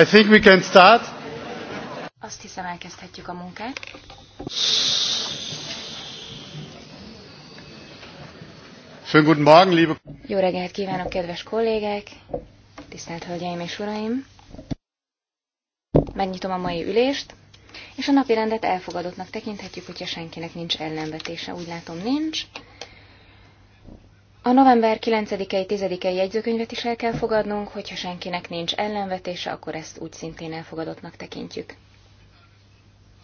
I think we can start. Azt hiszem, elkezdhetjük a munkát. Schönen guten Morgen, liebe Jó reggelt kívánok, kedves kollégák, tisztelt hölgyeim és uraim. Megnyitom a mai ülést, és a napi rendet elfogadottnak tekinthetjük, hogyha senkinek nincs ellenvetése. Úgy látom, nincs. A november 9-i 10-i jegyzőkönyvet is el kell fogadnunk, hogyha senkinek nincs ellenvetése, akkor ezt úgy szintén elfogadottnak tekintjük.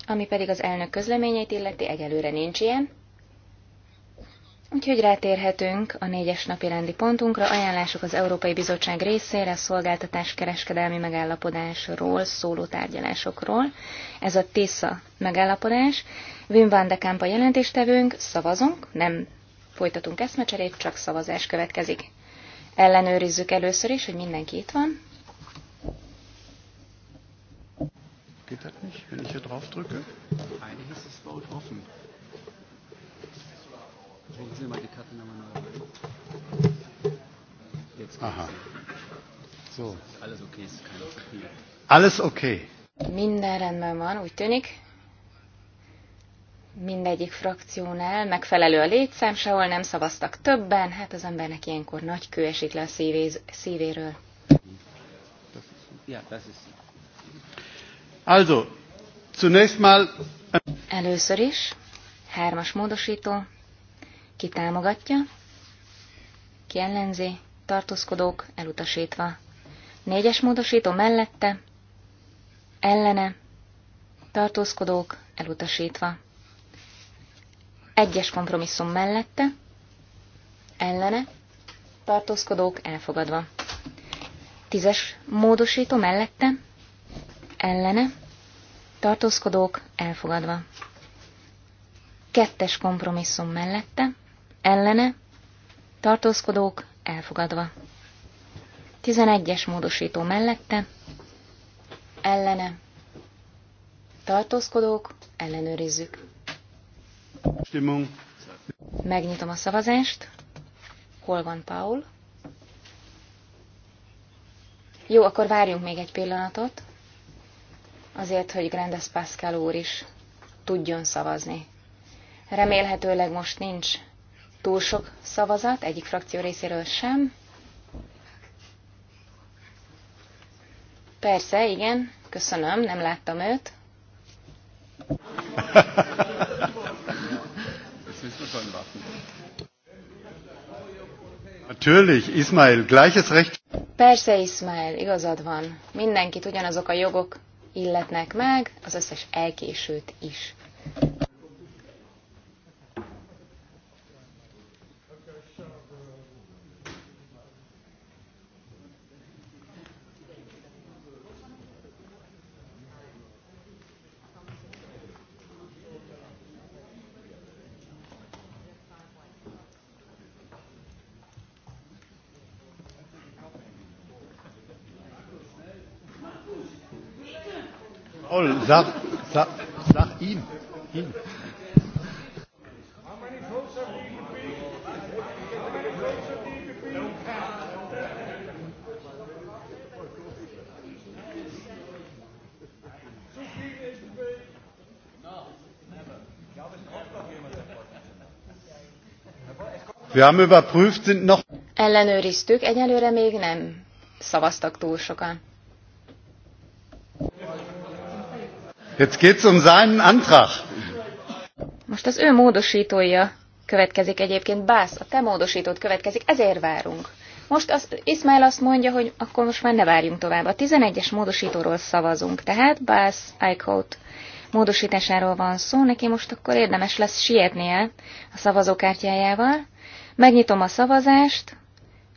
Ami pedig az elnök közleményeit illeti, egyelőre nincs ilyen. Úgyhogy rátérhetünk a négyes napi rendi pontunkra, ajánlások az Európai Bizottság részére szolgáltatás kereskedelmi megállapodásról szóló tárgyalásokról. Ez a TISZA megállapodás. Wim van de Kampa jelentéstevőnk, szavazunk, nem folytatunk eszmecserét, csak szavazás következik. Ellenőrizzük először is, hogy mindenki itt van. Geht das nicht, wenn ich hier drauf drücke? Eigentlich ist das Vote offen. Sie mal die Karte nochmal neu rein. Jetzt Aha. So. Alles okay, ist kein Alles okay. Minden rendben van, úgy tűnik mindegyik frakciónál megfelelő a létszám, sehol nem szavaztak többen, hát az embernek ilyenkor nagy kő esik le a szívéz, szívéről. Also, zunächst mal... Először is, hármas módosító, ki támogatja, ki ellenzi, tartózkodók elutasítva. Négyes módosító mellette, ellene, tartózkodók elutasítva. Egyes kompromisszum mellette, ellene, tartózkodók elfogadva. Tízes módosító mellette, ellene, tartózkodók elfogadva. Kettes kompromisszum mellette, ellene, tartózkodók elfogadva. Tizenegyes módosító mellette, ellene, tartózkodók ellenőrizzük. Stimmung. Megnyitom a szavazást. Hol van Paul? Jó, akkor várjunk még egy pillanatot, azért, hogy Grandes Pascal úr is tudjon szavazni. Remélhetőleg most nincs túl sok szavazat, egyik frakció részéről sem. Persze, igen, köszönöm, nem láttam őt. Natürlich, Ismail, gleiches Recht. Persze, Ismail, igazad van. Mindenkit ugyanazok a jogok illetnek meg, az összes elkésőt is. Sag, sag, sag ihm. ihm. Wir haben überprüft, sind noch. Ellenőriztük, egyelőre még nem szavaztak túl sokan. Jetzt geht's um seinen Antrag. Most az ő módosítója következik egyébként, Bász, a te módosítót következik, ezért várunk. Most az, Ismail azt mondja, hogy akkor most már ne várjunk tovább. A 11-es módosítóról szavazunk, tehát Bász Eichhout módosításáról van szó, neki most akkor érdemes lesz sietnie a szavazókártyájával. Megnyitom a szavazást,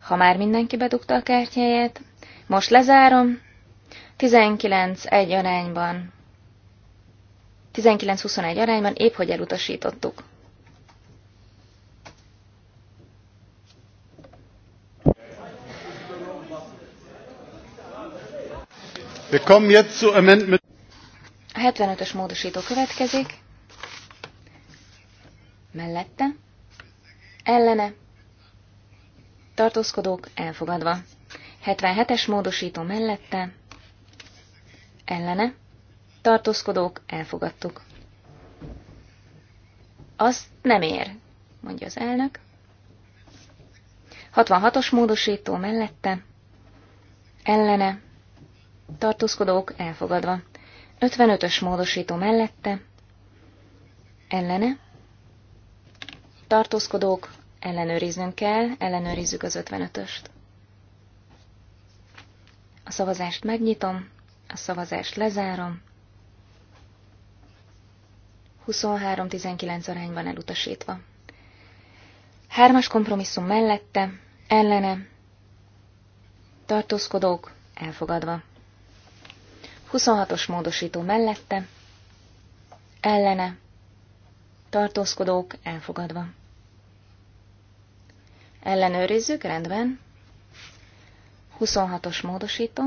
ha már mindenki bedugta a kártyáját. Most lezárom. 19 egy arányban 19-21 arányban épp hogy elutasítottuk. A 75-ös módosító következik. Mellette. Ellene. Tartózkodók elfogadva. 77-es módosító mellette. Ellene tartózkodók, elfogadtuk. Az nem ér, mondja az elnök. 66-os módosító mellette, ellene, tartózkodók, elfogadva. 55-ös módosító mellette, ellene, tartózkodók, ellenőriznünk kell, ellenőrizzük az 55-öst. A szavazást megnyitom, a szavazást lezárom. 23-19 arányban elutasítva. Hármas kompromisszum mellette, ellene, tartózkodók, elfogadva. 26-os módosító mellette, ellene, tartózkodók, elfogadva. Ellenőrizzük, rendben. 26-os módosító.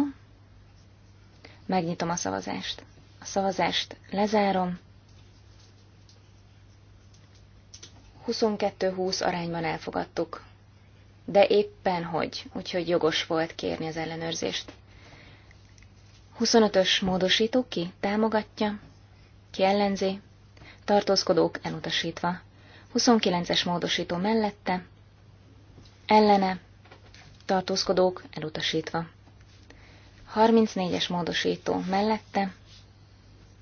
Megnyitom a szavazást. A szavazást lezárom. 22-20 arányban elfogadtuk. De éppen hogy, úgyhogy jogos volt kérni az ellenőrzést. 25-ös módosító ki? Támogatja? Ki ellenzi? Tartózkodók elutasítva. 29-es módosító mellette? Ellene? Tartózkodók elutasítva. 34-es módosító mellette?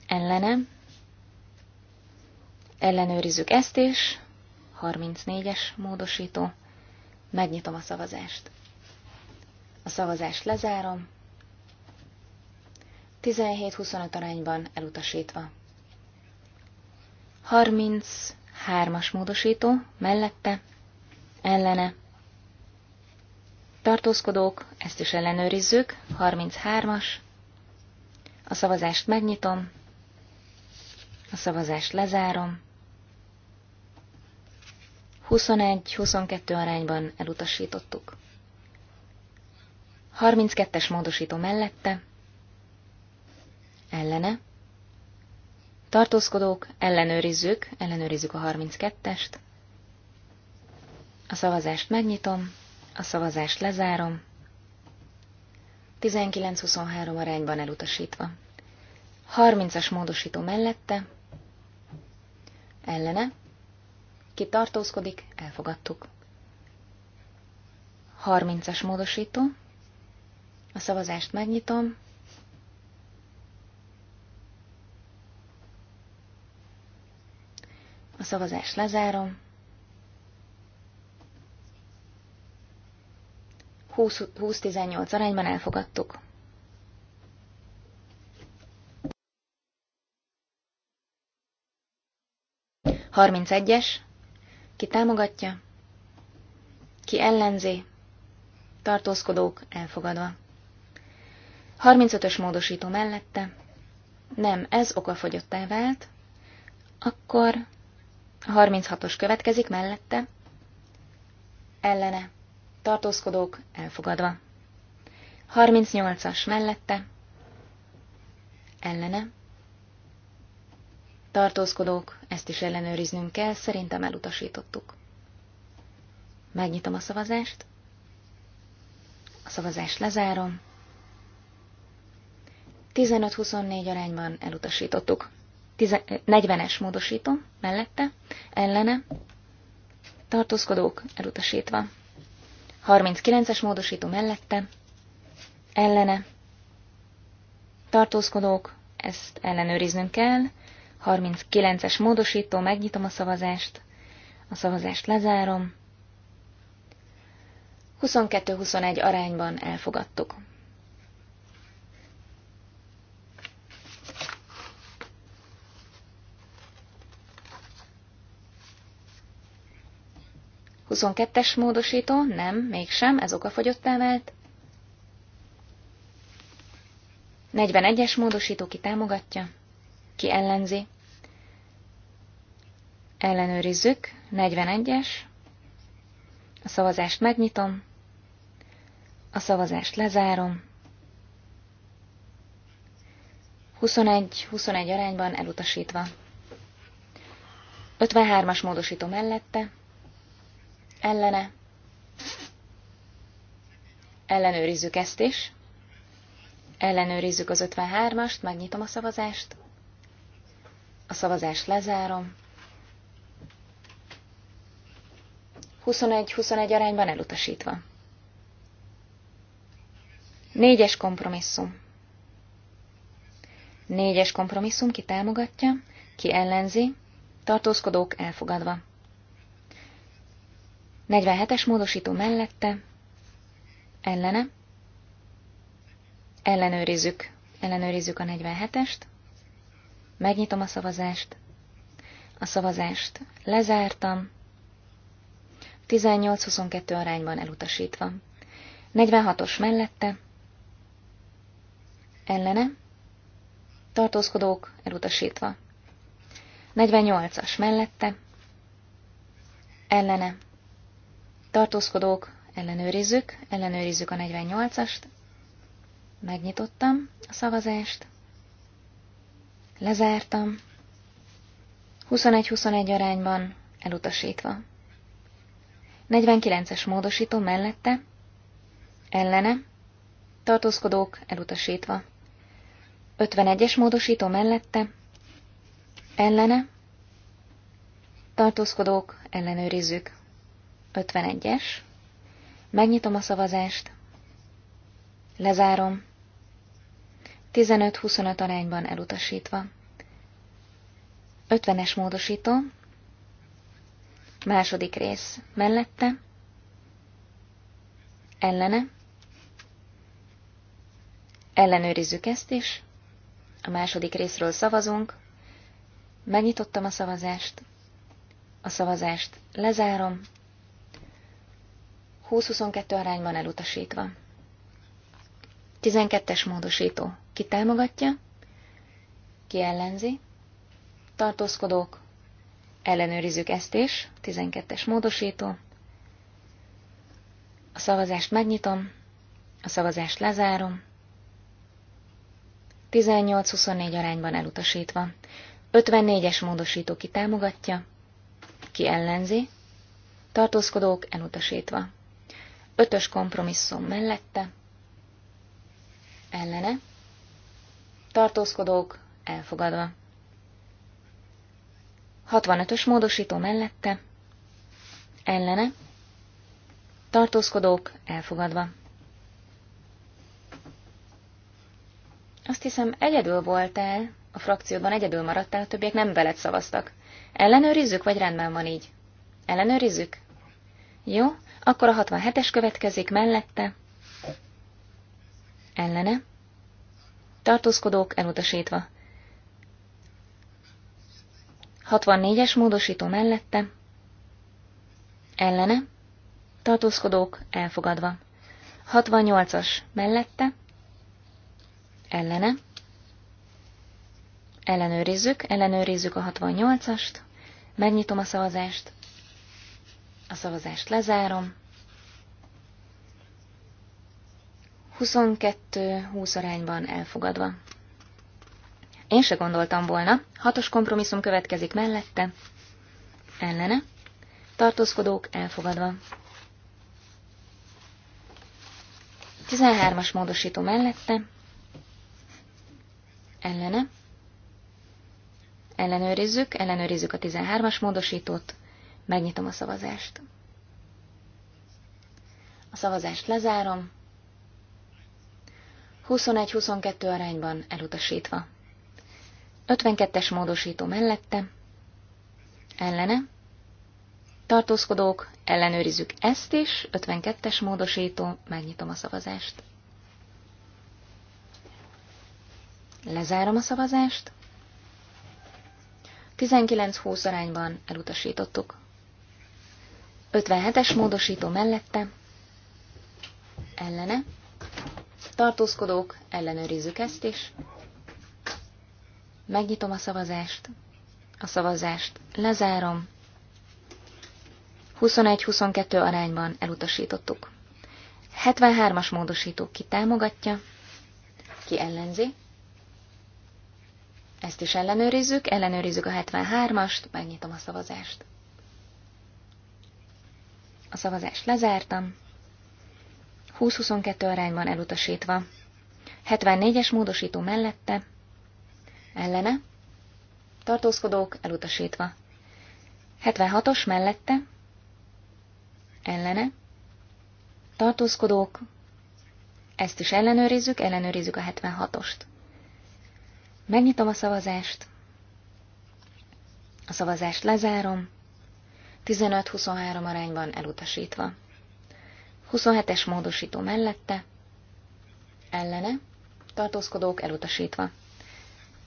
Ellene? Ellenőrizzük ezt is. 34-es módosító. Megnyitom a szavazást. A szavazást lezárom. 17-25 arányban elutasítva. 33-as módosító, mellette, ellene. Tartózkodók, ezt is ellenőrizzük, 33-as. A szavazást megnyitom, a szavazást lezárom. 21-22 arányban elutasítottuk. 32-es módosító mellette, ellene, tartózkodók, ellenőrizzük, ellenőrizzük a 32-est, a szavazást megnyitom, a szavazást lezárom, 19-23 arányban elutasítva. 30-as módosító mellette, ellene, ki tartózkodik, elfogadtuk. 30-as módosító. A szavazást megnyitom. A szavazást lezárom. 20-18 arányban elfogadtuk. Harmincegyes. Ki támogatja? Ki ellenzi? Tartózkodók elfogadva. 35-ös módosító mellette. Nem, ez okafogyottá vált. Akkor a 36-os következik mellette. Ellene. Tartózkodók elfogadva. 38-as mellette. Ellene tartózkodók, ezt is ellenőriznünk kell, szerintem elutasítottuk. Megnyitom a szavazást. A szavazást lezárom. 15-24 arányban elutasítottuk. 40-es módosító mellette, ellene, tartózkodók elutasítva. 39-es módosító mellette, ellene, tartózkodók, ezt ellenőriznünk kell, 39-es módosító, megnyitom a szavazást, a szavazást lezárom. 22-21 arányban elfogadtuk. Huszonkettes módosító? Nem, mégsem, ez okafogyottá emelt. 41-es módosító ki támogatja, ki ellenzi, Ellenőrizzük. 41-es. A szavazást megnyitom. A szavazást lezárom. 21-21 arányban elutasítva. 53-as módosító mellette. Ellene. Ellenőrizzük ezt is. Ellenőrizzük az 53-ast, megnyitom a szavazást. A szavazást lezárom. 21-21 arányban elutasítva. Négyes kompromisszum. Négyes kompromisszum ki támogatja, ki ellenzi, tartózkodók elfogadva. 47-es módosító mellette, ellene, ellenőrizzük, ellenőrizzük a 47-est, megnyitom a szavazást, a szavazást lezártam, 18-22 arányban elutasítva. 46-os mellette, ellene, tartózkodók elutasítva. 48-as mellette, ellene, tartózkodók ellenőrizzük, ellenőrizzük a 48-ast, megnyitottam a szavazást, lezártam, 21-21 arányban elutasítva. 49-es módosító mellette, ellene, tartózkodók elutasítva. 51-es módosító mellette, ellene, tartózkodók ellenőrizzük. 51-es, megnyitom a szavazást, lezárom, 15-25 arányban elutasítva. 50-es módosító Második rész. Mellette. Ellene. Ellenőrizzük ezt is. A második részről szavazunk. Megnyitottam a szavazást. A szavazást lezárom. 20-22 arányban elutasítva. 12-es módosító. Ki támogatja? Ki ellenzi? Tartózkodók. Ellenőrizzük ezt is. 12-es módosító. A szavazást megnyitom. A szavazást lezárom. 18-24 arányban elutasítva. 54-es módosító ki támogatja, ki ellenzi, tartózkodók elutasítva. 5-ös kompromisszum mellette, ellene, tartózkodók elfogadva. 65-ös módosító mellette, ellene, tartózkodók elfogadva. Azt hiszem, egyedül voltál, a frakcióban egyedül maradtál, a többiek nem veled szavaztak. Ellenőrizzük, vagy rendben van így? Ellenőrizzük? Jó, akkor a 67-es következik mellette. Ellene. Tartózkodók elutasítva. 64-es módosító mellette, ellene, tartózkodók elfogadva. 68-as mellette, ellene, ellenőrizzük, ellenőrizzük a 68-ast, megnyitom a szavazást, a szavazást lezárom, 22-20 arányban elfogadva. Én se gondoltam volna. Hatos kompromisszum következik mellette. Ellene. Tartózkodók elfogadva. 13-as módosító mellette. Ellene. Ellenőrizzük, ellenőrizzük a 13-as módosítót. Megnyitom a szavazást. A szavazást lezárom. 21-22 arányban elutasítva. 52-es módosító mellette, ellene, tartózkodók, ellenőrizzük ezt is, 52-es módosító, megnyitom a szavazást. Lezárom a szavazást. 19-20 arányban elutasítottuk. 57-es módosító mellette, ellene, tartózkodók, ellenőrizzük ezt is, Megnyitom a szavazást. A szavazást lezárom. 21-22 arányban elutasítottuk. 73-as módosító ki támogatja, ki ellenzi. Ezt is ellenőrizzük, ellenőrizzük a 73-ast, megnyitom a szavazást. A szavazást lezártam. 20-22 arányban elutasítva. 74-es módosító mellette, ellene, tartózkodók elutasítva. 76-os mellette, ellene, tartózkodók, ezt is ellenőrizzük, ellenőrizzük a 76-ost. Megnyitom a szavazást, a szavazást lezárom, 15-23 arányban elutasítva. 27-es módosító mellette, ellene, tartózkodók elutasítva.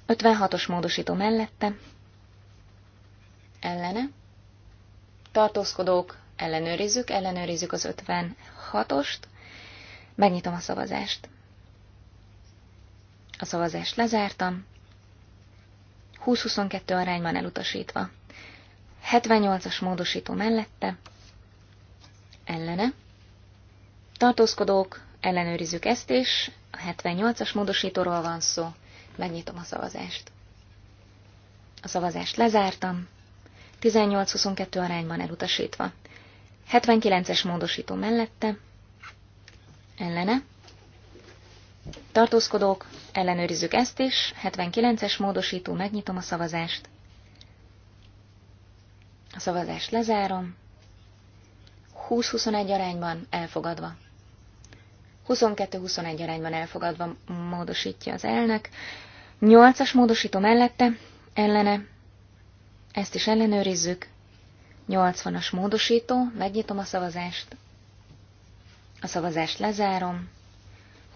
56-os módosító mellette, ellene, tartózkodók, ellenőrizzük, ellenőrizzük az 56-ost, megnyitom a szavazást. A szavazást lezártam, 20-22 arányban elutasítva. 78-as módosító mellette, ellene, tartózkodók, ellenőrizzük ezt is, a 78-as módosítóról van szó, Megnyitom a szavazást. A szavazást lezártam. 18-22 arányban elutasítva. 79-es módosító mellette. Ellene. Tartózkodók, ellenőrizzük ezt is. 79-es módosító, megnyitom a szavazást. A szavazást lezárom. 20-21 arányban elfogadva. 22-21 arányban elfogadva módosítja az elnök. Nyolcas módosító mellette, ellene, ezt is ellenőrizzük. Nyolcvanas módosító, megnyitom a szavazást. A szavazást lezárom.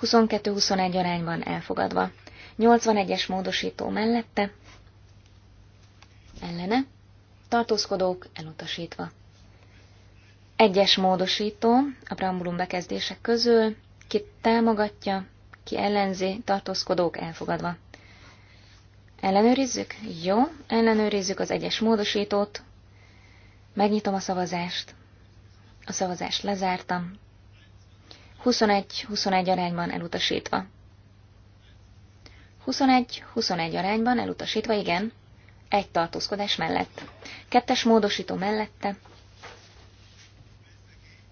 22-21 arányban elfogadva. 81-es módosító mellette, ellene, tartózkodók elutasítva. Egyes módosító a preambulum bekezdések közül, ki támogatja, ki ellenzi, tartózkodók elfogadva. Ellenőrizzük? Jó, ellenőrizzük az egyes módosítót. Megnyitom a szavazást. A szavazást lezártam. 21-21 arányban elutasítva. 21-21 arányban elutasítva, igen. Egy tartózkodás mellett. Kettes módosító mellette.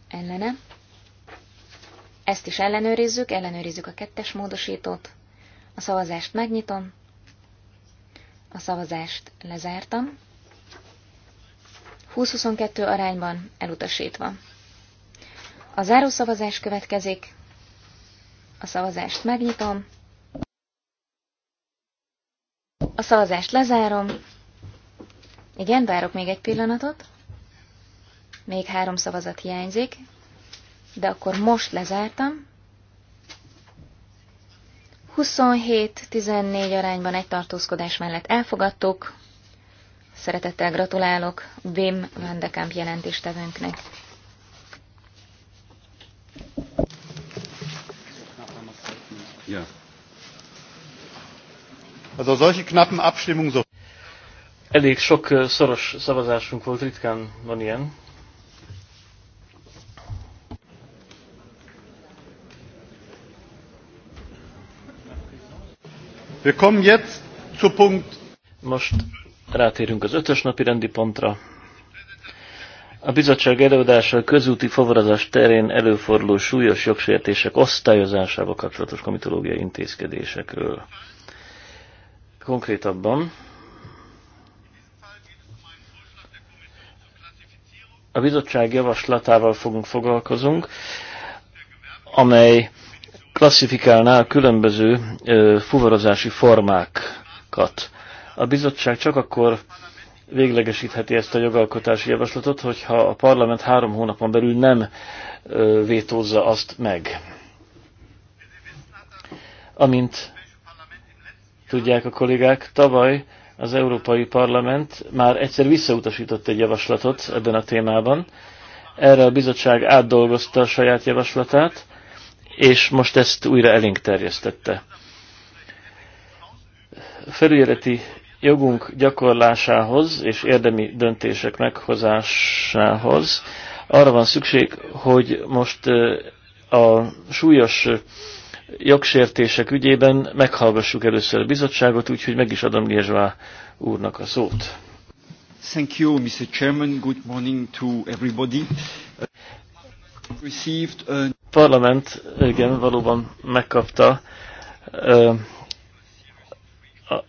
Ellene. Ezt is ellenőrizzük, ellenőrizzük a kettes módosítót. A szavazást megnyitom. A szavazást lezártam. 20-22 arányban elutasítva. A zárószavazás következik. A szavazást megnyitom. A szavazást lezárom. Igen, várok még egy pillanatot. Még három szavazat hiányzik, de akkor most lezártam. 27-14 arányban egy tartózkodás mellett elfogadtuk. Szeretettel gratulálok Wim van de Kamp jelentéstevőnknek. Ja. Also solche knappen Abstimmungen so. Elég sok szoros szavazásunk volt, ritkán van ilyen. Wir kommen jetzt zu Punkt. Most rátérünk az ötös napi rendi pontra. A bizottság előadása közúti fogorazás terén előforduló súlyos jogsértések osztályozásával kapcsolatos komitológiai intézkedésekről. Konkrétabban a bizottság javaslatával fogunk foglalkozunk, amely klasszifikálná a különböző fuvarozási formákat. A bizottság csak akkor véglegesítheti ezt a jogalkotási javaslatot, hogyha a parlament három hónapon belül nem vétózza azt meg. Amint tudják a kollégák, tavaly az Európai Parlament már egyszer visszautasított egy javaslatot ebben a témában. Erre a bizottság átdolgozta a saját javaslatát, és most ezt újra elénk terjesztette. Felügyeleti jogunk gyakorlásához és érdemi döntések meghozásához arra van szükség, hogy most a súlyos jogsértések ügyében meghallgassuk először a bizottságot, úgyhogy meg is adom Gézsvá úrnak a szót. Thank you, Mr. Chairman. Good morning to everybody. Uh, parlament, igen, valóban megkapta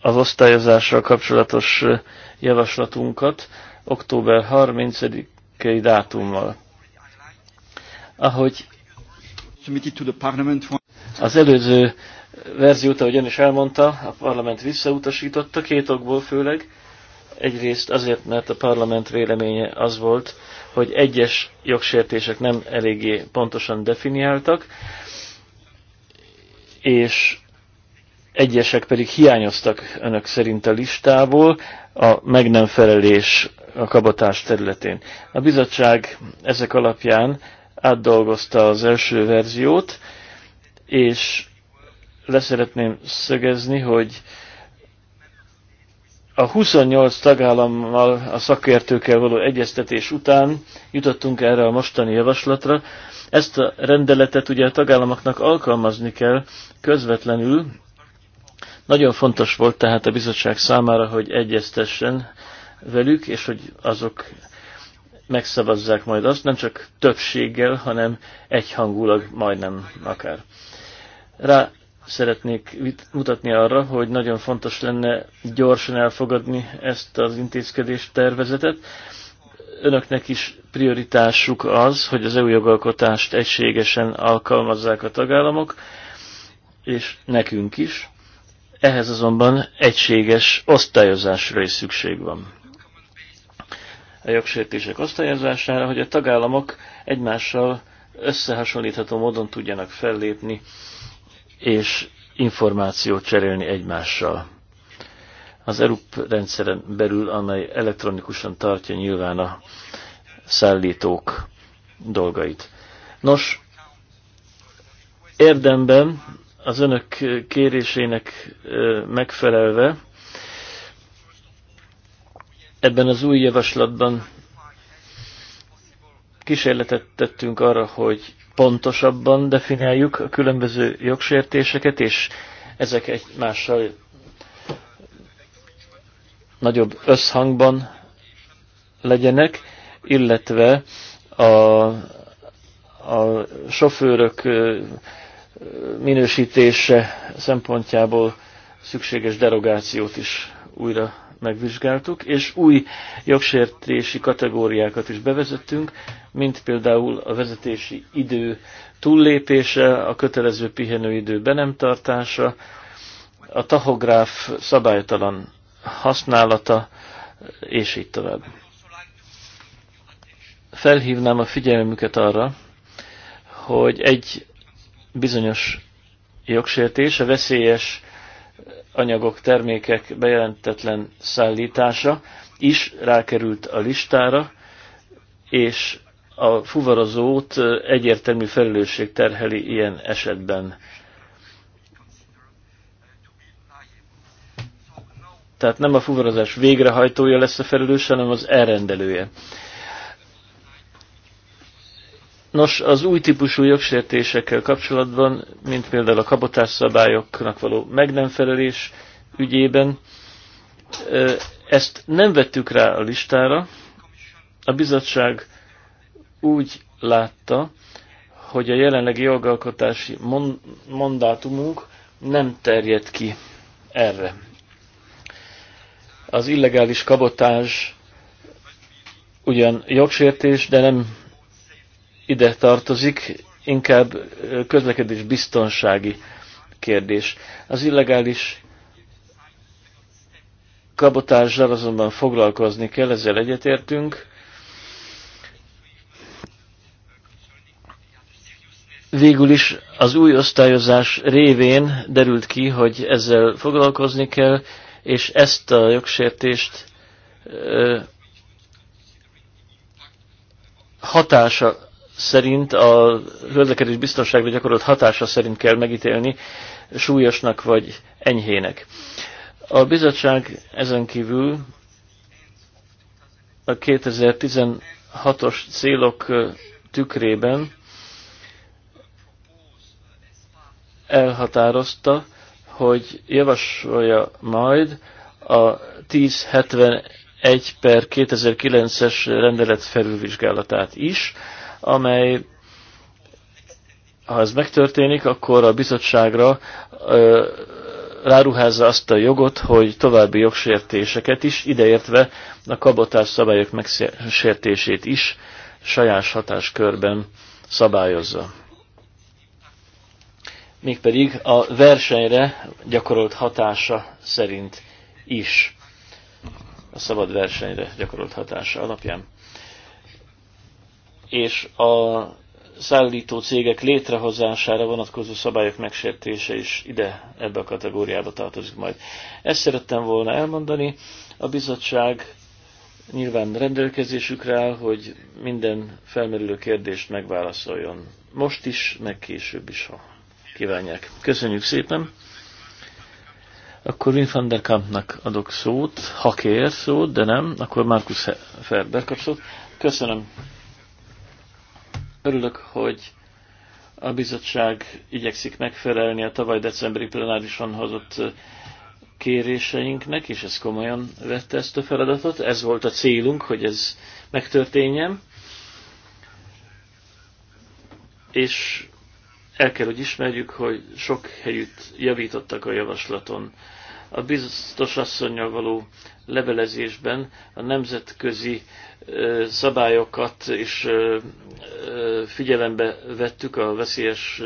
az osztályozással kapcsolatos javaslatunkat október 30-i dátummal. Ahogy az előző verziót, ahogy ön is elmondta, a parlament visszautasította, két okból főleg. Egyrészt azért, mert a parlament véleménye az volt, hogy egyes jogsértések nem eléggé pontosan definiáltak, és egyesek pedig hiányoztak önök szerint a listából a meg nem felelés a kabatás területén. A bizottság ezek alapján átdolgozta az első verziót, és leszeretném szögezni, hogy a 28 tagállammal a szakértőkkel való egyeztetés után jutottunk erre a mostani javaslatra. Ezt a rendeletet ugye a tagállamoknak alkalmazni kell közvetlenül. Nagyon fontos volt tehát a bizottság számára, hogy egyeztessen velük, és hogy azok megszavazzák majd azt, nem csak többséggel, hanem egyhangulag majdnem akár. Rá szeretnék mutatni arra, hogy nagyon fontos lenne gyorsan elfogadni ezt az intézkedés tervezetet. Önöknek is prioritásuk az, hogy az EU jogalkotást egységesen alkalmazzák a tagállamok, és nekünk is. Ehhez azonban egységes osztályozásra is szükség van. A jogsértések osztályozására, hogy a tagállamok egymással összehasonlítható módon tudjanak fellépni és információt cserélni egymással. Az ERUP rendszeren belül, amely elektronikusan tartja nyilván a szállítók dolgait. Nos, érdemben az önök kérésének megfelelve ebben az új javaslatban kísérletet tettünk arra, hogy pontosabban definiáljuk a különböző jogsértéseket, és ezek egymással nagyobb összhangban legyenek, illetve a, a sofőrök minősítése szempontjából szükséges derogációt is újra megvizsgáltuk, és új jogsértési kategóriákat is bevezettünk, mint például a vezetési idő túllépése, a kötelező pihenőidő be nem tartása, a tahográf szabálytalan használata, és így tovább. Felhívnám a figyelmüket arra, hogy egy bizonyos jogsértés, a veszélyes anyagok, termékek bejelentetlen szállítása is rákerült a listára, és a fuvarozót egyértelmű felelősség terheli ilyen esetben. Tehát nem a fuvarozás végrehajtója lesz a felelős, hanem az elrendelője. Nos, az új típusú jogsértésekkel kapcsolatban, mint például a kabotás szabályoknak való meg nem felelés ügyében, ezt nem vettük rá a listára. A bizottság úgy látta, hogy a jelenlegi jogalkotási mandátumunk nem terjed ki erre. Az illegális kabotás ugyan jogsértés, de nem ide tartozik, inkább közlekedés biztonsági kérdés. Az illegális kabotással azonban foglalkozni kell, ezzel egyetértünk. Végül is az új osztályozás révén derült ki, hogy ezzel foglalkozni kell, és ezt a jogsértést hatása szerint a közlekedés biztonságra gyakorolt hatása szerint kell megítélni súlyosnak vagy enyhének. A bizottság ezen kívül a 2016-os célok tükrében elhatározta, hogy javasolja majd a 1071 per 2009-es rendelet felülvizsgálatát is, amely ha ez megtörténik, akkor a bizottságra ö, ráruházza azt a jogot, hogy további jogsértéseket is, ideértve a kabotás szabályok megsértését is saját hatáskörben szabályozza. Mégpedig a versenyre gyakorolt hatása szerint is. A szabad versenyre gyakorolt hatása alapján és a szállító cégek létrehozására vonatkozó szabályok megsértése is ide, ebbe a kategóriába tartozik majd. Ezt szerettem volna elmondani. A bizottság nyilván rendelkezésükre áll, hogy minden felmerülő kérdést megválaszoljon. Most is, meg később is, ha kívánják. Köszönjük szépen! Akkor Wim van der Kampnak adok szót, ha kér szót, de nem, akkor Markus Ferber kap szót. Köszönöm! Örülök, hogy a bizottság igyekszik megfelelni a tavaly decemberi plenárison hozott kéréseinknek, és ez komolyan vette ezt a feladatot. Ez volt a célunk, hogy ez megtörténjen. És el kell, hogy ismerjük, hogy sok helyütt javítottak a javaslaton a biztos asszonynal való levelezésben a nemzetközi szabályokat is figyelembe vettük a veszélyes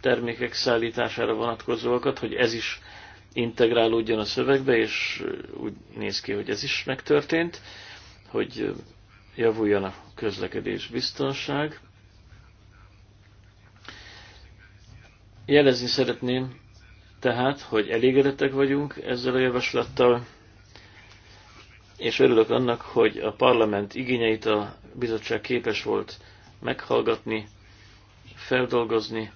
termékek szállítására vonatkozóakat, hogy ez is integrálódjon a szövegbe, és úgy néz ki, hogy ez is megtörtént, hogy javuljon a közlekedés biztonság. Jelezni szeretném, tehát, hogy elégedettek vagyunk ezzel a javaslattal, és örülök annak, hogy a parlament igényeit a bizottság képes volt meghallgatni, feldolgozni.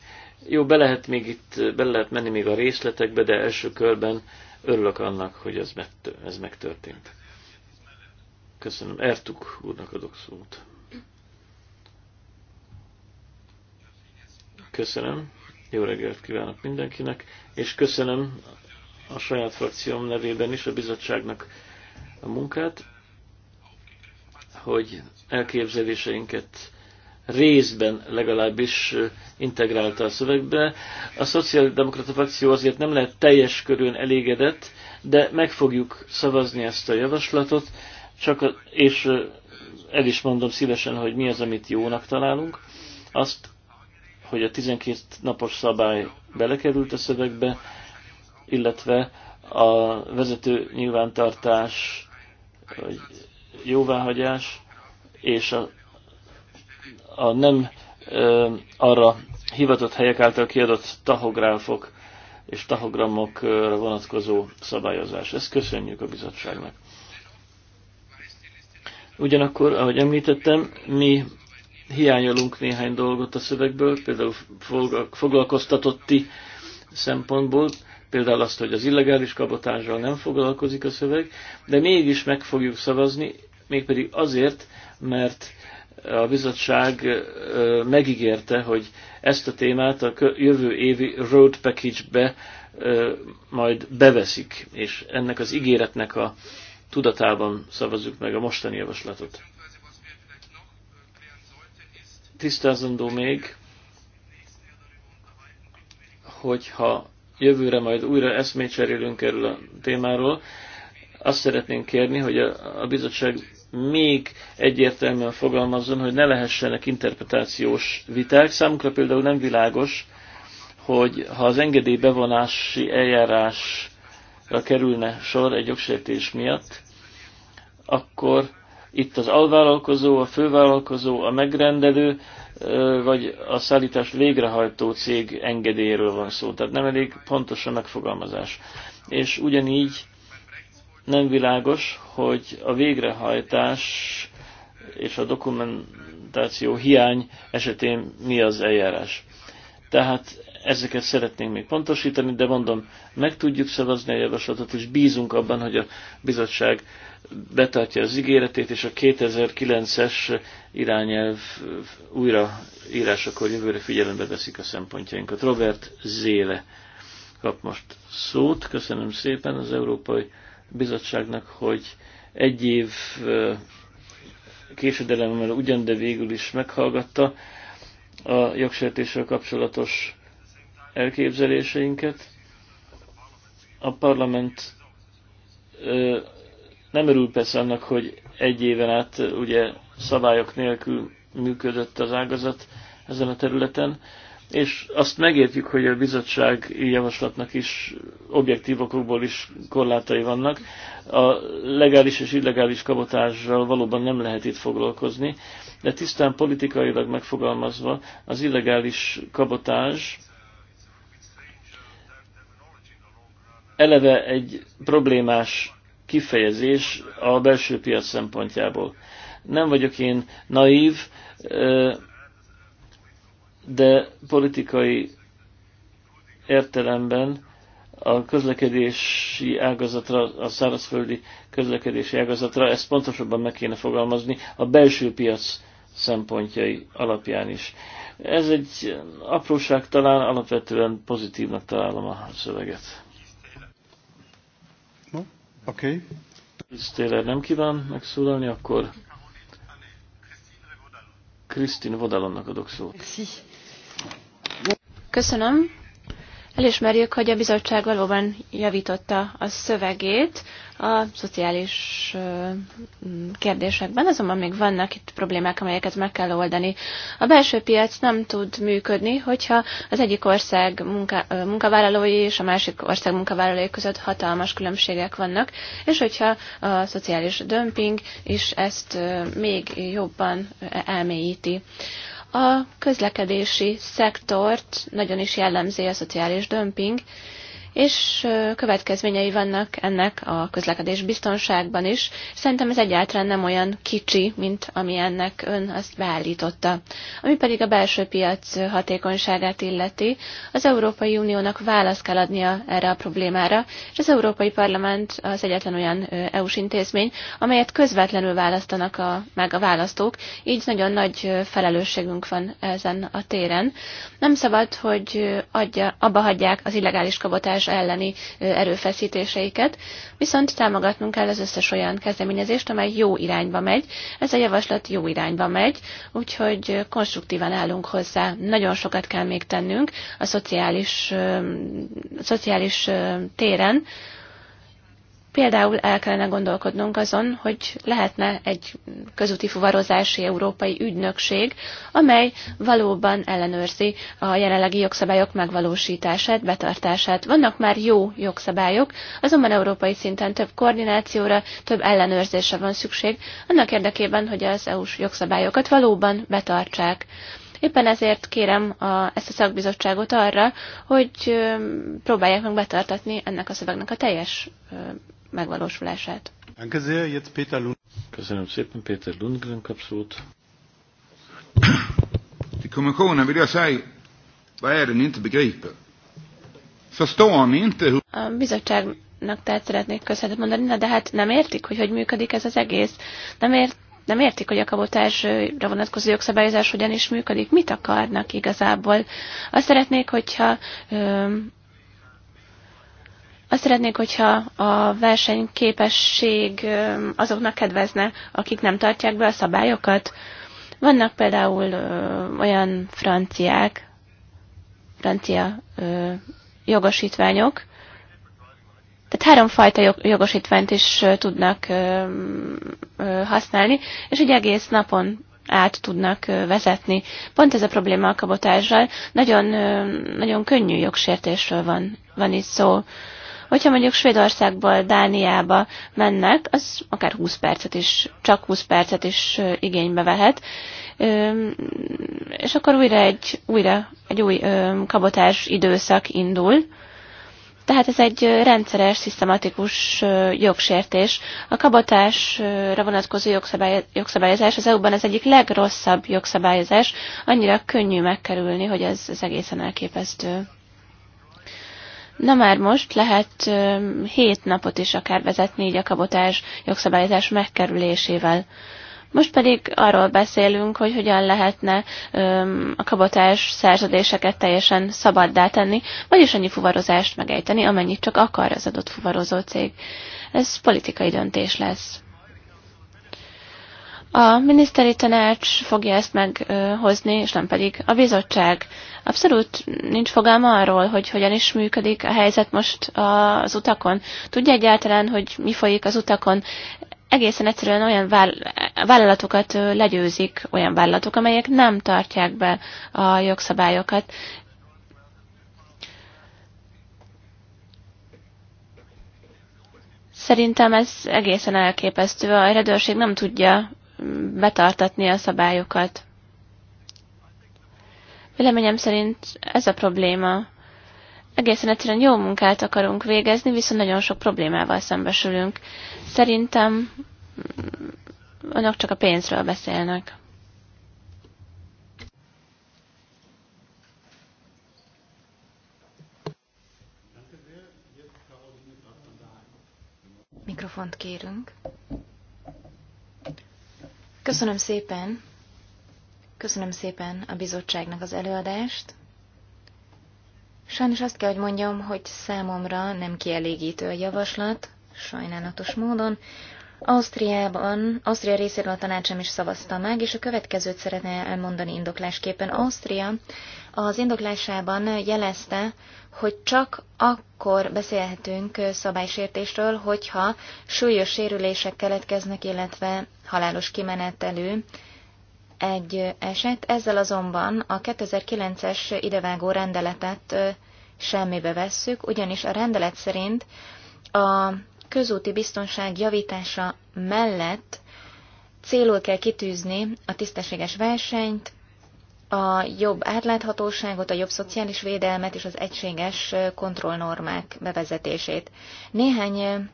Jó, be lehet még itt, be lehet menni még a részletekbe, de első körben örülök annak, hogy ez, ez megtörtént. Köszönöm. Ertuk úrnak adok szót. Köszönöm. Jó reggelt kívánok mindenkinek és köszönöm a saját frakcióm nevében is a bizottságnak a munkát, hogy elképzeléseinket részben legalábbis integrálta a szövegbe. A szociáldemokrata frakció azért nem lehet teljes körön elégedett, de meg fogjuk szavazni ezt a javaslatot, csak a, és el is mondom szívesen, hogy mi az, amit jónak találunk. Azt hogy a 12 napos szabály belekerült a szövegbe, illetve a vezető nyilvántartás, vagy jóváhagyás, és a, a nem ö, arra hivatott helyek által kiadott tahográfok és tahogramokra vonatkozó szabályozás. Ezt köszönjük a bizottságnak. Ugyanakkor, ahogy említettem, mi hiányolunk néhány dolgot a szövegből, például foglalkoztatotti szempontból, például azt, hogy az illegális kabotással nem foglalkozik a szöveg, de mégis meg fogjuk szavazni, mégpedig azért, mert a bizottság megígérte, hogy ezt a témát a jövő évi road package-be majd beveszik, és ennek az ígéretnek a tudatában szavazzuk meg a mostani javaslatot tisztázandó még, hogyha jövőre majd újra eszmét cserélünk erről a témáról, azt szeretnénk kérni, hogy a, a bizottság még egyértelműen fogalmazzon, hogy ne lehessenek interpretációs viták. Számunkra például nem világos, hogy ha az engedély bevonási eljárásra kerülne sor egy jogsértés miatt, akkor itt az alvállalkozó, a fővállalkozó, a megrendelő, vagy a szállítás végrehajtó cég engedélyéről van szó. Tehát nem elég pontos a megfogalmazás. És ugyanígy nem világos, hogy a végrehajtás és a dokumentáció hiány esetén mi az eljárás. Tehát ezeket szeretnénk még pontosítani, de mondom, meg tudjuk szavazni a javaslatot, és bízunk abban, hogy a bizottság betartja az ígéretét, és a 2009-es irányelv újraírásakor jövőre figyelembe veszik a szempontjainkat. Robert Zéle kap most szót. Köszönöm szépen az Európai Bizottságnak, hogy egy év késedelemmel ugyan, de végül is meghallgatta a jogsértéssel kapcsolatos elképzeléseinket. A parlament nem örül persze annak, hogy egy éven át ugye szabályok nélkül működött az ágazat ezen a területen, és azt megértjük, hogy a bizottság javaslatnak is objektív okokból is korlátai vannak. A legális és illegális kabotással valóban nem lehet itt foglalkozni, de tisztán politikailag megfogalmazva az illegális kabotás eleve egy problémás kifejezés a belső piac szempontjából. Nem vagyok én naív, de politikai értelemben a közlekedési ágazatra, a szárazföldi közlekedési ágazatra, ezt pontosabban meg kéne fogalmazni a belső piac szempontjai alapján is. Ez egy apróság talán, alapvetően pozitívnak találom a szöveget. Oké. Okay. Krisztéler nem kíván megszólalni, akkor Krisztin Vodalonnak adok szót. Köszönöm. Elismerjük, hogy a bizottság valóban javította a szövegét a szociális kérdésekben, azonban még vannak itt problémák, amelyeket meg kell oldani. A belső piac nem tud működni, hogyha az egyik ország munka, munkavállalói és a másik ország munkavállalói között hatalmas különbségek vannak, és hogyha a szociális dömping is ezt még jobban elmélyíti. A közlekedési szektort nagyon is jellemzi a szociális dömping, és következményei vannak ennek a közlekedés biztonságban is. Szerintem ez egyáltalán nem olyan kicsi, mint ami ennek ön azt beállította. Ami pedig a belső piac hatékonyságát illeti, az Európai Uniónak választ kell adnia erre a problémára, és az Európai Parlament az egyetlen olyan EU-s intézmény, amelyet közvetlenül választanak a, meg a választók, így nagyon nagy felelősségünk van ezen a téren. Nem szabad, hogy adja, abba hagyják az illegális kabotás elleni erőfeszítéseiket, viszont támogatnunk kell az összes olyan kezdeményezést, amely jó irányba megy. Ez a javaslat jó irányba megy, úgyhogy konstruktívan állunk hozzá. Nagyon sokat kell még tennünk a szociális, a szociális téren, Például el kellene gondolkodnunk azon, hogy lehetne egy közúti fuvarozási európai ügynökség, amely valóban ellenőrzi a jelenlegi jogszabályok megvalósítását, betartását. Vannak már jó jogszabályok, azonban európai szinten több koordinációra, több ellenőrzésre van szükség, annak érdekében, hogy az EU-s jogszabályokat valóban betartsák. Éppen ezért kérem a, ezt a szakbizottságot arra, hogy próbálják meg betartatni ennek a szövegnek a teljes megvalósulását. Köszönöm szépen, Péter Lundgren kap szót. Till kommissionen vill jag säga, vad är det ni inte begriper? Förstår ni inte hur... A bizottságnak tehát szeretnék köszönetet mondani, de hát nem értik, hogy hogy működik ez az egész. Nem, ért, nem értik, hogy a kabotásra vonatkozó jogszabályozás hogyan is működik. Mit akarnak igazából? Azt szeretnék, hogyha ö, azt szeretnék, hogyha a versenyképesség azoknak kedvezne, akik nem tartják be a szabályokat. Vannak például olyan franciák, francia jogosítványok, tehát háromfajta jogosítványt is tudnak használni, és egy egész napon át tudnak vezetni. Pont ez a probléma a kabotással. Nagyon, nagyon könnyű jogsértésről van, van itt szó. Hogyha mondjuk Svédországból Dániába mennek, az akár 20 percet is, csak 20 percet is igénybe vehet, és akkor újra egy, újra egy új kabotás időszak indul. Tehát ez egy rendszeres, szisztematikus jogsértés. A kabotásra vonatkozó jogszabályozás az EU-ban az egyik legrosszabb jogszabályozás, annyira könnyű megkerülni, hogy ez, az egészen elképesztő. Na már most lehet hét napot is akár vezetni így a kabotás jogszabályozás megkerülésével. Most pedig arról beszélünk, hogy hogyan lehetne öm, a kabotás szerződéseket teljesen szabaddá tenni, vagyis annyi fuvarozást megejteni, amennyit csak akar az adott fuvarozó cég. Ez politikai döntés lesz. A miniszteri tanács fogja ezt meghozni, és nem pedig a bizottság. Abszolút nincs fogalma arról, hogy hogyan is működik a helyzet most az utakon. Tudja egyáltalán, hogy mi folyik az utakon? Egészen egyszerűen olyan vállalatokat legyőzik, olyan vállalatok, amelyek nem tartják be a jogszabályokat. Szerintem ez egészen elképesztő. A rendőrség nem tudja betartatni a szabályokat. Véleményem szerint ez a probléma. Egészen egyszerűen jó munkát akarunk végezni, viszont nagyon sok problémával szembesülünk. Szerintem önök csak a pénzről beszélnek. Mikrofont kérünk. Köszönöm szépen. Köszönöm szépen a bizottságnak az előadást. Sajnos azt kell, hogy mondjam, hogy számomra nem kielégítő a javaslat, sajnálatos módon. Ausztriában, Ausztria részéről a tanács sem is szavazta meg, és a következőt szeretne elmondani indoklásképpen. Ausztria az indoklásában jelezte, hogy csak akkor beszélhetünk szabálysértésről, hogyha súlyos sérülések keletkeznek, illetve halálos kimenetelő egy eset. Ezzel azonban a 2009-es idevágó rendeletet semmibe vesszük, ugyanis a rendelet szerint a közúti biztonság javítása mellett célul kell kitűzni a tisztességes versenyt, a jobb átláthatóságot, a jobb szociális védelmet és az egységes kontrollnormák bevezetését. Néhány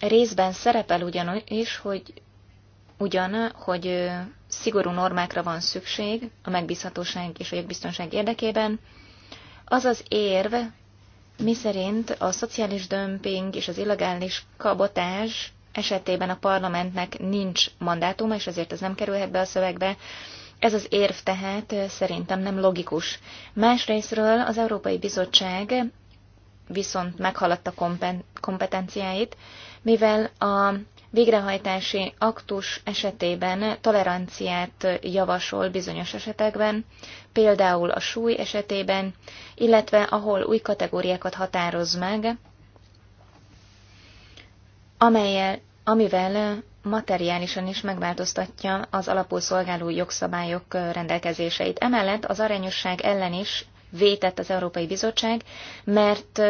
részben szerepel ugyanis, hogy ugyan, hogy szigorú normákra van szükség a megbízhatóság és a jogbiztonság érdekében, az az érv, miszerint a szociális dömping és az illegális kabotás esetében a parlamentnek nincs mandátuma, és ezért ez nem kerülhet be a szövegbe. Ez az érv tehát szerintem nem logikus. Másrésztről az Európai Bizottság viszont meghaladta kompetenciáit, mivel a végrehajtási aktus esetében toleranciát javasol bizonyos esetekben, például a súly esetében, illetve ahol új kategóriákat határoz meg, amelyel, amivel materiálisan is megváltoztatja az alapul szolgáló jogszabályok rendelkezéseit. Emellett az arányosság ellen is vétett az Európai Bizottság, mert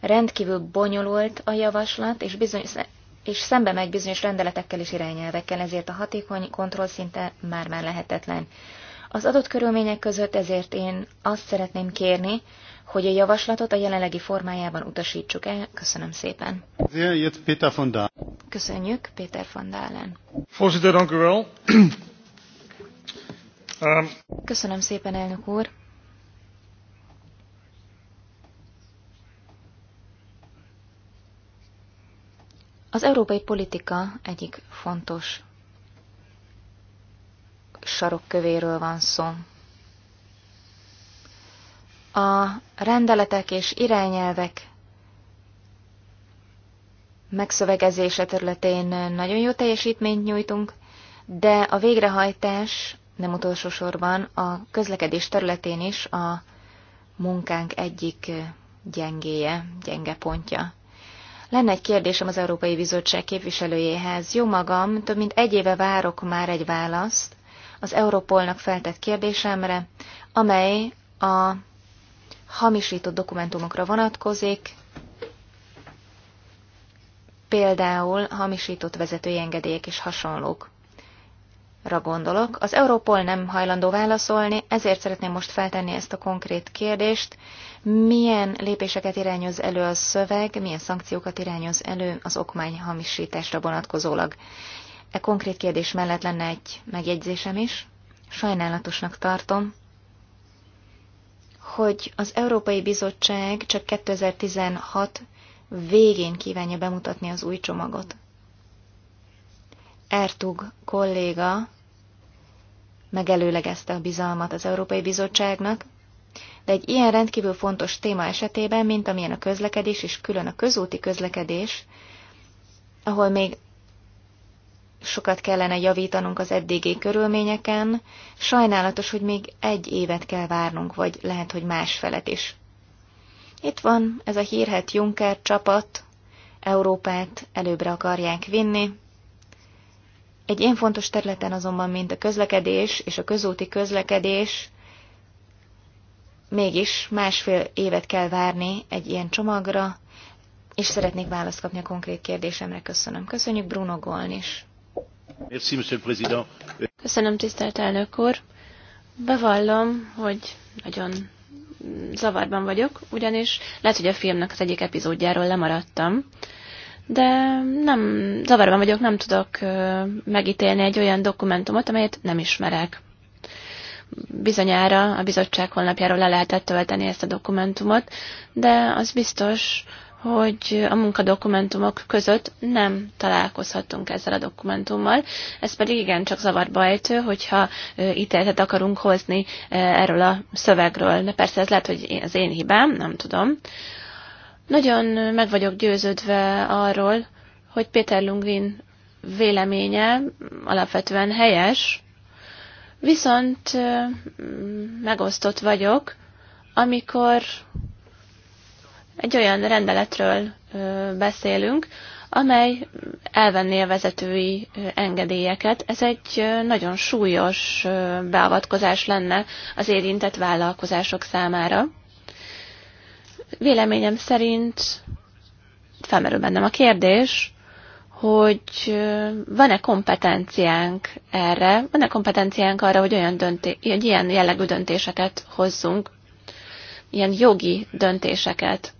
rendkívül bonyolult a javaslat, és bizony, és szembe megy bizonyos rendeletekkel és irányelvekkel, ezért a hatékony kontroll szinte már már lehetetlen. Az adott körülmények között ezért én azt szeretném kérni, hogy a javaslatot a jelenlegi formájában utasítsuk el. Köszönöm szépen. Köszönjük, Péter van Dálen. Köszönöm szépen, elnök úr. Az európai politika egyik fontos sarokkövéről van szó. A rendeletek és irányelvek megszövegezése területén nagyon jó teljesítményt nyújtunk, de a végrehajtás nem utolsó sorban a közlekedés területén is a munkánk egyik gyengéje, gyenge pontja. Lenne egy kérdésem az Európai Bizottság képviselőjéhez. Jó magam, több mint egy éve várok már egy választ az Europolnak feltett kérdésemre, amely a hamisított dokumentumokra vonatkozik, például hamisított vezetői engedélyek és hasonlók ra gondolok. Az Európol nem hajlandó válaszolni, ezért szeretném most feltenni ezt a konkrét kérdést. Milyen lépéseket irányoz elő a szöveg, milyen szankciókat irányoz elő az okmány hamisításra vonatkozólag? E konkrét kérdés mellett lenne egy megjegyzésem is. Sajnálatosnak tartom, hogy az Európai Bizottság csak 2016 végén kívánja bemutatni az új csomagot. Ertug kolléga megelőlegezte a bizalmat az Európai Bizottságnak, de egy ilyen rendkívül fontos téma esetében, mint amilyen a közlekedés, és külön a közúti közlekedés, ahol még sokat kellene javítanunk az eddigi körülményeken, sajnálatos, hogy még egy évet kell várnunk, vagy lehet, hogy másfelet is. Itt van ez a hírhet Juncker csapat, Európát előbbre akarják vinni, egy ilyen fontos területen azonban, mint a közlekedés és a közúti közlekedés, mégis másfél évet kell várni egy ilyen csomagra, és szeretnék választ kapni a konkrét kérdésemre. Köszönöm. Köszönjük Bruno Goln is. Köszönöm, tisztelt elnök úr. Bevallom, hogy nagyon zavarban vagyok, ugyanis lehet, hogy a filmnek az egyik epizódjáról lemaradtam, de nem, zavarban vagyok, nem tudok megítélni egy olyan dokumentumot, amelyet nem ismerek. Bizonyára a bizottság honlapjáról le lehetett tölteni ezt a dokumentumot, de az biztos, hogy a munkadokumentumok között nem találkozhatunk ezzel a dokumentummal. Ez pedig igencsak zavarba ejtő, hogyha ítéletet akarunk hozni erről a szövegről. De persze ez lehet, hogy az én hibám, nem tudom. Nagyon meg vagyok győződve arról, hogy Péter Lungvin véleménye alapvetően helyes, viszont megosztott vagyok, amikor egy olyan rendeletről beszélünk, amely elvenné a vezetői engedélyeket. Ez egy nagyon súlyos beavatkozás lenne az érintett vállalkozások számára. Véleményem szerint felmerül bennem a kérdés, hogy van-e kompetenciánk erre, van-e kompetenciánk arra, hogy olyan dönté- ilyen jellegű döntéseket hozzunk, ilyen jogi döntéseket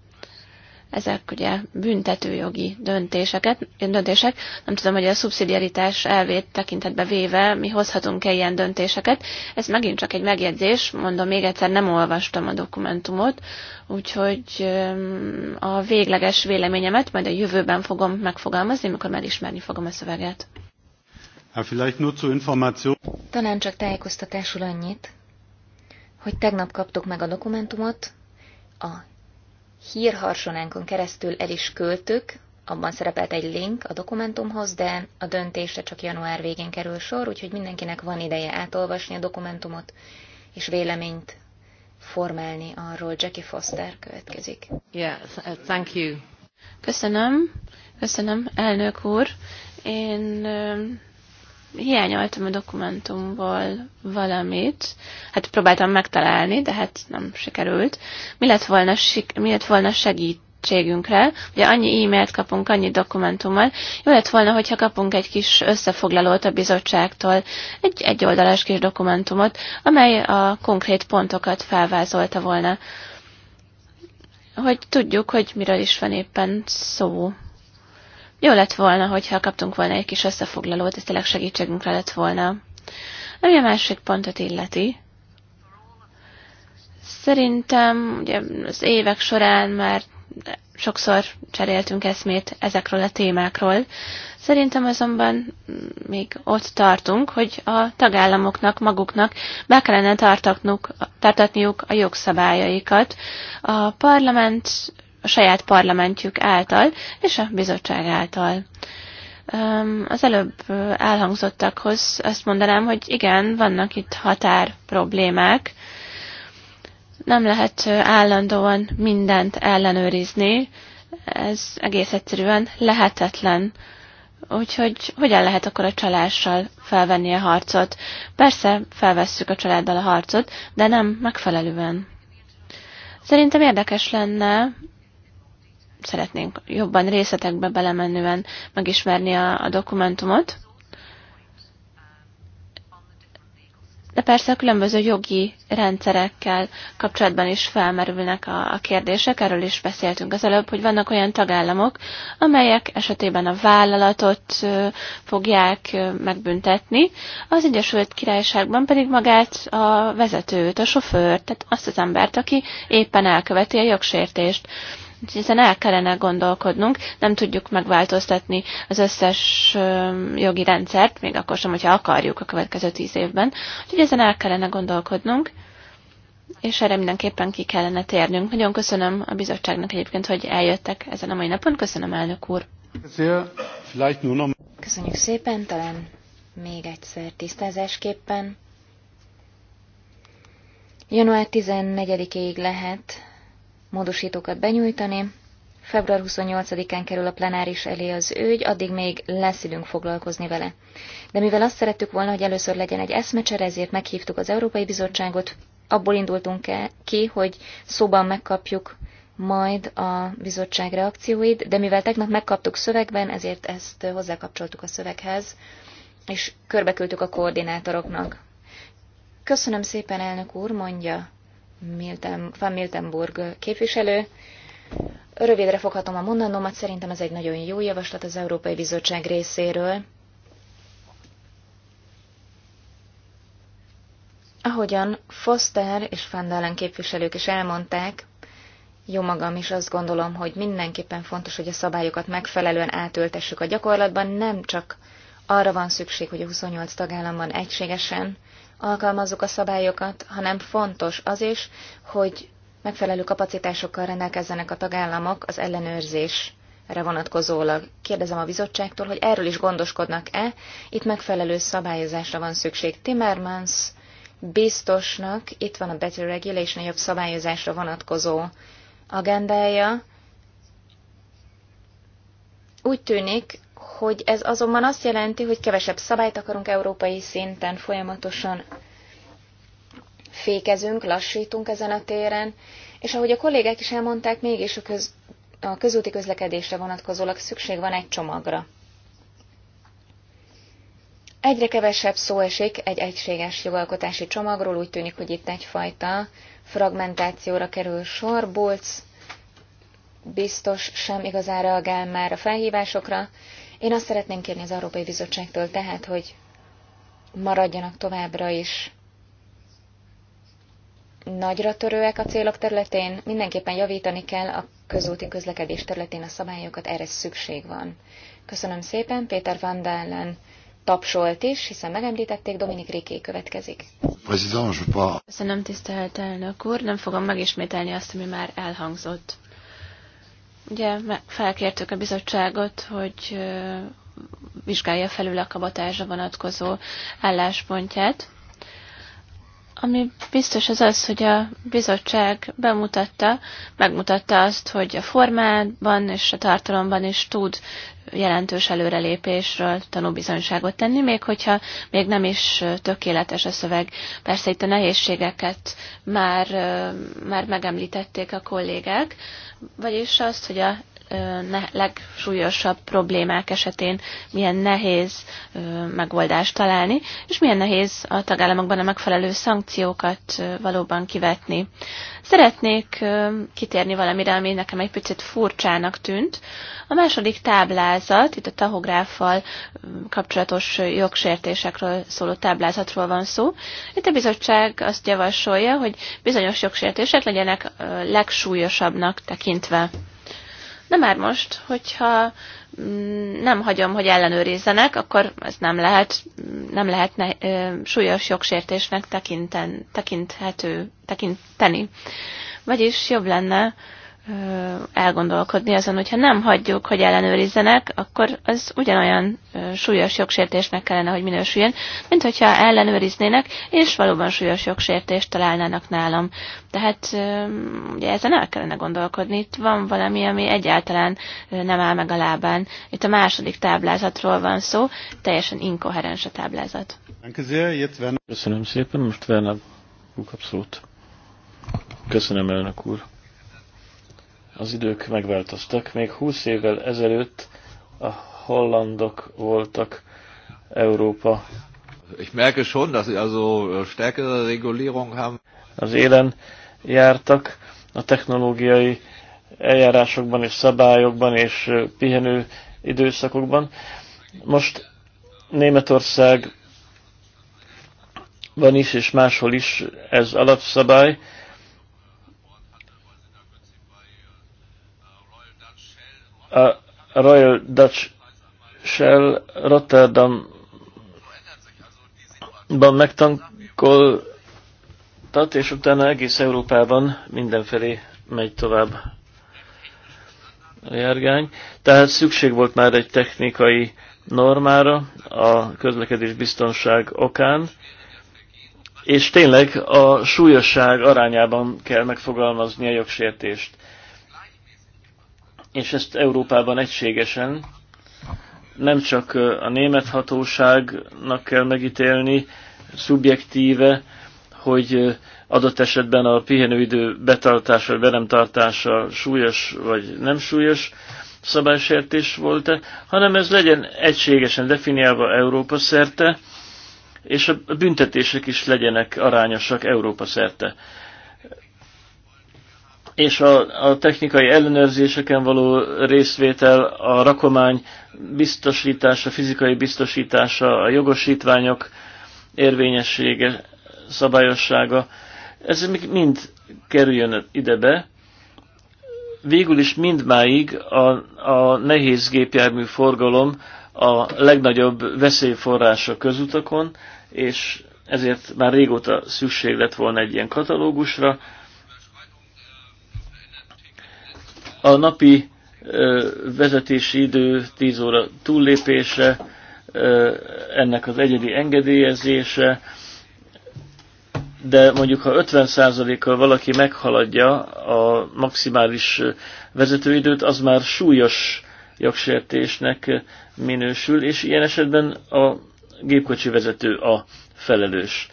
ezek ugye büntetőjogi döntéseket, döntések. Nem tudom, hogy a szubszidiaritás elvét tekintetbe véve mi hozhatunk-e ilyen döntéseket. Ez megint csak egy megjegyzés, mondom még egyszer, nem olvastam a dokumentumot, úgyhogy a végleges véleményemet majd a jövőben fogom megfogalmazni, mikor már ismerni fogom a szöveget. Talán csak tájékoztatásul annyit, hogy tegnap kaptuk meg a dokumentumot, a hírharsonánkon keresztül el is költük, abban szerepelt egy link a dokumentumhoz, de a döntésre csak január végén kerül sor, úgyhogy mindenkinek van ideje átolvasni a dokumentumot és véleményt formálni arról. Jackie Foster következik. Yeah, thank you. Köszönöm, köszönöm, elnök úr. Én hiányoltam a dokumentumból valamit, hát próbáltam megtalálni, de hát nem sikerült. Mi lett volna, mi lett volna segít, segítségünkre. Ugye annyi e-mailt kapunk, annyi dokumentummal. Jó lett volna, hogyha kapunk egy kis összefoglalót a bizottságtól, egy egyoldalas kis dokumentumot, amely a konkrét pontokat felvázolta volna, hogy tudjuk, hogy miről is van éppen szó. Jó lett volna, hogyha kaptunk volna egy kis összefoglalót, ez tényleg segítségünkre lett volna. Ami a másik pontot illeti, szerintem ugye az évek során már sokszor cseréltünk eszmét ezekről a témákról. Szerintem azonban még ott tartunk, hogy a tagállamoknak maguknak be kellene tartatniuk a jogszabályaikat. A parlament a saját parlamentjük által és a bizottság által. Az előbb elhangzottakhoz azt mondanám, hogy igen, vannak itt határ problémák. Nem lehet állandóan mindent ellenőrizni, ez egész egyszerűen lehetetlen. Úgyhogy hogyan lehet akkor a csalással felvenni a harcot? Persze felvesszük a családdal a harcot, de nem megfelelően. Szerintem érdekes lenne szeretnénk jobban részletekbe belemenően megismerni a, a dokumentumot. De persze a különböző jogi rendszerekkel kapcsolatban is felmerülnek a, a kérdések, erről is beszéltünk az előbb, hogy vannak olyan tagállamok, amelyek esetében a vállalatot fogják megbüntetni, az Egyesült Királyságban pedig magát a vezetőt, a sofőrt, tehát azt az embert, aki éppen elköveti a jogsértést hiszen el kellene gondolkodnunk, nem tudjuk megváltoztatni az összes jogi rendszert, még akkor sem, hogyha akarjuk a következő tíz évben. Úgyhogy ezen el kellene gondolkodnunk, és erre mindenképpen ki kellene térnünk. Nagyon köszönöm a bizottságnak egyébként, hogy eljöttek ezen a mai napon. Köszönöm, elnök úr. Köszönjük szépen, talán még egyszer tisztázásképpen. Január 14-ig lehet módosítókat benyújtani. Február 28-án kerül a plenáris elé az ügy, addig még lesz időnk foglalkozni vele. De mivel azt szerettük volna, hogy először legyen egy eszmecsere, ezért meghívtuk az Európai Bizottságot, abból indultunk ki, hogy szóban megkapjuk majd a bizottság reakcióit, de mivel tegnap megkaptuk szövegben, ezért ezt hozzákapcsoltuk a szöveghez, és körbeküldtük a koordinátoroknak. Köszönöm szépen, elnök úr, mondja van Miltenburg képviselő. Rövidre foghatom a mondanomat, szerintem ez egy nagyon jó javaslat az Európai Bizottság részéről. Ahogyan Foster és Van Dalen képviselők is elmondták, jó magam is azt gondolom, hogy mindenképpen fontos, hogy a szabályokat megfelelően átöltessük a gyakorlatban, nem csak arra van szükség, hogy a 28 tagállamban egységesen alkalmazzuk a szabályokat, hanem fontos az is, hogy megfelelő kapacitásokkal rendelkezzenek a tagállamok az ellenőrzés erre vonatkozólag. Kérdezem a bizottságtól, hogy erről is gondoskodnak-e, itt megfelelő szabályozásra van szükség. Timmermans biztosnak itt van a Better Regulation, a jobb szabályozásra vonatkozó agendája. Úgy tűnik, hogy ez azonban azt jelenti, hogy kevesebb szabályt akarunk európai szinten folyamatosan fékezünk, lassítunk ezen a téren, és ahogy a kollégák is elmondták, mégis a, köz, a közúti közlekedésre vonatkozólag szükség van egy csomagra. Egyre kevesebb szó esik egy egységes jogalkotási csomagról, úgy tűnik, hogy itt egyfajta fragmentációra kerül sor. Bulc biztos sem igazán reagál már a felhívásokra, én azt szeretném kérni az Európai Bizottságtól tehát, hogy maradjanak továbbra is nagyra törőek a célok területén, mindenképpen javítani kell a közúti közlekedés területén a szabályokat, erre szükség van. Köszönöm szépen, Péter Van Dalen tapsolt is, hiszen megemlítették, Dominik Riké következik. Köszönöm, tisztelt elnök úr, nem fogom megismételni azt, ami már elhangzott. Ugye felkértük a bizottságot, hogy vizsgálja felül a kabotásra vonatkozó álláspontját. Ami biztos az az, hogy a bizottság bemutatta, megmutatta azt, hogy a formában és a tartalomban is tud jelentős előrelépésről tanúbizonyságot tenni, még hogyha még nem is tökéletes a szöveg. Persze itt a nehézségeket már, már megemlítették a kollégák, vagyis azt, hogy a legsúlyosabb problémák esetén milyen nehéz megoldást találni, és milyen nehéz a tagállamokban a megfelelő szankciókat valóban kivetni. Szeretnék kitérni valamire, ami nekem egy picit furcsának tűnt. A második táblázat, itt a tahográffal kapcsolatos jogsértésekről szóló táblázatról van szó. Itt a bizottság azt javasolja, hogy bizonyos jogsértések legyenek legsúlyosabbnak tekintve. De már most, hogyha mm, nem hagyom, hogy ellenőrizzenek, akkor ez nem lehet, nem lehet ne, ö, súlyos jogsértésnek tekinten, tekinthető, tekinteni. Vagyis jobb lenne, elgondolkodni azon, hogyha nem hagyjuk, hogy ellenőrizzenek, akkor az ugyanolyan súlyos jogsértésnek kellene, hogy minősüljön, mint hogyha ellenőriznének, és valóban súlyos jogsértést találnának nálam. Tehát ugye ezen el kellene gondolkodni. Itt van valami, ami egyáltalán nem áll meg a lábán. Itt a második táblázatról van szó, teljesen inkoherens a táblázat. Köszönöm szépen, most Werner kapszót. Köszönöm, elnök úr az idők megváltoztak. Még 20 évvel ezelőtt a hollandok voltak Európa. Ich merke schon, dass sie also äh, stärkere Regulierung haben. Az élen jártak a technológiai eljárásokban és szabályokban és pihenő időszakokban. Most Németországban is és máshol is ez alapszabály, a Royal Dutch Shell Rotterdamban megtankoltat, és utána egész Európában mindenfelé megy tovább a járgány. Tehát szükség volt már egy technikai normára a közlekedés biztonság okán, és tényleg a súlyosság arányában kell megfogalmazni a jogsértést és ezt Európában egységesen nem csak a német hatóságnak kell megítélni szubjektíve, hogy adott esetben a pihenőidő betartása vagy be nem tartása súlyos vagy nem súlyos szabálysértés volt-e, hanem ez legyen egységesen definiálva Európa szerte, és a büntetések is legyenek arányosak Európa szerte és a, a technikai ellenőrzéseken való részvétel, a rakomány biztosítása, fizikai biztosítása, a jogosítványok érvényessége, szabályossága, ez mind kerüljön ide be. Végül is mindmáig a, a nehéz gépjármű forgalom a legnagyobb veszélyforrása közutakon, és ezért már régóta szükség lett volna egy ilyen katalógusra, A napi vezetési idő 10 óra túllépése, ennek az egyedi engedélyezése, de mondjuk ha 50%-kal valaki meghaladja a maximális vezetőidőt, az már súlyos jogsértésnek minősül, és ilyen esetben a gépkocsi vezető a felelős.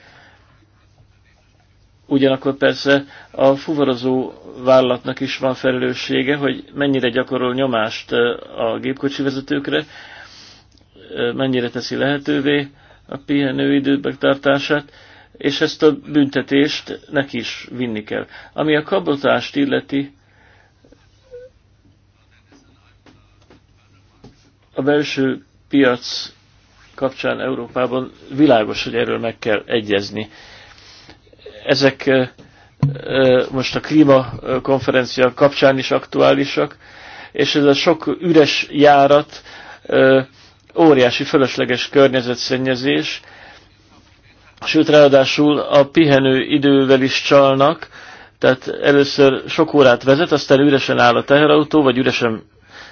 Ugyanakkor persze a fuvarozó vállalatnak is van felelőssége, hogy mennyire gyakorol nyomást a gépkocsi vezetőkre, mennyire teszi lehetővé a pihenőidő megtartását, és ezt a büntetést neki is vinni kell. Ami a kabotást illeti, a belső piac kapcsán Európában világos, hogy erről meg kell egyezni ezek most a klímakonferencia kapcsán is aktuálisak, és ez a sok üres járat, óriási fölösleges környezetszennyezés, sőt ráadásul a pihenő idővel is csalnak, tehát először sok órát vezet, aztán üresen áll a teherautó, vagy üresen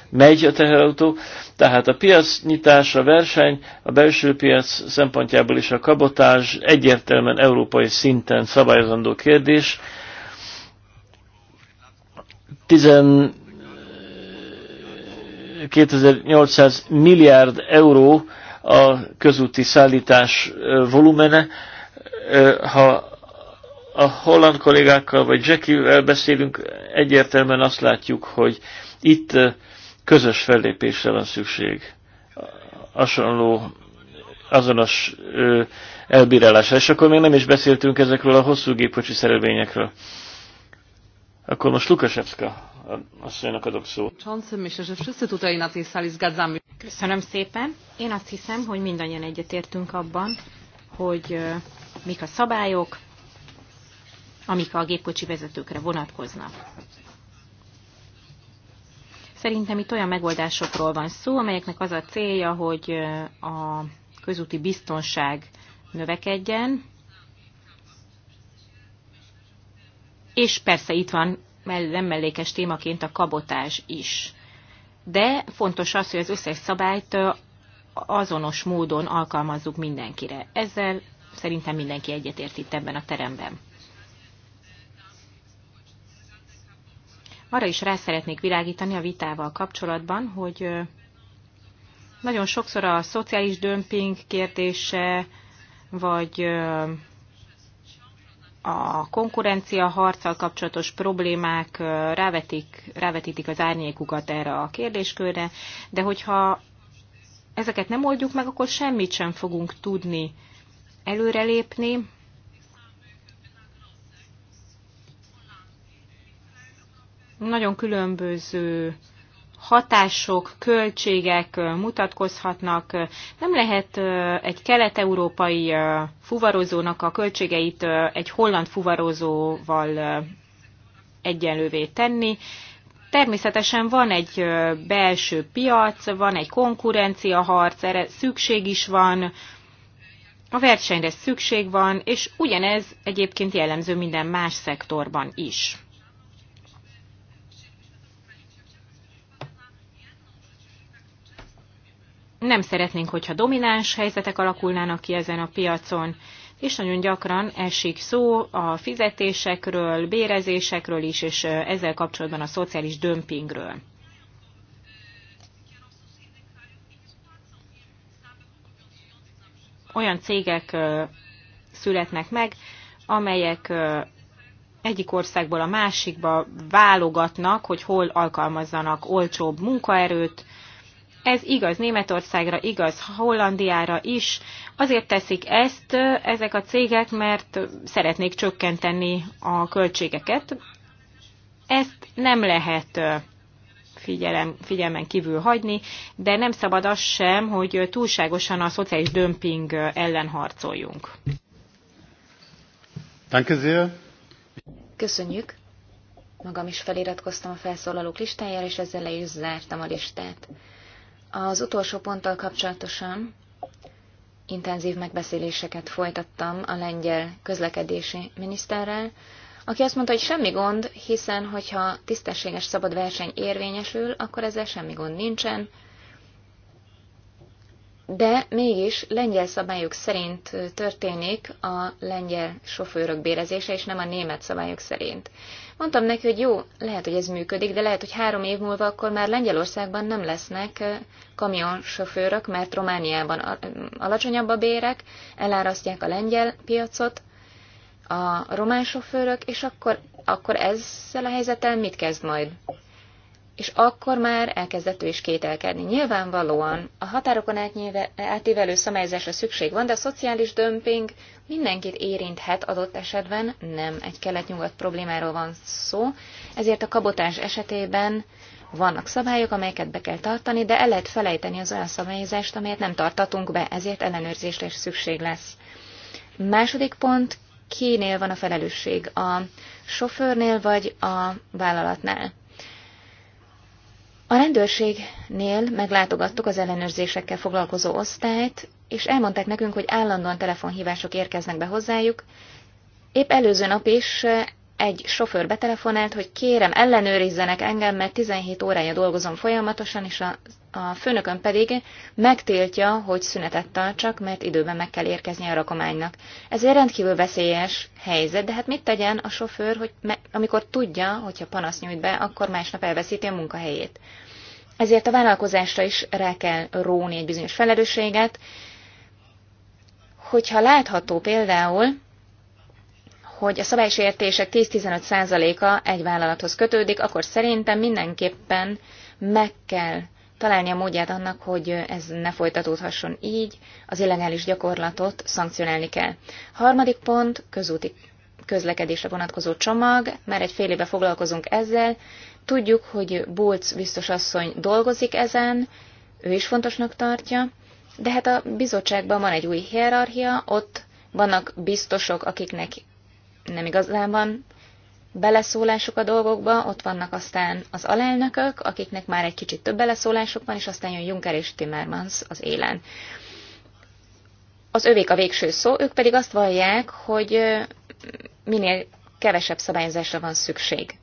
megy a teherautó. Tehát a nyitás, a verseny, a belső piac szempontjából is a kabotás egyértelműen európai szinten szabályozandó kérdés. 10 2800 milliárd euró a közúti szállítás volumene. Ha a holland kollégákkal vagy Jackie-vel beszélünk, egyértelműen azt látjuk, hogy itt közös fellépésre van szükség. Hasonló azonos ö, elbírálása. És akkor még nem is beszéltünk ezekről a hosszú gépkocsi szerelvényekről. Akkor most Lukasevska asszonynak adok szót. Köszönöm szépen. Én azt hiszem, hogy mindannyian egyetértünk abban, hogy ö, mik a szabályok, amik a gépkocsi vezetőkre vonatkoznak. Szerintem itt olyan megoldásokról van szó, amelyeknek az a célja, hogy a közúti biztonság növekedjen, és persze itt van nem mellékes témaként a kabotás is. De fontos az, hogy az összes szabályt azonos módon alkalmazzuk mindenkire. Ezzel szerintem mindenki egyetért itt ebben a teremben. arra is rá szeretnék világítani a vitával kapcsolatban, hogy nagyon sokszor a szociális dömping kérdése, vagy a konkurencia harccal kapcsolatos problémák rávetik, rávetítik az árnyékukat erre a kérdéskörre, de hogyha ezeket nem oldjuk meg, akkor semmit sem fogunk tudni előrelépni, nagyon különböző hatások, költségek mutatkozhatnak. Nem lehet egy kelet-európai fuvarozónak a költségeit egy holland fuvarozóval egyenlővé tenni. Természetesen van egy belső piac, van egy konkurenciaharc, erre szükség is van, a versenyre szükség van, és ugyanez egyébként jellemző minden más szektorban is. nem szeretnénk, hogyha domináns helyzetek alakulnának ki ezen a piacon, és nagyon gyakran esik szó a fizetésekről, bérezésekről is, és ezzel kapcsolatban a szociális dömpingről. Olyan cégek születnek meg, amelyek egyik országból a másikba válogatnak, hogy hol alkalmazzanak olcsóbb munkaerőt, ez igaz Németországra, igaz Hollandiára is. Azért teszik ezt ezek a cégek, mert szeretnék csökkenteni a költségeket. Ezt nem lehet figyelem, figyelmen kívül hagyni, de nem szabad az sem, hogy túlságosan a szociális dömping ellen harcoljunk. Köszönjük! Magam is feliratkoztam a felszólalók listájára, és ezzel le is zártam a listát. Az utolsó ponttal kapcsolatosan intenzív megbeszéléseket folytattam a lengyel közlekedési miniszterrel, aki azt mondta, hogy semmi gond, hiszen hogyha tisztességes szabad verseny érvényesül, akkor ezzel semmi gond nincsen, de mégis lengyel szabályok szerint történik a lengyel sofőrök bérezése, és nem a német szabályok szerint. Mondtam neki, hogy jó, lehet, hogy ez működik, de lehet, hogy három év múlva akkor már Lengyelországban nem lesznek kamionsofőrök, mert Romániában alacsonyabb a bérek, elárasztják a lengyel piacot, a román sofőrök, és akkor, akkor ezzel a helyzettel mit kezd majd és akkor már elkezdett ő is kételkedni. Nyilvánvalóan a határokon átívelő szabályozásra szükség van, de a szociális dömping mindenkit érinthet adott esetben, nem egy kelet-nyugat problémáról van szó, ezért a kabotás esetében vannak szabályok, amelyeket be kell tartani, de el lehet felejteni az olyan szabályozást, amelyet nem tartatunk be, ezért ellenőrzésre is szükség lesz. Második pont, kinél van a felelősség? A sofőrnél vagy a vállalatnál? A rendőrségnél meglátogattuk az ellenőrzésekkel foglalkozó osztályt, és elmondták nekünk, hogy állandóan telefonhívások érkeznek be hozzájuk. Épp előző nap is egy sofőr betelefonált, hogy kérem, ellenőrizzenek engem, mert 17 órája dolgozom folyamatosan, és az a főnökön pedig megtiltja, hogy szünetet tartsak, mert időben meg kell érkezni a rakománynak. Ez egy rendkívül veszélyes helyzet, de hát mit tegyen a sofőr, hogy me- amikor tudja, hogyha panasz nyújt be, akkor másnap elveszíti a munkahelyét. Ezért a vállalkozásra is rá kell róni egy bizonyos felelősséget, hogyha látható például, hogy a szabálysértések 10-15%-a egy vállalathoz kötődik, akkor szerintem mindenképpen meg kell találni a módját annak, hogy ez ne folytatódhasson így, az illegális gyakorlatot szankcionálni kell. Harmadik pont, közúti közlekedésre vonatkozó csomag, mert egy fél éve foglalkozunk ezzel, tudjuk, hogy Bulc biztos asszony dolgozik ezen, ő is fontosnak tartja, de hát a bizottságban van egy új hierarchia, ott vannak biztosok, akiknek nem igazán van beleszólásuk a dolgokba, ott vannak aztán az alelnökök, akiknek már egy kicsit több beleszólásuk van, és aztán jön Juncker és Timmermans az élen. Az övék a végső szó, ők pedig azt vallják, hogy minél kevesebb szabályozásra van szükség.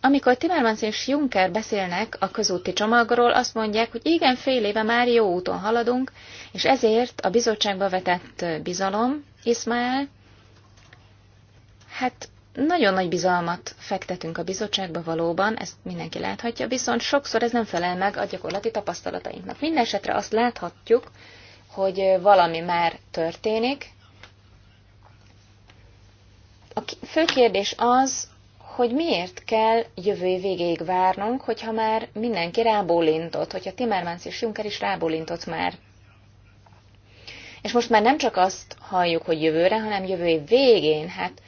Amikor Timmermans és Juncker beszélnek a közúti csomagról, azt mondják, hogy igen, fél éve már jó úton haladunk, és ezért a bizottságba vetett bizalom, Ismael, Hát nagyon nagy bizalmat fektetünk a bizottságba valóban, ezt mindenki láthatja, viszont sokszor ez nem felel meg a gyakorlati tapasztalatainknak. Mindenesetre azt láthatjuk, hogy valami már történik. A fő kérdés az, hogy miért kell jövő végéig várnunk, hogyha már mindenki rábólintott, hogyha Timmermans és Juncker is rábólintott már. És most már nem csak azt halljuk, hogy jövőre, hanem jövő év végén, hát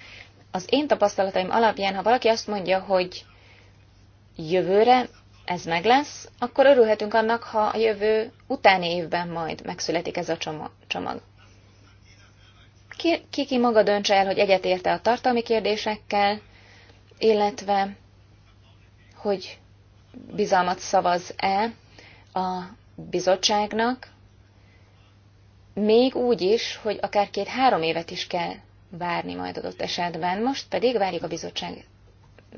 az én tapasztalataim alapján, ha valaki azt mondja, hogy jövőre ez meg lesz, akkor örülhetünk annak, ha a jövő utáni évben majd megszületik ez a csomag. Ki, ki, maga döntse el, hogy egyetérte a tartalmi kérdésekkel, illetve hogy bizalmat szavaz-e a bizottságnak, még úgy is, hogy akár két-három évet is kell várni majd adott esetben. Most pedig várjuk a bizottság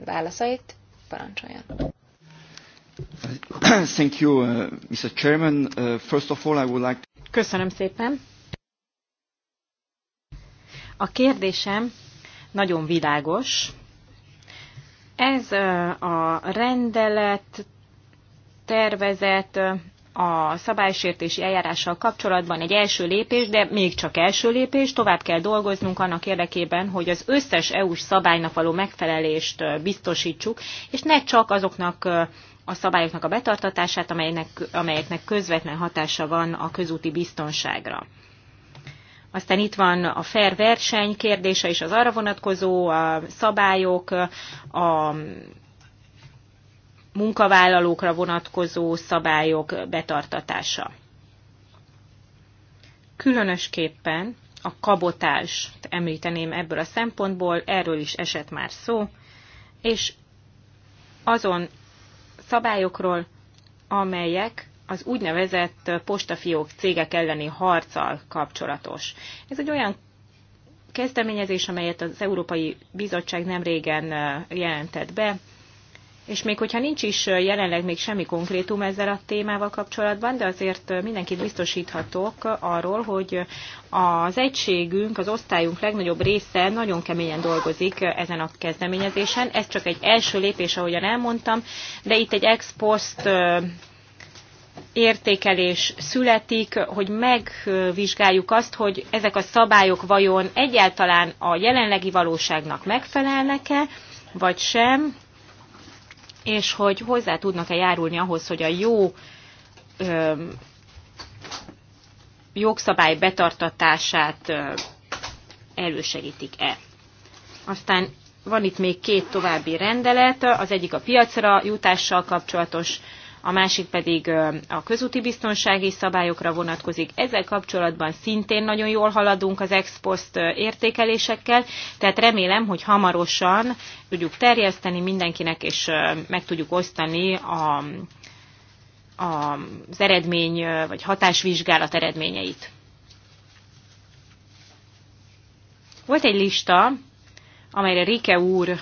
válaszait. Parancsoljon! Thank you, uh, Mr. Chairman. Uh, first of all, I would like to... Köszönöm szépen. A kérdésem nagyon világos. Ez uh, a rendelet tervezet uh, a szabálysértési eljárással kapcsolatban egy első lépés, de még csak első lépés, tovább kell dolgoznunk annak érdekében, hogy az összes EU-s szabálynak való megfelelést biztosítsuk, és ne csak azoknak a szabályoknak a betartatását, amelyeknek, amelyeknek közvetlen hatása van a közúti biztonságra. Aztán itt van a fair verseny kérdése és az arra vonatkozó szabályok, a munkavállalókra vonatkozó szabályok betartatása. Különösképpen a kabotást említeném ebből a szempontból, erről is esett már szó, és azon szabályokról, amelyek az úgynevezett postafiók cégek elleni harccal kapcsolatos. Ez egy olyan kezdeményezés, amelyet az Európai Bizottság nem régen jelentett be, és még hogyha nincs is jelenleg még semmi konkrétum ezzel a témával kapcsolatban, de azért mindenkit biztosíthatok arról, hogy az egységünk, az osztályunk legnagyobb része nagyon keményen dolgozik ezen a kezdeményezésen. Ez csak egy első lépés, ahogyan elmondtam, de itt egy ex post értékelés születik, hogy megvizsgáljuk azt, hogy ezek a szabályok vajon egyáltalán a jelenlegi valóságnak megfelelnek-e, vagy sem, és hogy hozzá tudnak-e járulni ahhoz, hogy a jó ö, jogszabály betartatását ö, elősegítik-e. Aztán van itt még két további rendelet, az egyik a piacra jutással kapcsolatos a másik pedig a közúti biztonsági szabályokra vonatkozik. Ezzel kapcsolatban szintén nagyon jól haladunk az ex-post értékelésekkel, tehát remélem, hogy hamarosan tudjuk terjeszteni mindenkinek, és meg tudjuk osztani a, a, az eredmény, vagy hatásvizsgálat eredményeit. Volt egy lista, amelyre Rike úr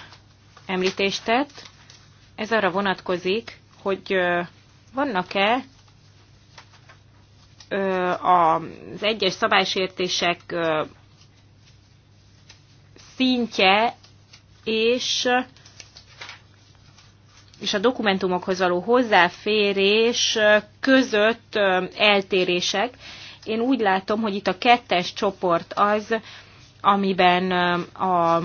említést tett, ez arra vonatkozik, hogy vannak-e az egyes szabálysértések szintje és, és a dokumentumokhoz való hozzáférés között eltérések. Én úgy látom, hogy itt a kettes csoport az, amiben a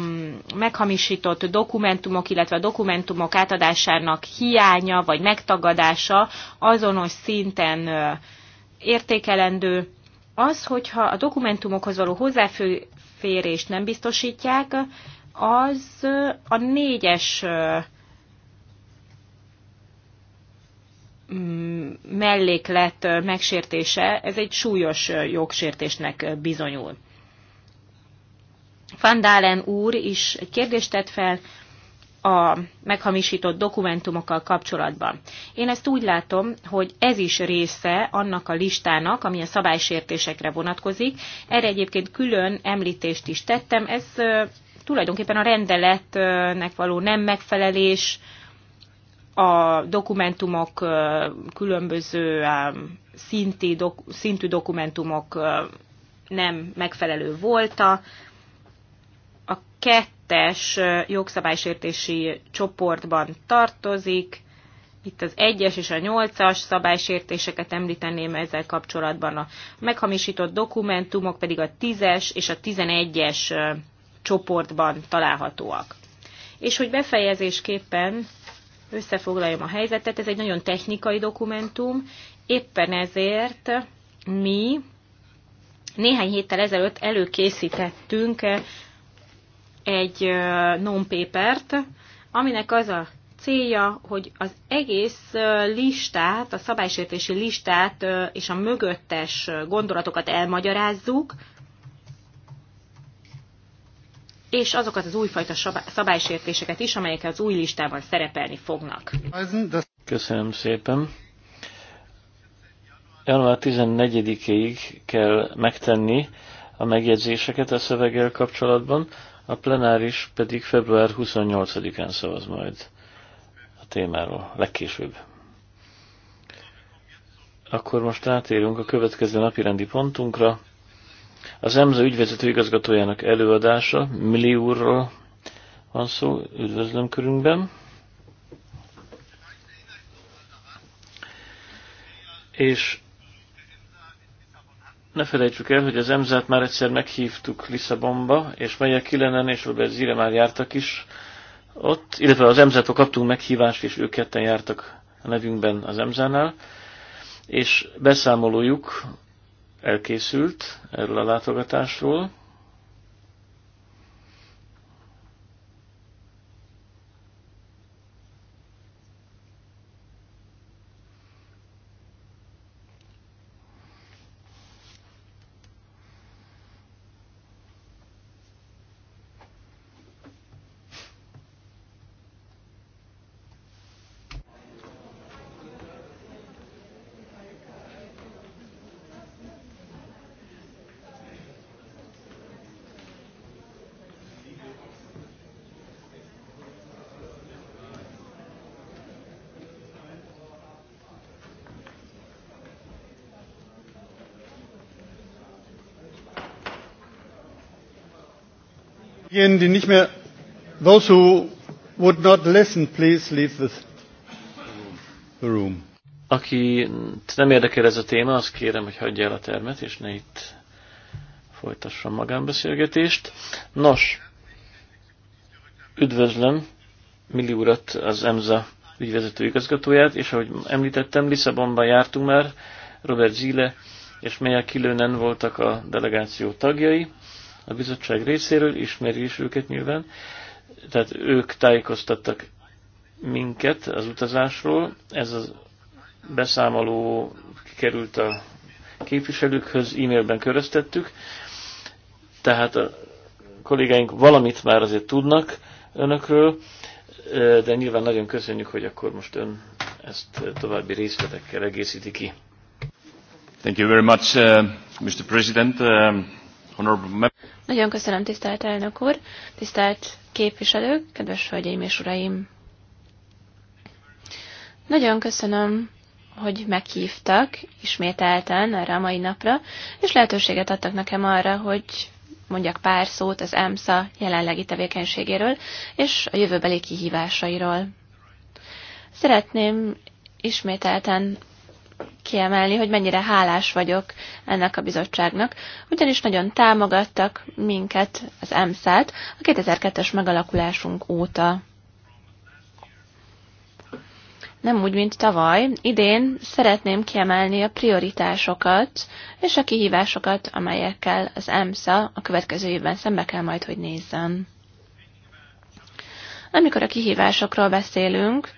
meghamisított dokumentumok, illetve a dokumentumok átadásának hiánya vagy megtagadása azonos szinten értékelendő. Az, hogyha a dokumentumokhoz való hozzáférést nem biztosítják, az a négyes melléklet megsértése, ez egy súlyos jogsértésnek bizonyul. Van Dalen úr is egy kérdést tett fel a meghamisított dokumentumokkal kapcsolatban. Én ezt úgy látom, hogy ez is része annak a listának, ami a szabálysértésekre vonatkozik. Erre egyébként külön említést is tettem. Ez tulajdonképpen a rendeletnek való nem megfelelés, a dokumentumok különböző szinti, szintű dokumentumok nem megfelelő volta, a kettes jogszabálysértési csoportban tartozik. Itt az egyes és a nyolcas szabálysértéseket említeném ezzel kapcsolatban. A meghamisított dokumentumok pedig a tízes és a tizenegyes csoportban találhatóak. És hogy befejezésképpen összefoglaljam a helyzetet, ez egy nagyon technikai dokumentum, éppen ezért mi néhány héttel ezelőtt előkészítettünk egy non-papert, aminek az a célja, hogy az egész listát, a szabálysértési listát és a mögöttes gondolatokat elmagyarázzuk, és azokat az újfajta szabálysértéseket is, amelyek az új listában szerepelni fognak. Köszönöm szépen. Január 14-ig kell megtenni a megjegyzéseket a szöveggel kapcsolatban a plenáris pedig február 28-án szavaz majd a témáról, legkésőbb. Akkor most átérünk a következő napirendi pontunkra. Az EMZA ügyvezető igazgatójának előadása, Milli úrról van szó, üdvözlöm körünkben. És ne felejtsük el, hogy az emzát már egyszer meghívtuk Lisszabonba, és Maja Kilenen és Robert Zire már jártak is ott, illetve az emzától kaptunk meghívást, és ők ketten jártak a nevünkben az emzánál, és beszámolójuk elkészült erről a látogatásról, Diejenigen, die nicht mehr, those who would not listen, please leave the, the room. Aki nem érdekel ez a téma, azt kérem, hogy hagyja el a termet, és ne itt folytassam magánbeszélgetést. Nos, üdvözlöm Milli urat, az EMSA ügyvezető igazgatóját, és ahogy említettem, Lisszabonban jártunk már, Robert Zile és Meja Kilőnen voltak a delegáció tagjai a bizottság részéről, ismeri is őket nyilván, tehát ők tájékoztattak minket az utazásról, ez a beszámoló került a képviselőkhöz, e-mailben köröztettük, tehát a kollégáink valamit már azért tudnak önökről, de nyilván nagyon köszönjük, hogy akkor most ön ezt további részletekkel egészíti ki. Thank you very much, uh, Mr. President. Um... Nagyon köszönöm, tisztelt elnök úr, tisztelt képviselők, kedves hölgyeim és uraim! Nagyon köszönöm, hogy meghívtak ismételten erre a mai napra, és lehetőséget adtak nekem arra, hogy mondjak pár szót az EMSA jelenlegi tevékenységéről és a jövőbeli kihívásairól. Szeretném ismételten kiemelni, hogy mennyire hálás vagyok ennek a bizottságnak, ugyanis nagyon támogattak minket, az EMSZ-t, a 2002-es megalakulásunk óta. Nem úgy, mint tavaly, idén szeretném kiemelni a prioritásokat és a kihívásokat, amelyekkel az EMSZA a következő évben szembe kell majd, hogy nézzen. Amikor a kihívásokról beszélünk,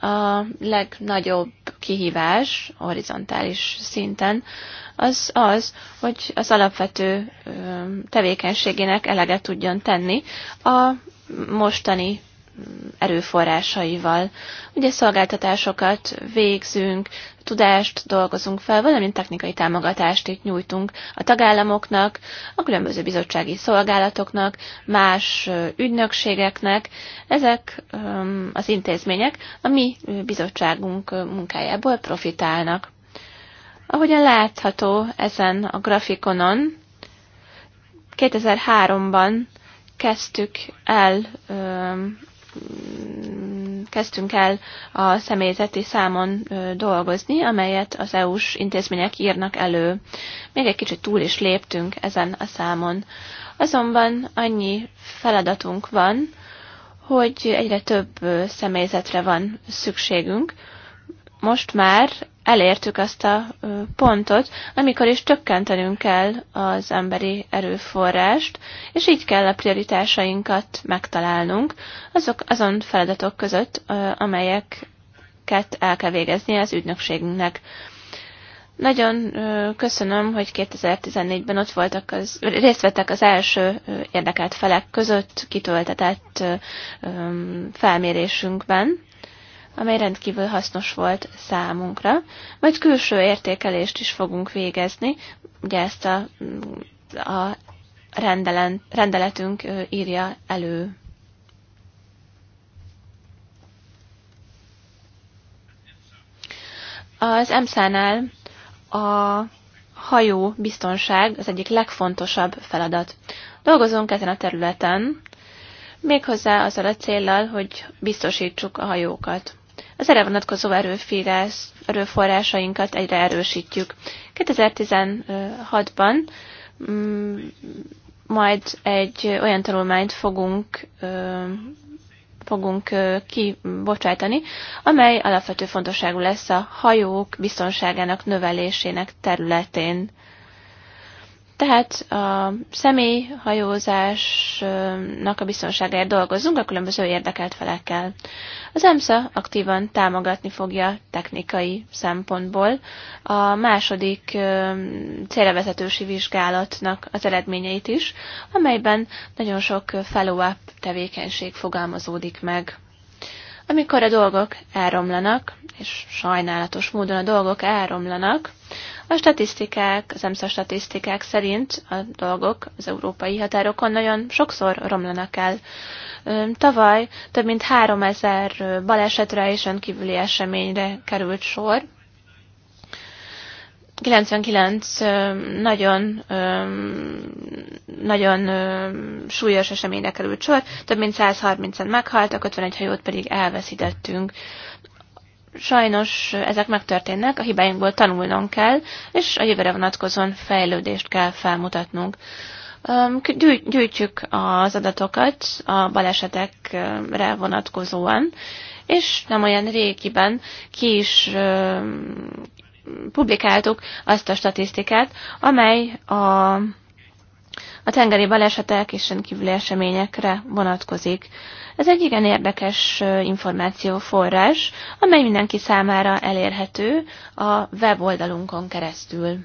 a legnagyobb kihívás horizontális szinten az az, hogy az alapvető tevékenységének eleget tudjon tenni a mostani erőforrásaival. Ugye szolgáltatásokat végzünk, tudást dolgozunk fel, valamint technikai támogatást itt nyújtunk a tagállamoknak, a különböző bizottsági szolgálatoknak, más ügynökségeknek. Ezek az intézmények a mi bizottságunk munkájából profitálnak. Ahogyan látható ezen a grafikonon, 2003-ban kezdtük el kezdtünk el a személyzeti számon dolgozni, amelyet az EU-s intézmények írnak elő. Még egy kicsit túl is léptünk ezen a számon. Azonban annyi feladatunk van, hogy egyre több személyzetre van szükségünk. Most már elértük azt a pontot, amikor is csökkentenünk kell az emberi erőforrást, és így kell a prioritásainkat megtalálnunk azok, azon feladatok között, amelyeket el kell végezni az ügynökségünknek. Nagyon köszönöm, hogy 2014-ben ott voltak, az, részt vettek az első érdekelt felek között kitöltetett felmérésünkben amely rendkívül hasznos volt számunkra. Majd külső értékelést is fogunk végezni, ugye ezt a, a rendelen, rendeletünk írja elő. Az EMSZ-nál a hajó biztonság az egyik legfontosabb feladat. Dolgozunk ezen a területen, méghozzá azzal a céllal, hogy biztosítsuk a hajókat az erre vonatkozó erőforrásainkat egyre erősítjük. 2016-ban mm, majd egy olyan tanulmányt fogunk fogunk kibocsátani, amely alapvető fontosságú lesz a hajók biztonságának növelésének területén. Tehát a személyhajózásnak a biztonságáért dolgozunk a különböző érdekelt felekkel. Az EMSA aktívan támogatni fogja technikai szempontból a második célrevezetősi vizsgálatnak az eredményeit is, amelyben nagyon sok follow-up tevékenység fogalmazódik meg. Amikor a dolgok elromlanak, és sajnálatos módon a dolgok elromlanak, a statisztikák, az EMSZA statisztikák szerint a dolgok az európai határokon nagyon sokszor romlanak el. Tavaly több mint 3000 balesetre és önkívüli eseményre került sor, 99 nagyon, nagyon súlyos eseményre került sor, több mint 130-en meghaltak, 51 hajót pedig elveszítettünk. Sajnos ezek megtörténnek, a hibáinkból tanulnunk kell, és a jövőre vonatkozóan fejlődést kell felmutatnunk. Gyűjtjük az adatokat a balesetekre vonatkozóan, és nem olyan régiben ki is publikáltuk azt a statisztikát, amely a, a tengeri balesetek és rendkívüli eseményekre vonatkozik. Ez egy igen érdekes információforrás, amely mindenki számára elérhető a weboldalunkon keresztül.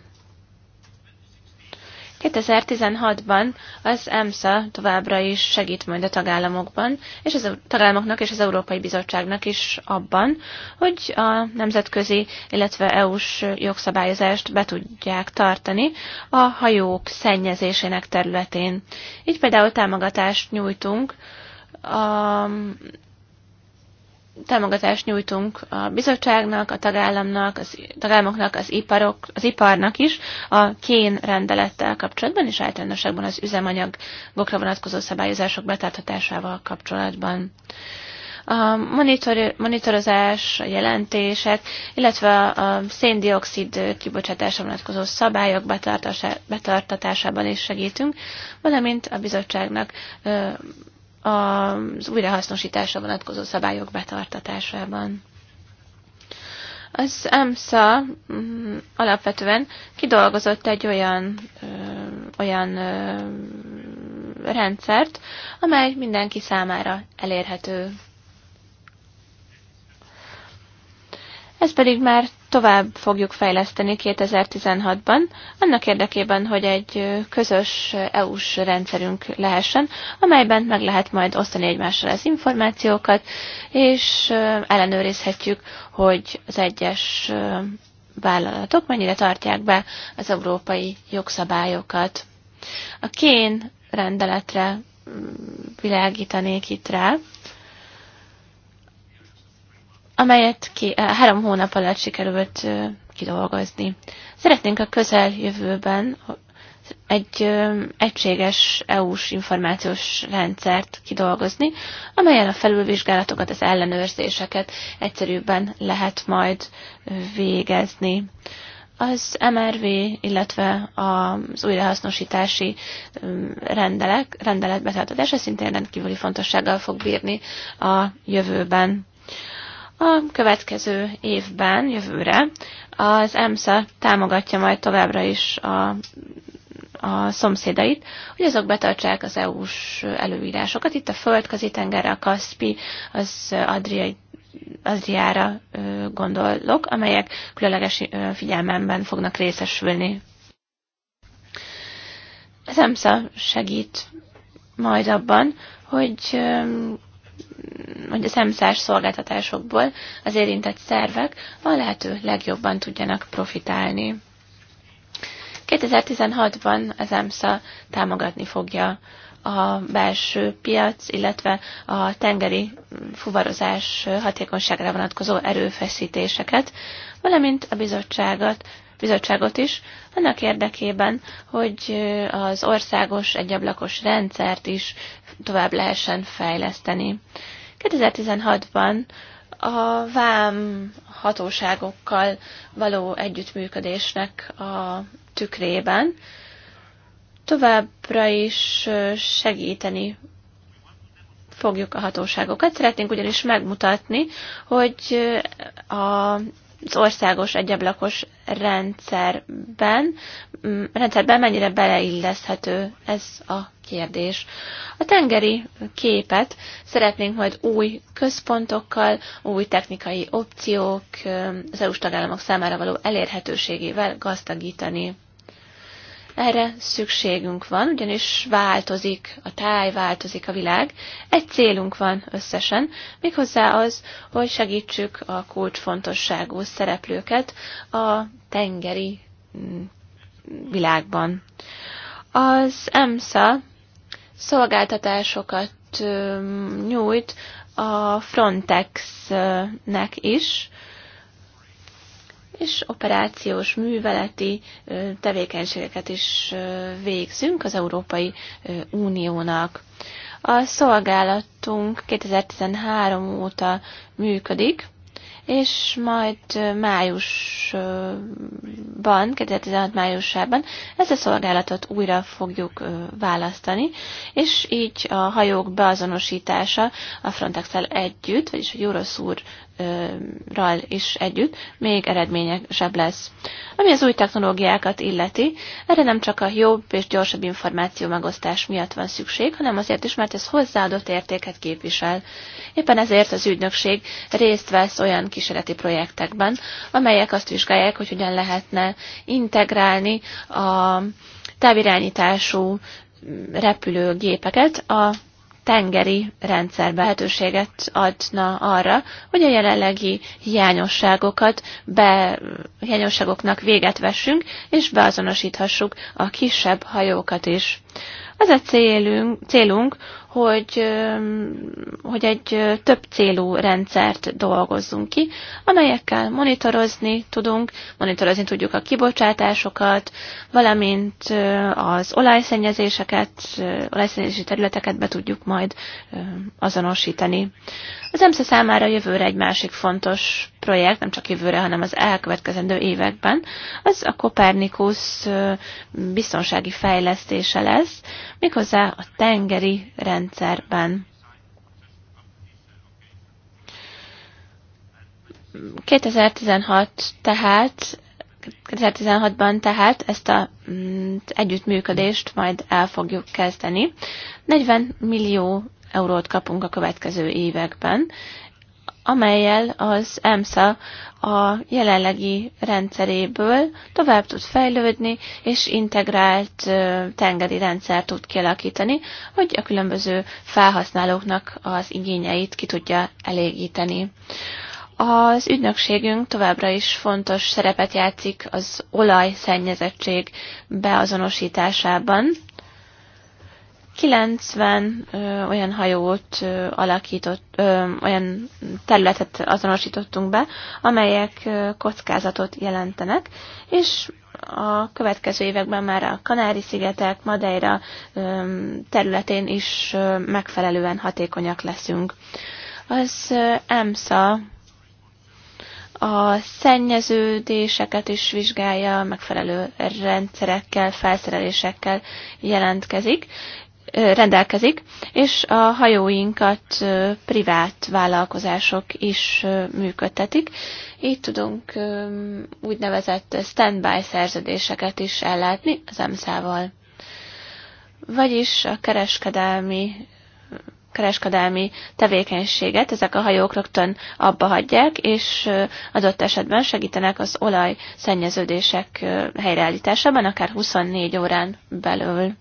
2016-ban az EMSA továbbra is segít majd a tagállamokban, és az a tagállamoknak és az Európai Bizottságnak is abban, hogy a nemzetközi, illetve EU-s jogszabályozást be tudják tartani a hajók szennyezésének területén. Így például támogatást nyújtunk a támogatást nyújtunk a bizottságnak, a tagállamnak, az tagállamoknak, az, iparok, az iparnak is a kén rendelettel kapcsolatban, és általánosságban az üzemanyagokra vonatkozó szabályozások betartatásával kapcsolatban. A monitor, monitorozás, a jelentések, illetve a széndiokszid kibocsátása vonatkozó szabályok betartatásában is segítünk, valamint a bizottságnak az újrahasznosításra vonatkozó szabályok betartatásában. Az EMSA mm, alapvetően kidolgozott egy olyan, ö, olyan ö, rendszert, amely mindenki számára elérhető Ezt pedig már tovább fogjuk fejleszteni 2016-ban, annak érdekében, hogy egy közös EU-s rendszerünk lehessen, amelyben meg lehet majd osztani egymással az információkat, és ellenőrizhetjük, hogy az egyes vállalatok mennyire tartják be az európai jogszabályokat. A kén rendeletre világítanék itt rá amelyet ki, eh, három hónap alatt sikerült eh, kidolgozni. Szeretnénk a közeljövőben egy ö, eh, egységes EU-s információs rendszert kidolgozni, amelyen a felülvizsgálatokat, az ellenőrzéseket egyszerűbben lehet majd végezni. Az MRV, illetve az újrahasznosítási rendelek, rendelet betartatása szintén rendkívüli fontossággal fog bírni a jövőben. A következő évben, jövőre az EMSZA támogatja majd továbbra is a, a szomszédait, hogy azok betartsák az EU-s előírásokat. Itt a földközi tengerre, a Kaspi, az Adriai Diára gondolok, amelyek különleges figyelmemben fognak részesülni. Az EMSZA segít majd abban, hogy hogy a szemszás szolgáltatásokból az érintett szervek a lehető legjobban tudjanak profitálni. 2016-ban az EMSZA támogatni fogja a belső piac, illetve a tengeri fuvarozás hatékonyságra vonatkozó erőfeszítéseket, valamint a bizottságot bizottságot is, annak érdekében, hogy az országos egyablakos rendszert is tovább lehessen fejleszteni. 2016-ban a vám hatóságokkal való együttműködésnek a tükrében továbbra is segíteni fogjuk a hatóságokat. Szeretnénk ugyanis megmutatni, hogy a az országos egyablakos rendszerben, mm, rendszerben mennyire beleilleszhető ez a kérdés. A tengeri képet szeretnénk majd új központokkal, új technikai opciók, az EU-s tagállamok számára való elérhetőségével gazdagítani. Erre szükségünk van, ugyanis változik a táj, változik a világ. Egy célunk van összesen, méghozzá az, hogy segítsük a kulcsfontosságú szereplőket a tengeri mm, világban. Az EMSA szolgáltatásokat nyújt a Frontexnek is, és operációs, műveleti tevékenységeket is végzünk az Európai Uniónak. A szolgálatunk 2013 óta működik, és majd májusban, 2016 májusában ezt a szolgálatot újra fogjuk választani, és így a hajók beazonosítása a frontex együtt, vagyis a Euroszúr rajl is együtt még eredményesebb lesz. Ami az új technológiákat illeti, erre nem csak a jobb és gyorsabb információ megosztás miatt van szükség, hanem azért is, mert ez hozzáadott értéket képvisel. Éppen ezért az ügynökség részt vesz olyan kísérleti projektekben, amelyek azt vizsgálják, hogy hogyan lehetne integrálni a távirányítású repülőgépeket a tengeri rendszer lehetőséget adna arra, hogy a jelenlegi hiányosságokat be, hiányosságoknak véget vessünk, és beazonosíthassuk a kisebb hajókat is. Az a célunk, célunk hogy, hogy egy több célú rendszert dolgozzunk ki, amelyekkel monitorozni tudunk, monitorozni tudjuk a kibocsátásokat, valamint az olajszennyezéseket, olajszennyezési területeket be tudjuk majd azonosítani. Az emsze számára jövőre egy másik fontos projekt, nem csak jövőre, hanem az elkövetkezendő években, az a Kopernikus biztonsági fejlesztése lesz, méghozzá a tengeri rendszer rendszerben. tehát 2016-ban tehát ezt a mm, együttműködést majd el fogjuk kezdeni. 40 millió eurót kapunk a következő években, amelyel az EMSA a jelenlegi rendszeréből tovább tud fejlődni, és integrált tengeri rendszer tud kialakítani, hogy a különböző felhasználóknak az igényeit ki tudja elégíteni. Az ügynökségünk továbbra is fontos szerepet játszik az olajszennyezettség beazonosításában, 90 ö, olyan hajót ö, alakított, ö, olyan területet azonosítottunk be, amelyek ö, kockázatot jelentenek, és a következő években már a Kanári-szigetek, Madeira ö, területén is ö, megfelelően hatékonyak leszünk. Az ö, EMSA a szennyeződéseket is vizsgálja, megfelelő rendszerekkel, felszerelésekkel jelentkezik, rendelkezik, és a hajóinkat privát vállalkozások is működtetik. Így tudunk úgynevezett standby szerződéseket is ellátni az EMSZ-val. Vagyis a kereskedelmi kereskedelmi tevékenységet ezek a hajók rögtön abba hagyják, és adott esetben segítenek az olaj szennyeződések helyreállításában, akár 24 órán belül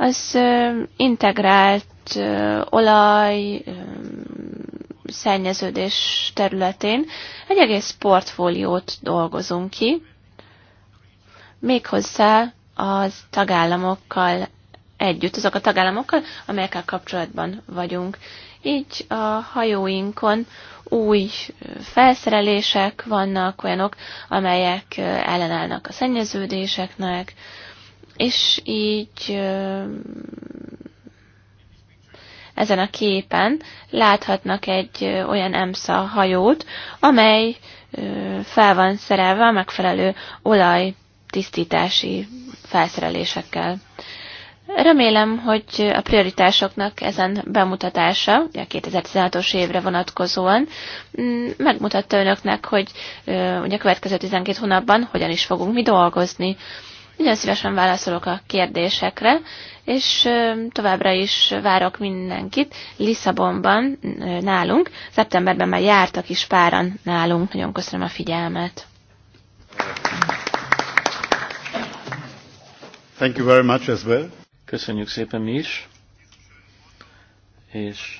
az integrált olaj szennyeződés területén egy egész portfóliót dolgozunk ki, méghozzá az tagállamokkal együtt, azok a tagállamokkal, amelyekkel kapcsolatban vagyunk. Így a hajóinkon új felszerelések vannak, olyanok, amelyek ellenállnak a szennyeződéseknek, és így ezen a képen láthatnak egy olyan EMSA hajót, amely fel van szerelve a megfelelő olaj tisztítási felszerelésekkel. Remélem, hogy a prioritásoknak ezen bemutatása, ugye a 2016-os évre vonatkozóan, mm, megmutatta önöknek, hogy ugye a következő 12 hónapban hogyan is fogunk mi dolgozni. Nagyon szívesen válaszolok a kérdésekre, és továbbra is várok mindenkit. Lisszabonban nálunk, szeptemberben már jártak is páran nálunk. Nagyon köszönöm a figyelmet. Thank you very much as well. Köszönjük szépen mi is. És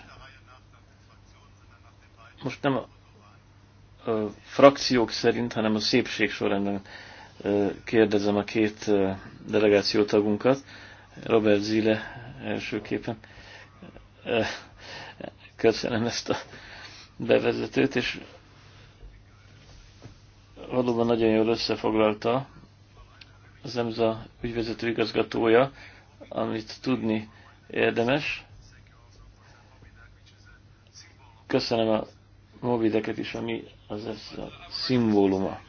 most nem a, a frakciók szerint, hanem a szépség sorrendben kérdezem a két delegáció tagunkat, Robert Zile elsőképpen. Köszönöm ezt a bevezetőt, és valóban nagyon jól összefoglalta az EMSA ügyvezető igazgatója, amit tudni érdemes. Köszönöm a mobideket is, ami az ez a szimbóluma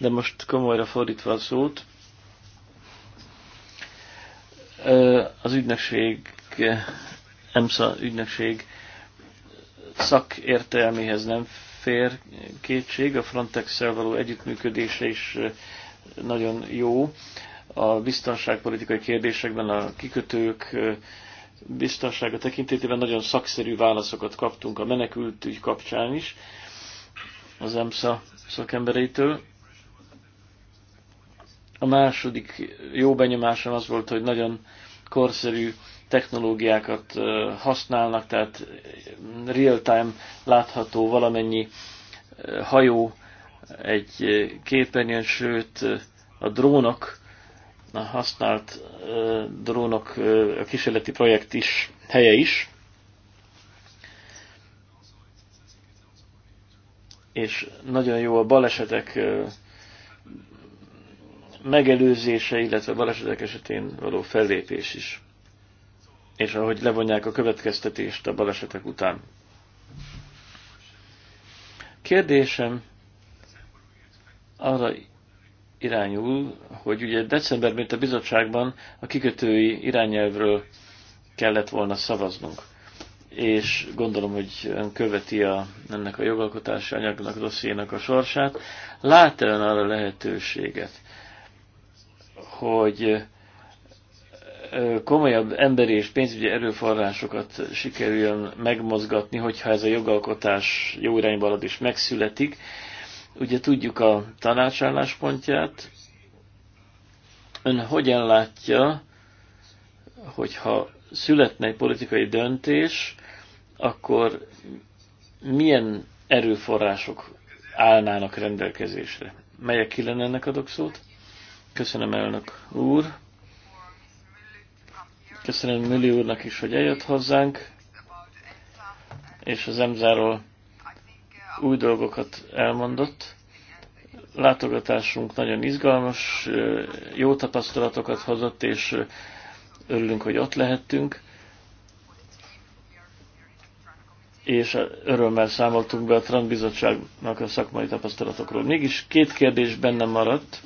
de most komolyra fordítva a szót, az ügynökség, EMSA ügynökség szakértelméhez nem fér kétség, a Frontex-szel való együttműködése is nagyon jó. A biztonságpolitikai kérdésekben a kikötők biztonsága tekintetében nagyon szakszerű válaszokat kaptunk a menekültügy kapcsán is az EMSA szakembereitől. A második jó benyomásom az volt, hogy nagyon korszerű technológiákat használnak, tehát real-time látható valamennyi hajó egy képernyőn, sőt a drónok, a használt drónok, a kísérleti projekt is, helye is. És nagyon jó a balesetek megelőzése, illetve balesetek esetén való fellépés is. És ahogy levonják a következtetést a balesetek után. Kérdésem arra irányul, hogy ugye december, mint a bizottságban a kikötői irányelvről kellett volna szavaznunk. És gondolom, hogy ön követi a, ennek a jogalkotási anyagnak, a dossziénak a sorsát. Lát-e ön arra lehetőséget, hogy komolyabb emberi és pénzügyi erőforrásokat sikerüljön megmozgatni, hogyha ez a jogalkotás jó irányba alatt is megszületik. Ugye tudjuk a tanácsálláspontját. Ön hogyan látja, hogyha születne egy politikai döntés, akkor milyen erőforrások állnának rendelkezésre? Melyek ki lenne ennek adok szót? Köszönöm elnök úr. Köszönöm Müli úrnak is, hogy eljött hozzánk, és az emzáról új dolgokat elmondott. Látogatásunk nagyon izgalmas, jó tapasztalatokat hozott, és örülünk, hogy ott lehettünk. És örömmel számoltunk be a Trump bizottságnak a szakmai tapasztalatokról. Mégis két kérdés bennem maradt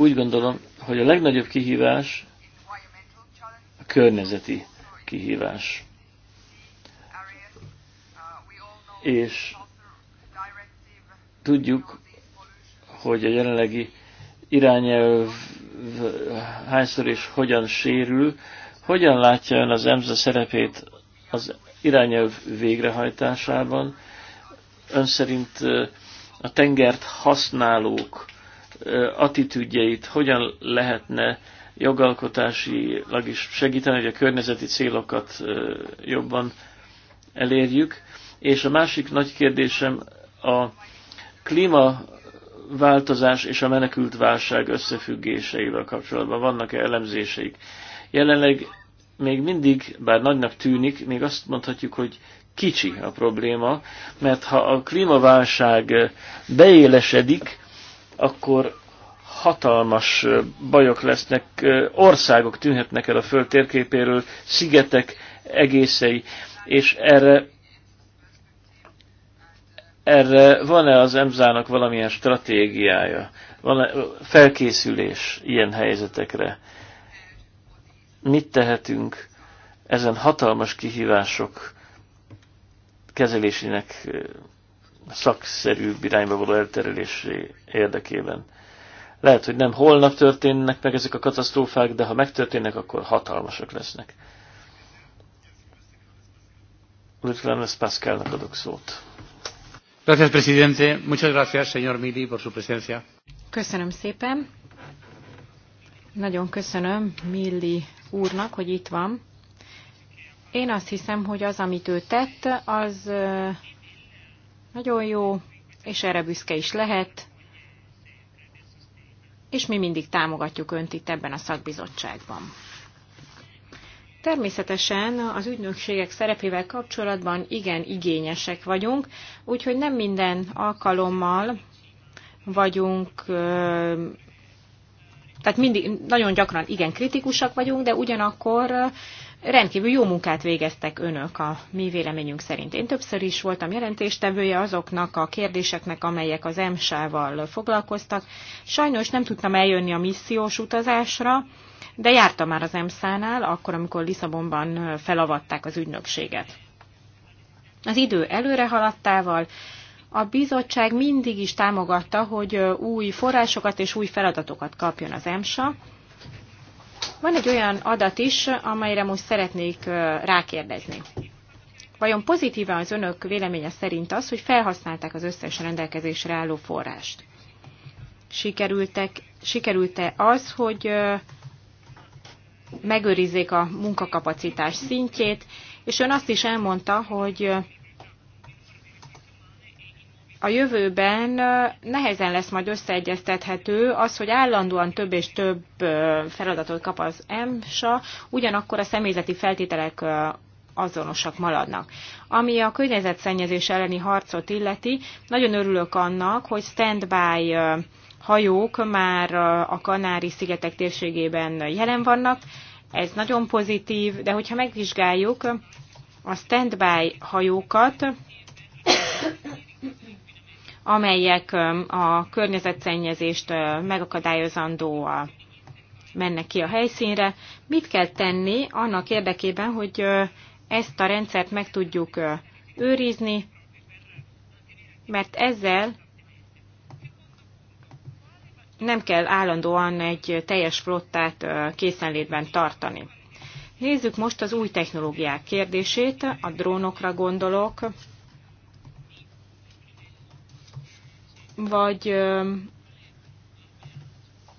úgy gondolom, hogy a legnagyobb kihívás a környezeti kihívás. És tudjuk, hogy a jelenlegi irányelv hányszor és hogyan sérül, hogyan látja ön az EMSZA szerepét az irányelv végrehajtásában? Ön szerint a tengert használók attitűdjeit hogyan lehetne jogalkotásilag is segíteni, hogy a környezeti célokat jobban elérjük. És a másik nagy kérdésem a klímaváltozás és a menekült válság összefüggéseivel kapcsolatban. Vannak-e elemzéseik? Jelenleg még mindig, bár nagynak tűnik, még azt mondhatjuk, hogy kicsi a probléma, mert ha a klímaválság beélesedik, akkor hatalmas bajok lesznek, országok tűnhetnek el a föld térképéről, szigetek egészei, és erre erre van-e az emzának valamilyen stratégiája? Van-e felkészülés ilyen helyzetekre? Mit tehetünk ezen hatalmas kihívások kezelésének szakszerűbb irányba való elterelésé érdekében. Lehet, hogy nem holnap történnek meg ezek a katasztrófák, de ha megtörténnek, akkor hatalmasak lesznek. ez Pascalnak adok szót. Gracias, presidente. Muchas gracias, señor Mili, por su presencia. Köszönöm szépen. Nagyon köszönöm Milli úrnak, hogy itt van. Én azt hiszem, hogy az, amit ő tett, az nagyon jó, és erre büszke is lehet, és mi mindig támogatjuk Önt itt ebben a szakbizottságban. Természetesen az ügynökségek szerepével kapcsolatban igen igényesek vagyunk, úgyhogy nem minden alkalommal vagyunk, tehát mindig nagyon gyakran igen kritikusak vagyunk, de ugyanakkor Rendkívül jó munkát végeztek önök a mi véleményünk szerint. Én többször is voltam jelentéstevője azoknak a kérdéseknek, amelyek az EMSA-val foglalkoztak. Sajnos nem tudtam eljönni a missziós utazásra, de jártam már az emsa nál akkor, amikor Lisszabonban felavatták az ügynökséget. Az idő előre haladtával a bizottság mindig is támogatta, hogy új forrásokat és új feladatokat kapjon az EMSA, van egy olyan adat is, amelyre most szeretnék rákérdezni. Vajon pozitívan az önök véleménye szerint az, hogy felhasználták az összes rendelkezésre álló forrást? Sikerültek, sikerült-e az, hogy megőrizzék a munkakapacitás szintjét, és ön azt is elmondta, hogy a jövőben nehezen lesz majd összeegyeztethető az, hogy állandóan több és több feladatot kap az EMSA, ugyanakkor a személyzeti feltételek azonosak maradnak. Ami a környezetszennyezés elleni harcot illeti, nagyon örülök annak, hogy standby hajók már a Kanári-szigetek térségében jelen vannak. Ez nagyon pozitív, de hogyha megvizsgáljuk a standby hajókat, amelyek a környezetszennyezést megakadályozandó mennek ki a helyszínre. Mit kell tenni annak érdekében, hogy ezt a rendszert meg tudjuk őrizni, mert ezzel nem kell állandóan egy teljes flottát készenlétben tartani. Nézzük most az új technológiák kérdését, a drónokra gondolok, vagy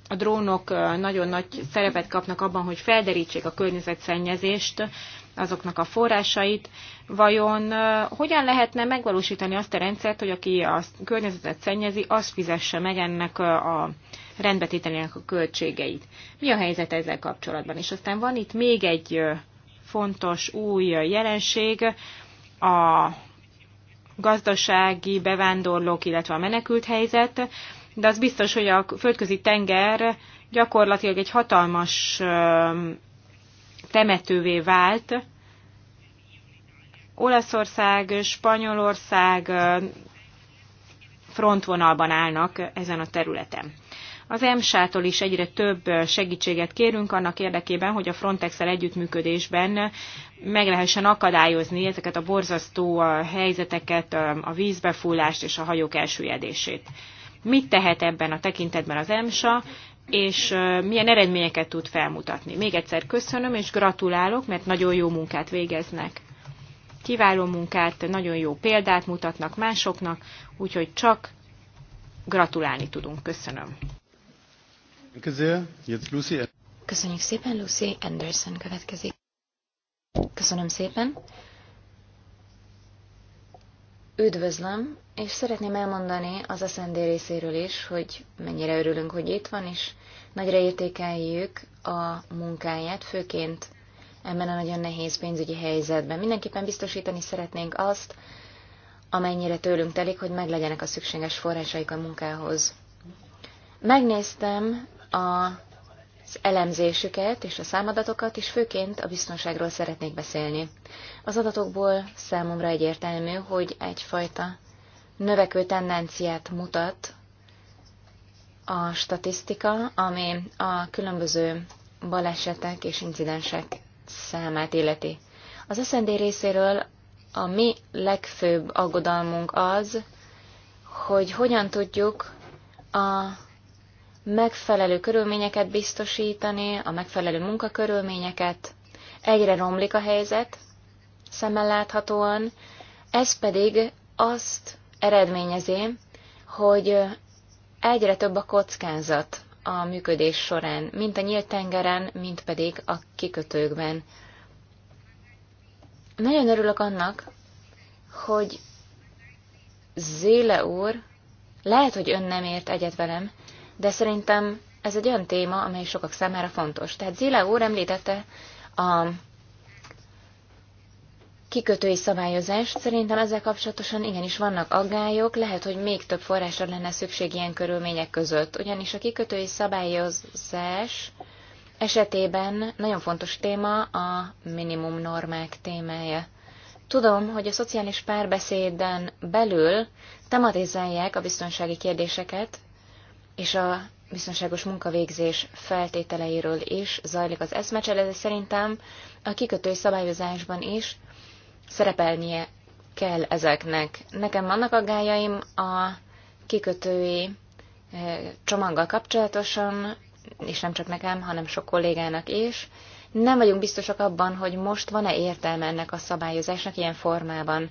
a drónok nagyon nagy szerepet kapnak abban, hogy felderítsék a környezetszennyezést, azoknak a forrásait. Vajon hogyan lehetne megvalósítani azt a rendszert, hogy aki a környezetet szennyezi, az fizesse meg ennek a rendbetételének a költségeit? Mi a helyzet ezzel kapcsolatban? És aztán van itt még egy fontos új jelenség, a gazdasági bevándorlók, illetve a menekült helyzet, de az biztos, hogy a földközi tenger gyakorlatilag egy hatalmas temetővé vált. Olaszország, Spanyolország frontvonalban állnak ezen a területen. Az EMSA-tól is egyre több segítséget kérünk annak érdekében, hogy a Frontex-el együttműködésben meg lehessen akadályozni ezeket a borzasztó helyzeteket, a vízbefúlást és a hajók elsüllyedését. Mit tehet ebben a tekintetben az EMSA, és milyen eredményeket tud felmutatni? Még egyszer köszönöm, és gratulálok, mert nagyon jó munkát végeznek kiváló munkát, nagyon jó példát mutatnak másoknak, úgyhogy csak gratulálni tudunk. Köszönöm. Köszönjük szépen, Lucy Anderson következik. Köszönöm szépen. Üdvözlöm, és szeretném elmondani az SZND részéről is, hogy mennyire örülünk, hogy itt van, és nagyra értékeljük a munkáját, főként ebben a nagyon nehéz pénzügyi helyzetben. Mindenképpen biztosítani szeretnénk azt, amennyire tőlünk telik, hogy meglegyenek a szükséges forrásaik a munkához. Megnéztem az elemzésüket és a számadatokat, és főként a biztonságról szeretnék beszélni. Az adatokból számomra egyértelmű, hogy egyfajta növekvő tendenciát mutat a statisztika, ami a különböző balesetek és incidensek számát illeti. Az SND részéről a mi legfőbb aggodalmunk az, hogy hogyan tudjuk a megfelelő körülményeket biztosítani, a megfelelő munkakörülményeket. Egyre romlik a helyzet, szemmel láthatóan, ez pedig azt eredményezi, hogy egyre több a kockázat a működés során, mint a nyílt tengeren, mint pedig a kikötőkben. Nagyon örülök annak, hogy Zéle úr, lehet, hogy ön nem ért egyet velem, de szerintem ez egy olyan téma, amely sokak számára fontos. Tehát Zile úr említette a kikötői szabályozást, szerintem ezzel kapcsolatosan igenis vannak aggályok, lehet, hogy még több forrásra lenne szükség ilyen körülmények között. Ugyanis a kikötői szabályozás esetében nagyon fontos téma a minimum normák témája. Tudom, hogy a szociális párbeszéden belül tematizálják a biztonsági kérdéseket, és a biztonságos munkavégzés feltételeiről is zajlik az eszmecsere, de szerintem a kikötői szabályozásban is szerepelnie kell ezeknek. Nekem vannak aggájaim a kikötői e, csomaggal kapcsolatosan, és nem csak nekem, hanem sok kollégának is. Nem vagyunk biztosak abban, hogy most van-e értelme ennek a szabályozásnak ilyen formában.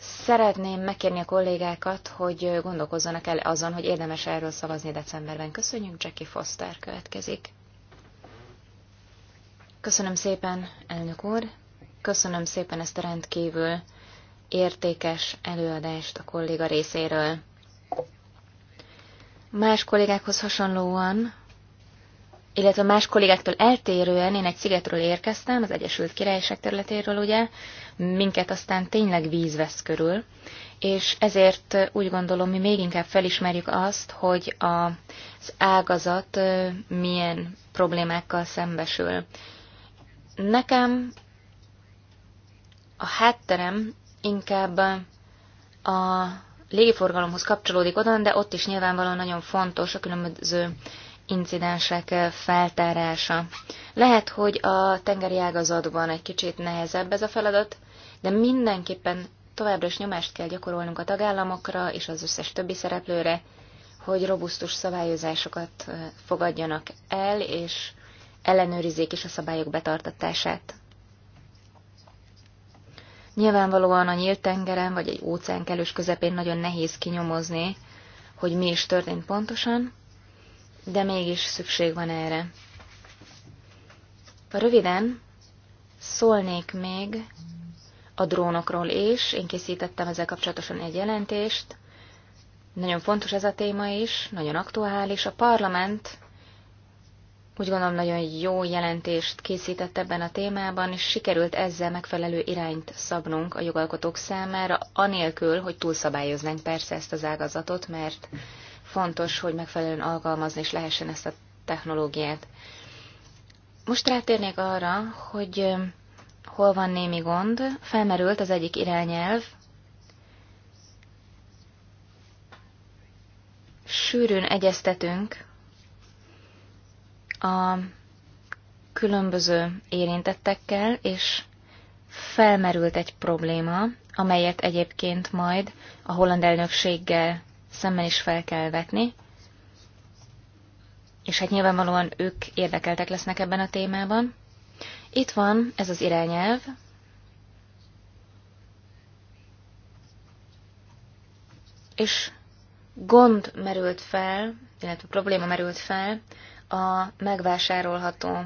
Szeretném megkérni a kollégákat, hogy gondolkozzanak el azon, hogy érdemes erről szavazni decemberben. Köszönjük, Jackie Foster következik. Köszönöm szépen, elnök úr. Köszönöm szépen ezt a rendkívül értékes előadást a kolléga részéről. Más kollégákhoz hasonlóan illetve más kollégáktól eltérően én egy szigetről érkeztem, az Egyesült Királyság területéről ugye, minket aztán tényleg víz vesz körül, és ezért úgy gondolom, mi még inkább felismerjük azt, hogy az ágazat milyen problémákkal szembesül. Nekem a hátterem inkább a légiforgalomhoz kapcsolódik oda, de ott is nyilvánvalóan nagyon fontos a különböző incidensek eh, feltárása. Lehet, hogy a tengeri ágazatban egy kicsit nehezebb ez a feladat, de mindenképpen továbbra is nyomást kell gyakorolnunk a tagállamokra és az összes többi szereplőre, hogy robusztus szabályozásokat eh, fogadjanak el, és ellenőrizzék is a szabályok betartatását. Nyilvánvalóan a nyílt tengeren vagy egy óceán kellős közepén nagyon nehéz kinyomozni, hogy mi is történt pontosan, de mégis szükség van erre. Röviden szólnék még a drónokról is. Én készítettem ezzel kapcsolatosan egy jelentést. Nagyon fontos ez a téma is, nagyon aktuális. A parlament úgy gondolom nagyon jó jelentést készített ebben a témában, és sikerült ezzel megfelelő irányt szabnunk a jogalkotók számára, anélkül, hogy túlszabályoznánk persze ezt az ágazatot, mert fontos, hogy megfelelően alkalmazni is lehessen ezt a technológiát. Most rátérnék arra, hogy hol van némi gond. Felmerült az egyik irányelv, sűrűn egyeztetünk a különböző érintettekkel, és felmerült egy probléma, amelyet egyébként majd a holland elnökséggel szemmel is fel kell vetni, és hát nyilvánvalóan ők érdekeltek lesznek ebben a témában. Itt van ez az irányelv, és gond merült fel, illetve probléma merült fel a megvásárolható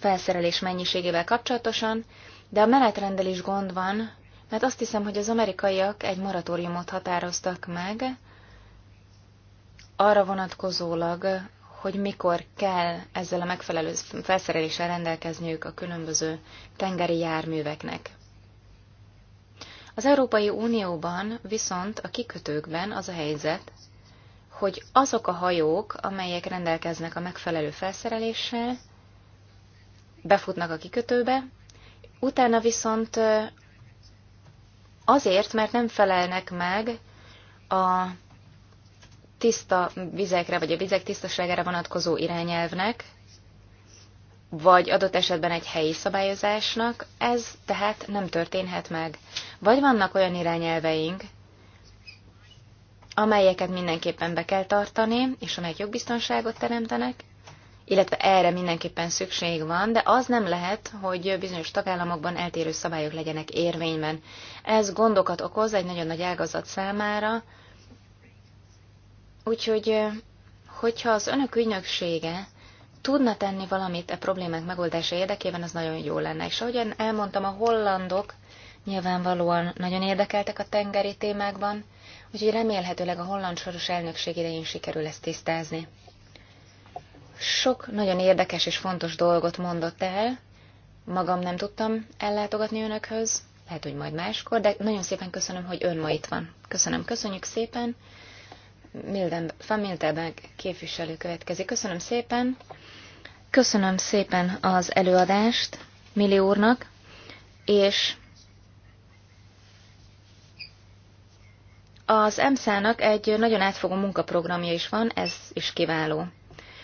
felszerelés mennyiségével kapcsolatosan, de a menetrendelés gond van, mert azt hiszem, hogy az amerikaiak egy moratóriumot határoztak meg, arra vonatkozólag, hogy mikor kell ezzel a megfelelő felszereléssel rendelkezniük a különböző tengeri járműveknek. Az Európai Unióban viszont a kikötőkben az a helyzet, hogy azok a hajók, amelyek rendelkeznek a megfelelő felszereléssel, befutnak a kikötőbe, utána viszont azért, mert nem felelnek meg a tiszta vizekre, vagy a vizek tisztaságára vonatkozó irányelvnek, vagy adott esetben egy helyi szabályozásnak, ez tehát nem történhet meg. Vagy vannak olyan irányelveink, amelyeket mindenképpen be kell tartani, és amelyek jogbiztonságot teremtenek, illetve erre mindenképpen szükség van, de az nem lehet, hogy bizonyos tagállamokban eltérő szabályok legyenek érvényben. Ez gondokat okoz egy nagyon nagy ágazat számára, Úgyhogy, hogyha az önök ügynöksége tudna tenni valamit a e problémák megoldása érdekében, az nagyon jó lenne. És ahogyan elmondtam, a hollandok nyilvánvalóan nagyon érdekeltek a tengeri témákban, úgyhogy remélhetőleg a holland soros elnökség idején sikerül ezt tisztázni. Sok nagyon érdekes és fontos dolgot mondott el, magam nem tudtam ellátogatni önökhöz, lehet, hogy majd máskor, de nagyon szépen köszönöm, hogy ön ma itt van. Köszönöm, köszönjük szépen. Milden Miltenberg képviselő következik. Köszönöm szépen. Köszönöm szépen az előadást Milli úrnak, és az EMSZ-nak egy nagyon átfogó munkaprogramja is van, ez is kiváló.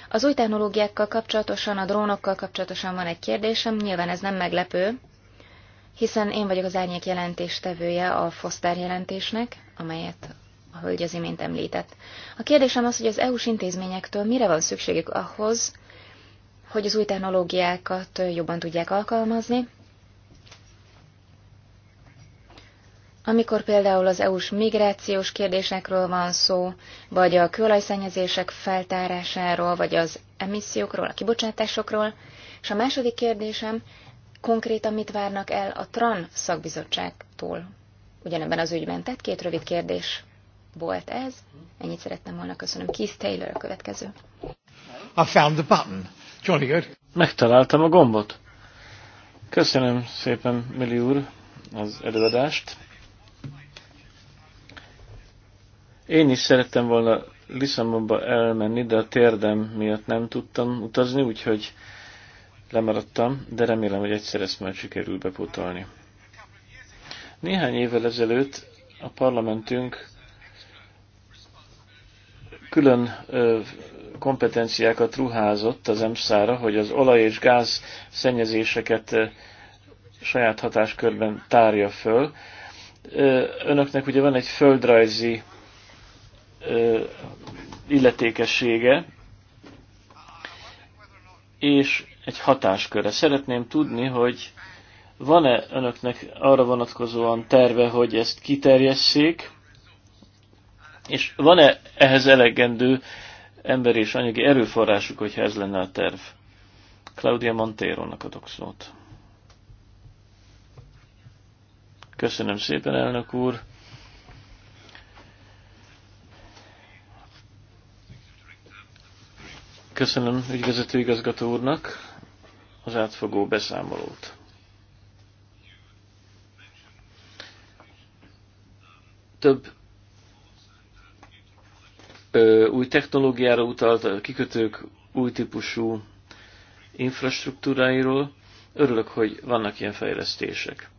Az új technológiákkal kapcsolatosan, a drónokkal kapcsolatosan van egy kérdésem, nyilván ez nem meglepő, hiszen én vagyok az árnyék jelentéstevője a Foster jelentésnek, amelyet a hölgy az imént említett. A kérdésem az, hogy az EU-s intézményektől mire van szükségük ahhoz, hogy az új technológiákat jobban tudják alkalmazni, Amikor például az EU-s migrációs kérdésekről van szó, vagy a kőolajszennyezések feltárásáról, vagy az emissziókról, a kibocsátásokról, és a második kérdésem, konkrétan mit várnak el a TRAN szakbizottságtól ugyanebben az ügyben? Tehát két rövid kérdés volt ez. Ennyit szerettem volna köszönöm. Keith Taylor a következő. I found the button. Jolly good. Megtaláltam a gombot. Köszönöm szépen, Mili úr, az előadást. Én is szerettem volna Lisszabonba elmenni, de a térdem miatt nem tudtam utazni, úgyhogy lemaradtam, de remélem, hogy egyszer ezt már sikerül bepótolni. Néhány évvel ezelőtt a parlamentünk külön kompetenciákat ruházott az EMSZ-ra, hogy az olaj és gáz szennyezéseket saját hatáskörben tárja föl. Önöknek ugye van egy földrajzi illetékessége, és egy hatásköre. Szeretném tudni, hogy van-e önöknek arra vonatkozóan terve, hogy ezt kiterjesszék, és van-e ehhez elegendő emberi és anyagi erőforrásuk, hogyha ez lenne a terv? Claudia Monteiro-nak adok szót. Köszönöm szépen, elnök úr. Köszönöm ügyvezető igazgató úrnak az átfogó beszámolót. Több új technológiára utalt, a kikötők új típusú infrastruktúráiról. Örülök, hogy vannak ilyen fejlesztések.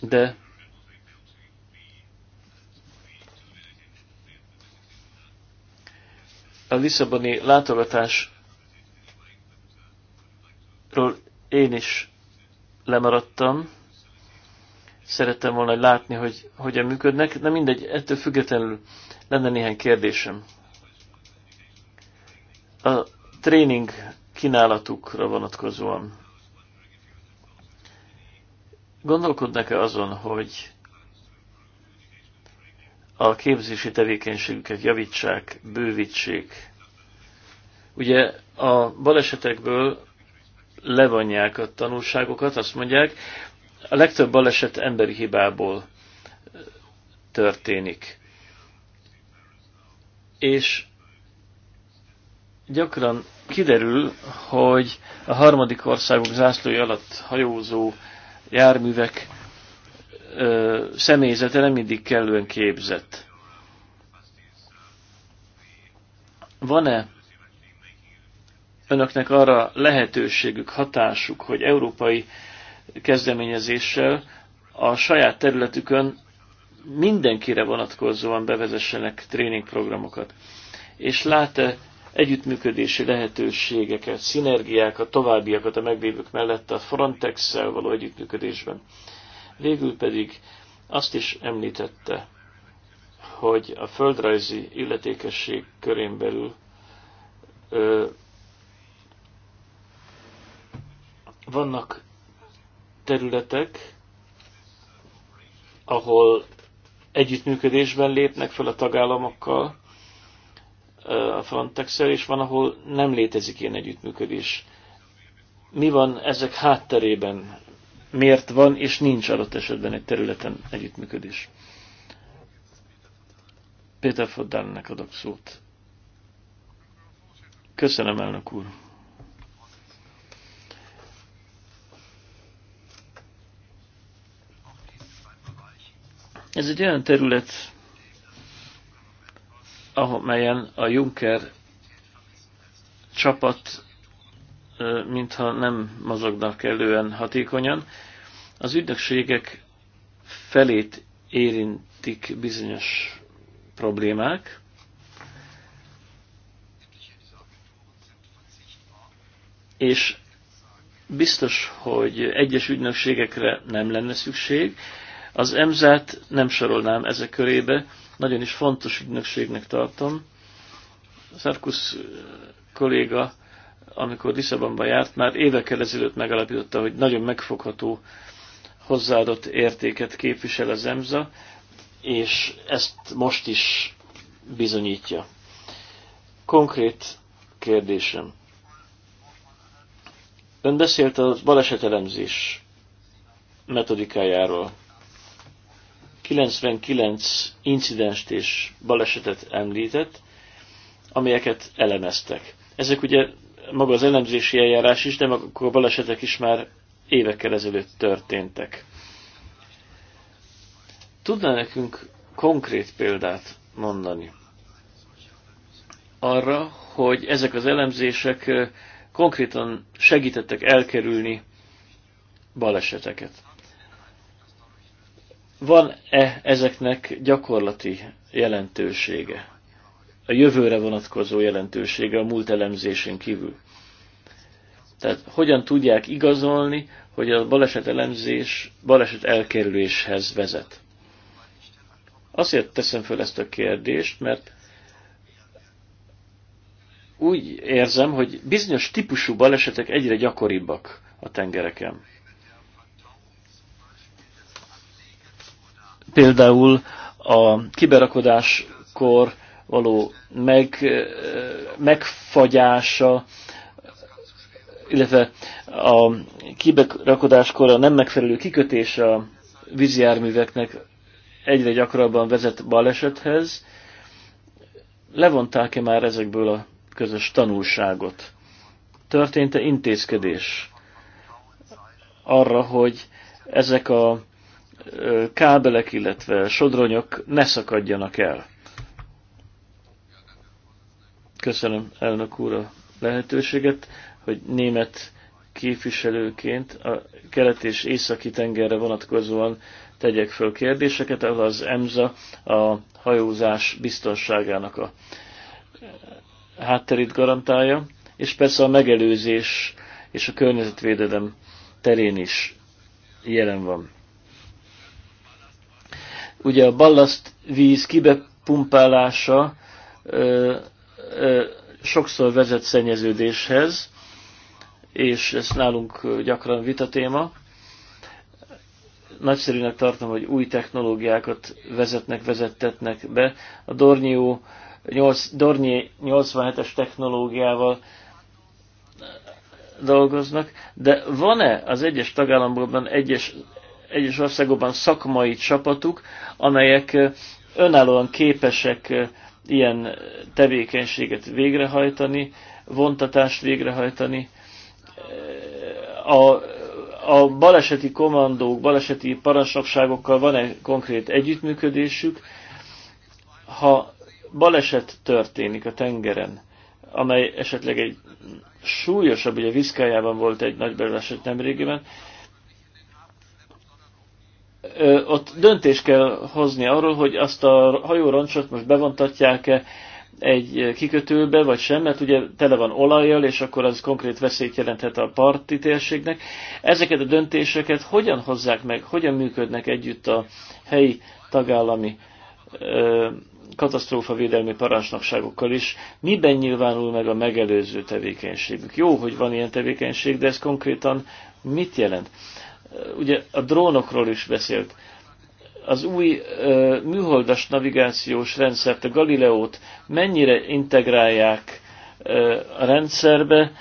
De a Lisszaboni látogatásról én is lemaradtam, szerettem volna látni, hogy hogyan működnek, Na mindegy, ettől függetlenül lenne néhány kérdésem. A tréning kínálatukra vonatkozóan. Gondolkodnak-e azon, hogy a képzési tevékenységüket javítsák, bővítsék? Ugye a balesetekből levonják a tanulságokat, azt mondják, a legtöbb baleset emberi hibából történik. És gyakran kiderül, hogy a harmadik országok zászlói alatt hajózó járművek ö, személyzete nem mindig kellően képzett. Van-e önöknek arra lehetőségük, hatásuk, hogy európai kezdeményezéssel a saját területükön mindenkire vonatkozóan bevezessenek tréningprogramokat. És lát-e együttműködési lehetőségeket, szinergiákat, továbbiakat a meglévők mellett a Frontex-szel való együttműködésben. Végül pedig azt is említette, hogy a földrajzi illetékesség körén belül ö, vannak területek, ahol együttműködésben lépnek fel a tagállamokkal, a frontex és van, ahol nem létezik ilyen együttműködés. Mi van ezek hátterében? Miért van és nincs adott esetben egy területen együttműködés? Péter Foddánnek adok szót. Köszönöm, elnök úr. Ez egy olyan terület, amelyen a Juncker csapat mintha nem mozognak elően hatékonyan. Az ügynökségek felét érintik bizonyos problémák, és biztos, hogy egyes ügynökségekre nem lenne szükség, az EMZÁT nem sorolnám ezek körébe, nagyon is fontos ügynökségnek tartom. Szarkusz kolléga, amikor Lisszabonban járt, már évekkel ezelőtt megalapította, hogy nagyon megfogható hozzáadott értéket képvisel az EMZA, és ezt most is bizonyítja. Konkrét kérdésem. Ön beszélt a balesetelemzés metodikájáról. 99 incidenst és balesetet említett, amelyeket elemeztek. Ezek ugye maga az elemzési eljárás is, de akkor a balesetek is már évekkel ezelőtt történtek. Tudná nekünk konkrét példát mondani arra, hogy ezek az elemzések eh, konkrétan segítettek elkerülni baleseteket? van-e ezeknek gyakorlati jelentősége? A jövőre vonatkozó jelentősége a múlt elemzésén kívül. Tehát hogyan tudják igazolni, hogy a baleset elemzés baleset elkerüléshez vezet? Azért teszem föl ezt a kérdést, mert úgy érzem, hogy bizonyos típusú balesetek egyre gyakoribbak a tengereken. Például a kiberakodáskor való meg, megfagyása, illetve a kiberakodáskor a nem megfelelő kikötése a vízjárműveknek egyre gyakrabban vezet balesethez. Levonták-e már ezekből a közös tanulságot? Történt-e intézkedés arra, hogy ezek a kábelek, illetve sodronyok ne szakadjanak el. Köszönöm elnök úr a lehetőséget, hogy német képviselőként a kelet és északi tengerre vonatkozóan tegyek föl kérdéseket, ahol az EMSA a hajózás biztonságának a hátterét garantálja, és persze a megelőzés és a környezetvédelem terén is jelen van. Ugye a ballasztvíz kibepumpálása ö, ö, sokszor vezet szennyeződéshez, és ez nálunk gyakran vitatéma. Nagyszerűnek tartom, hogy új technológiákat vezetnek, vezettetnek be. A Dornió 87-es technológiával dolgoznak, de van-e az egyes tagállamokban egyes egyes országokban szakmai csapatuk, amelyek önállóan képesek ilyen tevékenységet végrehajtani, vontatást végrehajtani. A, a baleseti kommandók, baleseti parancsnokságokkal van egy konkrét együttműködésük. Ha baleset történik a tengeren, amely esetleg egy súlyosabb, ugye Viszkájában volt egy nagy baleset nemrégiben, ö, ott döntés kell hozni arról, hogy azt a hajóroncsot most bevontatják-e egy kikötőbe, vagy sem, mert ugye tele van olajjal, és akkor az konkrét veszélyt jelenthet a parti térségnek. Ezeket a döntéseket hogyan hozzák meg, hogyan működnek együtt a helyi tagállami ö, katasztrófavédelmi parancsnokságokkal is, miben nyilvánul meg a megelőző tevékenységük. Jó, hogy van ilyen tevékenység, de ez konkrétan mit jelent? ugye a drónokról is beszélt. Az új ö, műholdas navigációs rendszert, a Galileót mennyire integrálják ö, a rendszerbe?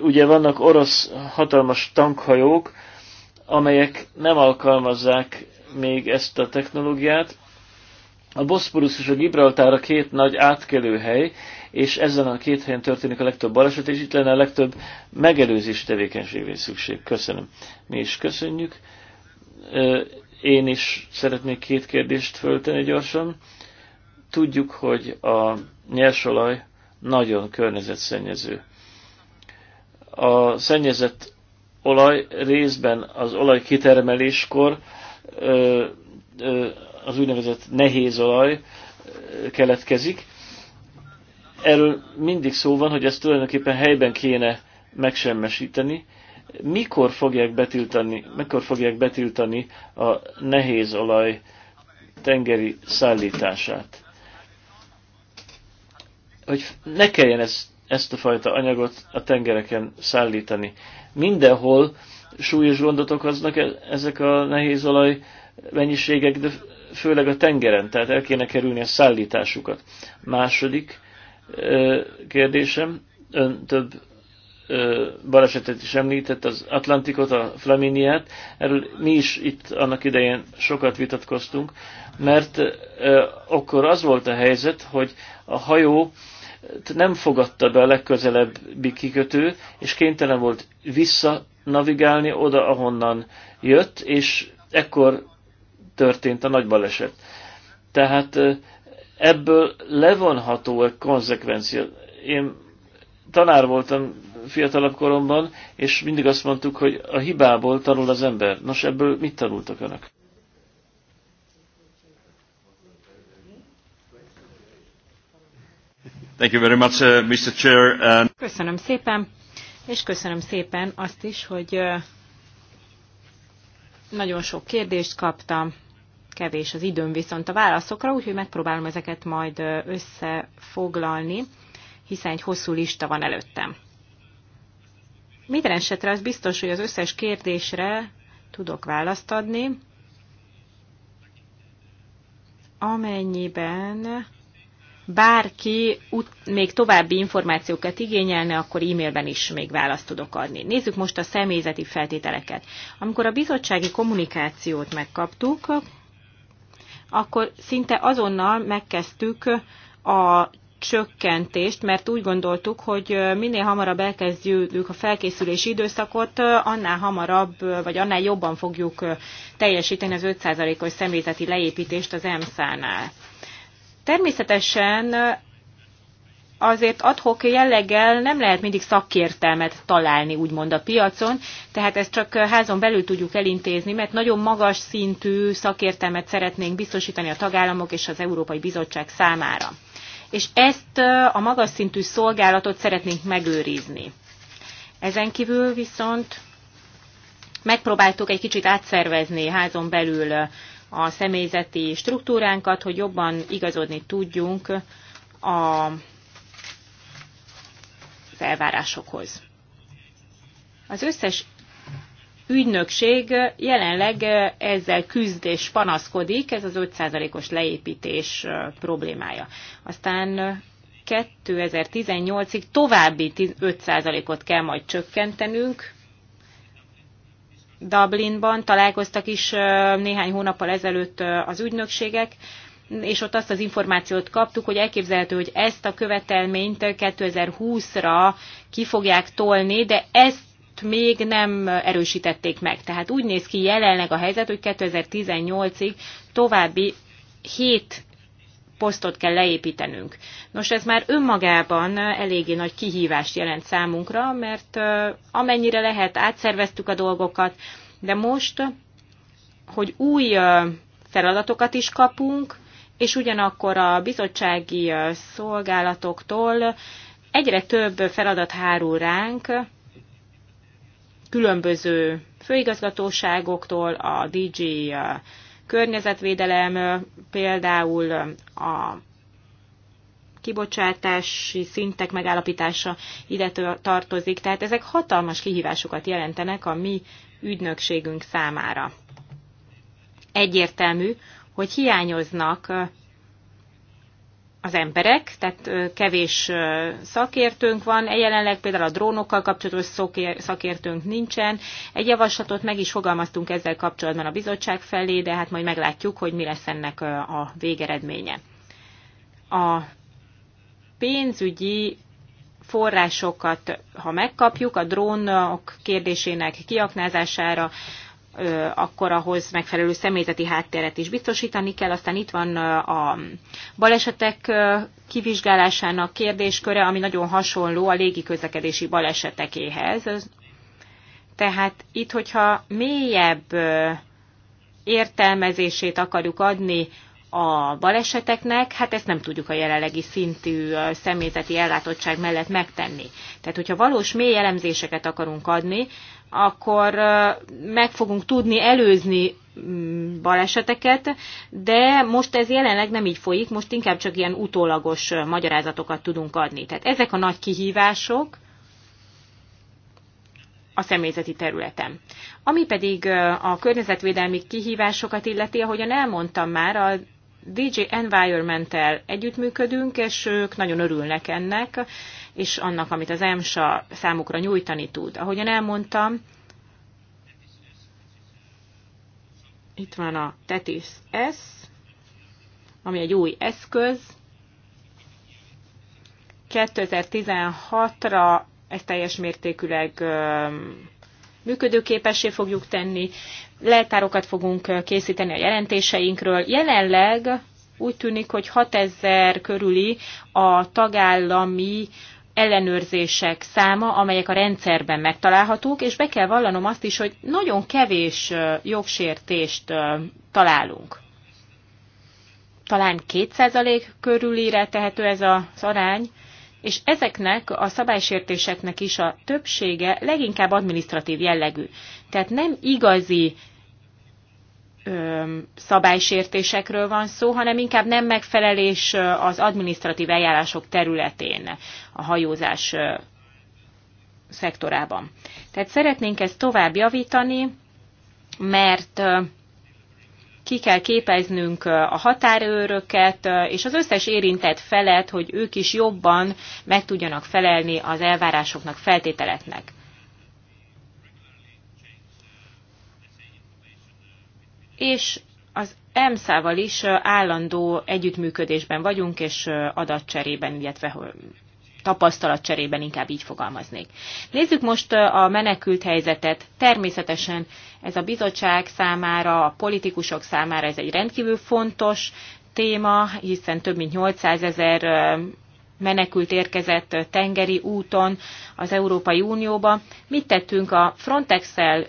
Ugye vannak orosz hatalmas tankhajók, amelyek nem alkalmazzák még ezt a technológiát, a Boszporusz és a Gibraltár a két nagy átkelőhely, és ezen a két helyen történik a legtöbb baleset, és itt lenne a legtöbb megelőzés tevékenységre szükség. Köszönöm. Mi is köszönjük. Én is szeretnék két kérdést föltenni gyorsan. Tudjuk, hogy a nyersolaj nagyon környezetszennyező. A szennyezett olaj részben az olaj kitermeléskor ö, ö, az úgynevezett nehéz olaj keletkezik. Erről mindig szó van, hogy ezt tulajdonképpen helyben kéne megsemmesíteni. Mikor fogják betiltani, mikor fogják betiltani a nehéz olaj tengeri szállítását? Hogy ne kelljen ez ezt a fajta anyagot a tengereken szállítani. Mindenhol súlyos gondot okoznak e, ezek a nehéz olaj mennyiségek, de főleg a tengeren, tehát el kéne kerülni a szállításukat. Második kérdésem, ön több balesetet is említett, az Atlantikot, a Flaminiát, erről mi is itt annak idején sokat vitatkoztunk, mert akkor az volt a helyzet, hogy a hajó nem fogadta be a legközelebbi kikötő, és kénytelen volt visszanavigálni oda, ahonnan jött, és ekkor történt a nagy baleset. Tehát ebből levonható egy konzekvencia. Én tanár voltam fiatalabb koromban, és mindig azt mondtuk, hogy a hibából tanul az ember. Nos, ebből mit tanultak önök? Thank you very much, uh, Mr. Chair. And... Köszönöm szépen, és köszönöm szépen azt is, hogy uh, nagyon sok kérdést kaptam, kevés az időm viszont a válaszokra, úgyhogy megpróbálom ezeket majd összefoglalni, hiszen egy hosszú lista van előttem. Minden esetre az biztos, hogy az összes kérdésre tudok választ adni, amennyiben bárki még további információkat igényelne, akkor e-mailben is még választ tudok adni. Nézzük most a személyzeti feltételeket. Amikor a bizottsági kommunikációt megkaptuk, akkor szinte azonnal megkezdtük a csökkentést, mert úgy gondoltuk, hogy minél hamarabb elkezdjük a felkészülési időszakot, annál hamarabb, vagy annál jobban fogjuk teljesíteni az 5%-os személyzeti leépítést az EMSZ-nál. Természetesen azért adhok jelleggel nem lehet mindig szakértelmet találni, úgymond a piacon, tehát ezt csak házon belül tudjuk elintézni, mert nagyon magas szintű szakértelmet szeretnénk biztosítani a tagállamok és az Európai Bizottság számára. És ezt a magas szintű szolgálatot szeretnénk megőrizni. Ezen kívül viszont megpróbáltuk egy kicsit átszervezni házon belül a személyzeti struktúránkat, hogy jobban igazodni tudjunk a az elvárásokhoz. Az összes ügynökség jelenleg ezzel küzd és panaszkodik, ez az 5%-os leépítés problémája. Aztán 2018-ig további 5%-ot kell majd csökkentenünk. Dublinban találkoztak is néhány hónappal ezelőtt az ügynökségek, és ott azt az információt kaptuk, hogy elképzelhető, hogy ezt a követelményt 2020-ra ki fogják tolni, de ezt még nem erősítették meg. Tehát úgy néz ki jelenleg a helyzet, hogy 2018-ig további 7 posztot kell leépítenünk. Nos, ez már önmagában eléggé nagy kihívást jelent számunkra, mert amennyire lehet, átszerveztük a dolgokat, de most, hogy új feladatokat is kapunk, és ugyanakkor a bizottsági szolgálatoktól egyre több feladat hárul ránk, különböző főigazgatóságoktól, a DG környezetvédelem, például a kibocsátási szintek megállapítása ide tartozik, tehát ezek hatalmas kihívásokat jelentenek a mi ügynökségünk számára. Egyértelmű, hogy hiányoznak az emberek, tehát kevés szakértőnk van, e jelenleg például a drónokkal kapcsolatos szakértőnk nincsen. Egy javaslatot meg is fogalmaztunk ezzel kapcsolatban a bizottság felé, de hát majd meglátjuk, hogy mi lesz ennek a végeredménye. A pénzügyi forrásokat, ha megkapjuk a drónok kérdésének kiaknázására, akkor ahhoz megfelelő személyzeti háttéret is biztosítani kell. Aztán itt van a balesetek kivizsgálásának kérdésköre, ami nagyon hasonló a légiközlekedési balesetekéhez. Tehát itt, hogyha mélyebb értelmezését akarjuk adni a baleseteknek, hát ezt nem tudjuk a jelenlegi szintű személyzeti ellátottság mellett megtenni. Tehát, hogyha valós mély elemzéseket akarunk adni, akkor meg fogunk tudni előzni mm, baleseteket, de most ez jelenleg nem így folyik, most inkább csak ilyen utólagos magyarázatokat tudunk adni. Tehát ezek a nagy kihívások a személyzeti területen. Ami pedig a környezetvédelmi kihívásokat illeti, ahogyan elmondtam már, a DJ Environmental együttműködünk, és ők nagyon örülnek ennek, és annak, amit az EMSA számukra nyújtani tud. Ahogyan elmondtam, itt van a Tetis S, ami egy új eszköz. 2016-ra ezt teljes mértékűleg működőképessé fogjuk tenni, leltárokat fogunk készíteni a jelentéseinkről. Jelenleg úgy tűnik, hogy 6000 körüli a tagállami ellenőrzések száma, amelyek a rendszerben megtalálhatók, és be kell vallanom azt is, hogy nagyon kevés jogsértést találunk. Talán 2% körülire tehető ez az arány, és ezeknek a szabálysértéseknek is a többsége leginkább administratív jellegű. Tehát nem igazi szabálysértésekről van szó, hanem inkább nem megfelelés az administratív eljárások területén a hajózás szektorában. Tehát szeretnénk ezt tovább javítani, mert ki kell képeznünk a határőröket, és az összes érintett felet, hogy ők is jobban meg tudjanak felelni az elvárásoknak, feltételeknek. És az EMSZ-val is állandó együttműködésben vagyunk, és adatcserében, illetve tapasztalatcserében inkább így fogalmaznék. Nézzük most a menekült helyzetet. Természetesen ez a bizottság számára, a politikusok számára ez egy rendkívül fontos téma, hiszen több mint 800 ezer menekült érkezett tengeri úton az Európai Unióba. Mit tettünk a Frontex-el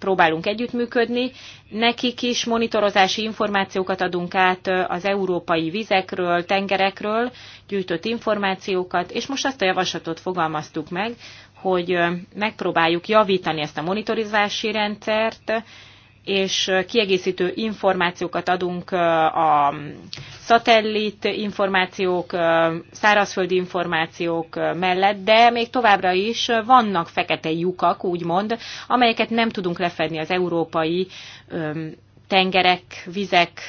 próbálunk együttműködni. Nekik is monitorozási információkat adunk át az európai vizekről, tengerekről, gyűjtött információkat, és most azt a javaslatot fogalmaztuk meg, hogy megpróbáljuk javítani ezt a monitorizási rendszert, és kiegészítő információkat adunk a szatellit információk, szárazföldi információk mellett, de még továbbra is vannak fekete lyukak, úgymond, amelyeket nem tudunk lefedni az európai tengerek, vizek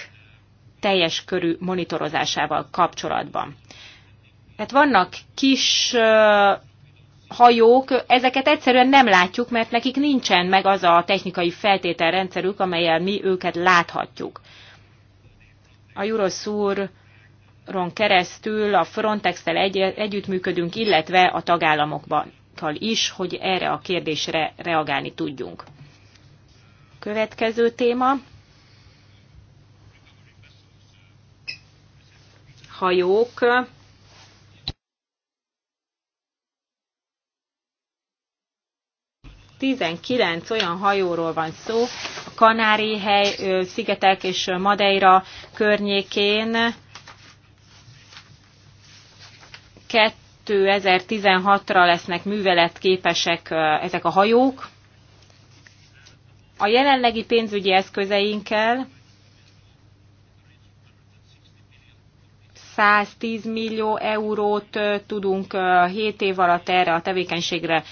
teljes körű monitorozásával kapcsolatban. Tehát vannak kis hajók, ezeket egyszerűen nem látjuk, mert nekik nincsen meg az a technikai feltételrendszerük, amelyel mi őket láthatjuk. A Euroszúron keresztül a Frontex-tel egy, együttműködünk, illetve a tagállamokban is, hogy erre a kérdésre reagálni tudjunk. Következő téma. Hajók 19 olyan hajóról van szó, a Kanári-hely, Szigetek és Madeira környékén 2016-ra lesznek műveletképesek ezek a hajók. A jelenlegi pénzügyi eszközeinkkel 110 millió eurót tudunk 7 év alatt erre a tevékenységre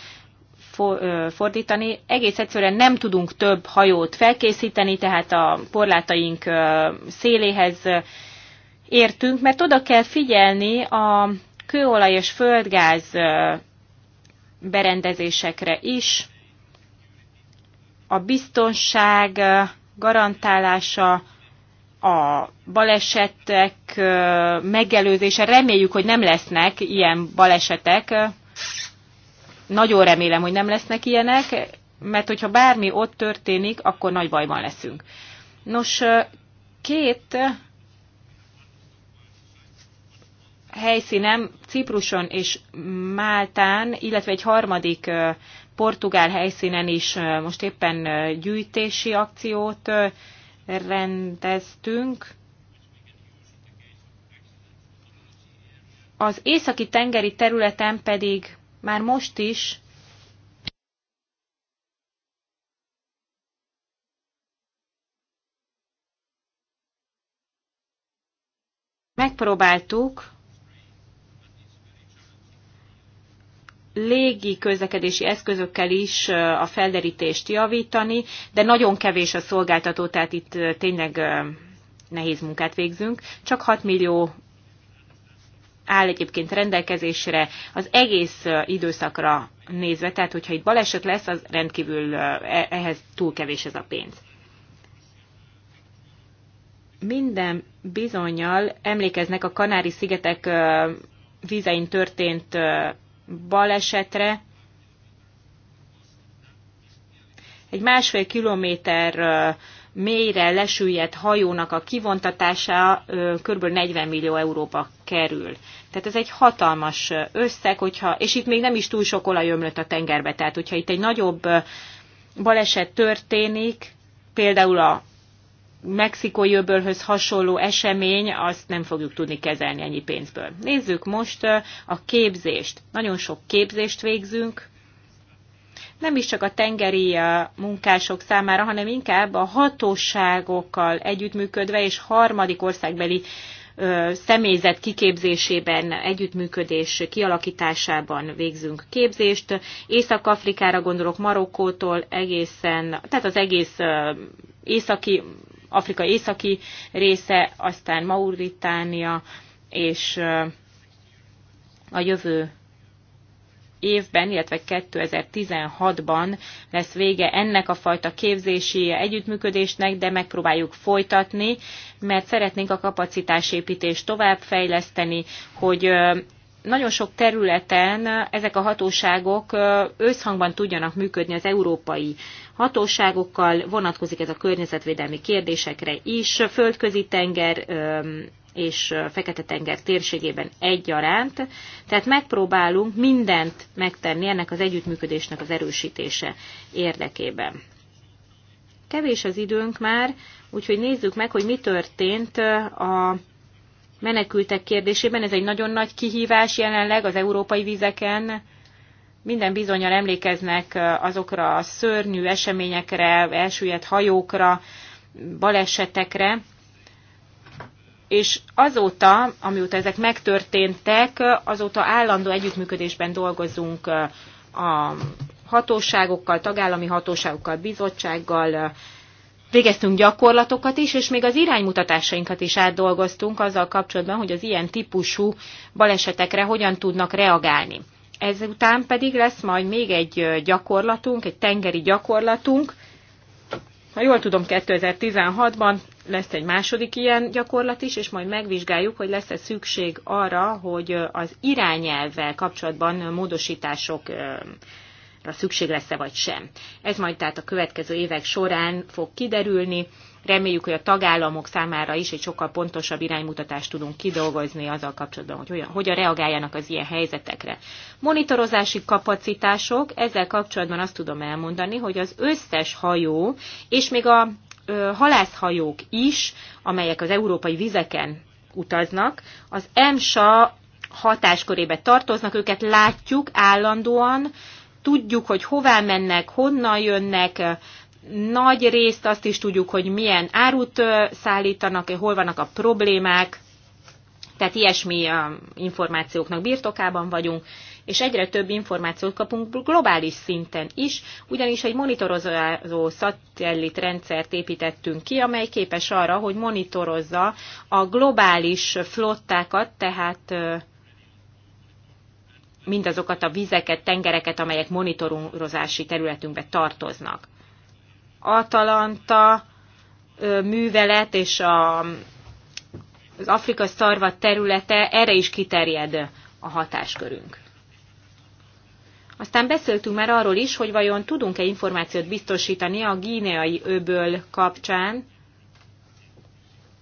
fordítani. Egész egyszerűen nem tudunk több hajót felkészíteni, tehát a porlátaink széléhez értünk, mert oda kell figyelni a kőolaj és földgáz berendezésekre is. A biztonság garantálása, a balesetek megelőzése, reméljük, hogy nem lesznek ilyen balesetek, nagyon remélem, hogy nem lesznek ilyenek, mert hogyha bármi ott történik, akkor nagy bajban leszünk. Nos, két helyszínem, Cipruson és Máltán, illetve egy harmadik portugál helyszínen is most éppen gyűjtési akciót rendeztünk. Az északi tengeri területen pedig már most is megpróbáltuk légi közlekedési eszközökkel is a felderítést javítani, de nagyon kevés a szolgáltató, tehát itt tényleg nehéz munkát végzünk. Csak 6 millió áll egyébként rendelkezésre az egész időszakra nézve, tehát hogyha itt baleset lesz, az rendkívül e-, ehhez túl kevés ez a pénz. Minden bizonyal emlékeznek a Kanári-szigetek vízein történt balesetre. Egy másfél kilométer mélyre lesüllyedt hajónak a kivontatása kb. 40 millió euróba kerül. Tehát ez egy hatalmas összeg, hogyha, és itt még nem is túl sok olaj ömlött a tengerbe, tehát hogyha itt egy nagyobb baleset történik, például a mexikói öbölhöz hasonló esemény, azt nem fogjuk tudni kezelni ennyi pénzből. Nézzük most a képzést. Nagyon sok képzést végzünk, nem is csak a tengeri munkások számára, hanem inkább a hatóságokkal együttműködve és harmadik országbeli személyzet kiképzésében, együttműködés kialakításában végzünk képzést. Észak-Afrikára gondolok Marokkótól egészen, tehát az egész északi, Afrika északi része, aztán Mauritánia és a jövő évben, illetve 2016-ban lesz vége ennek a fajta képzési együttműködésnek, de megpróbáljuk folytatni, mert szeretnénk a kapacitásépítést továbbfejleszteni, hogy nagyon sok területen ezek a hatóságok összhangban tudjanak működni az európai hatóságokkal, vonatkozik ez a környezetvédelmi kérdésekre is, földközi tenger és Fekete-tenger térségében egyaránt, tehát megpróbálunk mindent megtenni ennek az együttműködésnek az erősítése érdekében. Kevés az időnk már, úgyhogy nézzük meg, hogy mi történt a menekültek kérdésében. Ez egy nagyon nagy kihívás jelenleg az európai vizeken, minden bizonyal emlékeznek azokra a szörnyű eseményekre, elsüllyedt hajókra, balesetekre, és azóta, amióta ezek megtörténtek, azóta állandó együttműködésben dolgozunk a hatóságokkal, tagállami hatóságokkal, bizottsággal, végeztünk gyakorlatokat is, és még az iránymutatásainkat is átdolgoztunk azzal kapcsolatban, hogy az ilyen típusú balesetekre hogyan tudnak reagálni. Ezután pedig lesz majd még egy gyakorlatunk, egy tengeri gyakorlatunk, ha jól tudom, 2016-ban lesz egy második ilyen gyakorlat is, és majd megvizsgáljuk, hogy lesz-e szükség arra, hogy az irányelvvel kapcsolatban módosítások szükség lesz-e vagy sem. Ez majd tehát a következő évek során fog kiderülni. Reméljük, hogy a tagállamok számára is egy sokkal pontosabb iránymutatást tudunk kidolgozni azzal kapcsolatban, hogy hogyan, hogyan reagáljanak az ilyen helyzetekre. Monitorozási kapacitások, ezzel kapcsolatban azt tudom elmondani, hogy az összes hajó, és még a halászhajók is, amelyek az európai vizeken utaznak, az EMSA hatáskörébe tartoznak, őket látjuk állandóan, tudjuk, hogy hová mennek, honnan jönnek, nagy részt azt is tudjuk, hogy milyen árut szállítanak, hol vannak a problémák, tehát ilyesmi információknak birtokában vagyunk, és egyre több információt kapunk globális szinten is, ugyanis egy monitorozó rendszert építettünk ki, amely képes arra, hogy monitorozza a globális flottákat, tehát mindazokat a vizeket, tengereket, amelyek monitorozási területünkbe tartoznak. Atalanta művelet és a, az Afrika szarva területe, erre is kiterjed a hatáskörünk. Aztán beszéltünk már arról is, hogy vajon tudunk-e információt biztosítani a gíneai öböl kapcsán,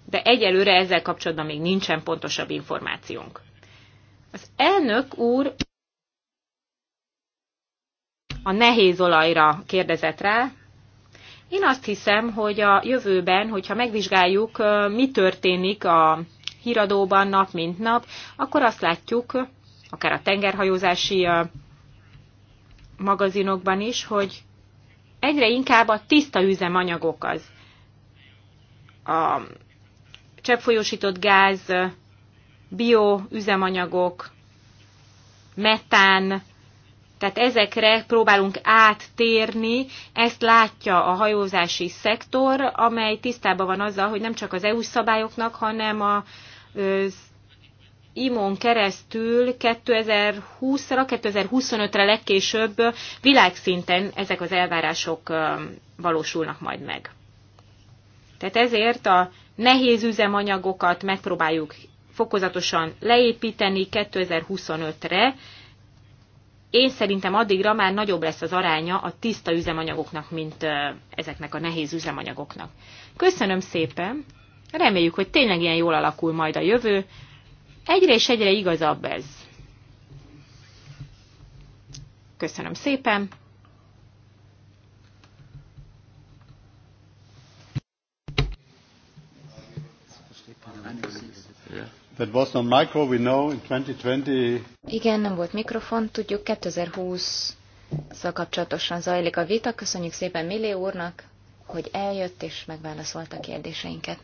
de egyelőre ezzel kapcsolatban még nincsen pontosabb információnk. Az elnök úr a nehéz olajra kérdezett rá. Én azt hiszem, hogy a jövőben, hogyha megvizsgáljuk, mi történik a híradóban nap mint nap, akkor azt látjuk, akár a tengerhajózási magazinokban is, hogy egyre inkább a tiszta üzemanyagok az. A cseppfolyósított gáz, bio üzemanyagok, metán, tehát ezekre próbálunk áttérni, ezt látja a hajózási szektor, amely tisztában van azzal, hogy nem csak az EU-s szabályoknak, hanem a imon keresztül 2020-ra, 2025-re legkésőbb világszinten ezek az elvárások valósulnak majd meg. Tehát ezért a nehéz üzemanyagokat megpróbáljuk fokozatosan leépíteni 2025-re. Én szerintem addigra már nagyobb lesz az aránya a tiszta üzemanyagoknak, mint ezeknek a nehéz üzemanyagoknak. Köszönöm szépen! Reméljük, hogy tényleg ilyen jól alakul majd a jövő, Egyre és egyre igazabb ez. Köszönöm szépen! That was on micro, we know in 2020... Igen, nem volt mikrofon, tudjuk 2020-szal kapcsolatosan zajlik a vita. Köszönjük szépen Millé úrnak, hogy eljött és megválaszolta a kérdéseinket.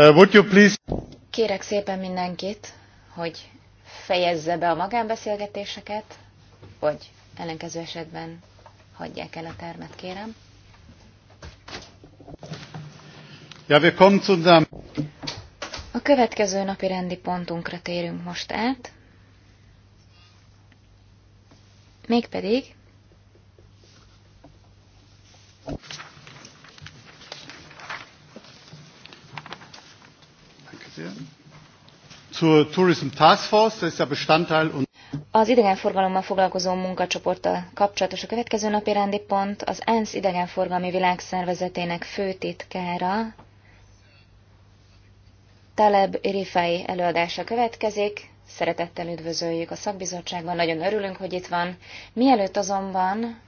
Uh, would you please... Kérek szépen mindenkit, hogy fejezze be a magánbeszélgetéseket, vagy ellenkező esetben hagyják el a termet, kérem. Ja, wir kommen zu unserem... A következő napi rendi pontunkra térünk most át. Mégpedig zur Tourism Task Force, das ist ja Bestandteil az idegenforgalommal foglalkozó munkacsoporttal kapcsolatos a következő napi rendi pont az ENSZ idegenforgalmi világszervezetének főtitkára Taleb Rifai előadása következik. Szeretettel üdvözöljük a szakbizottságban, nagyon örülünk, hogy itt van. Mielőtt azonban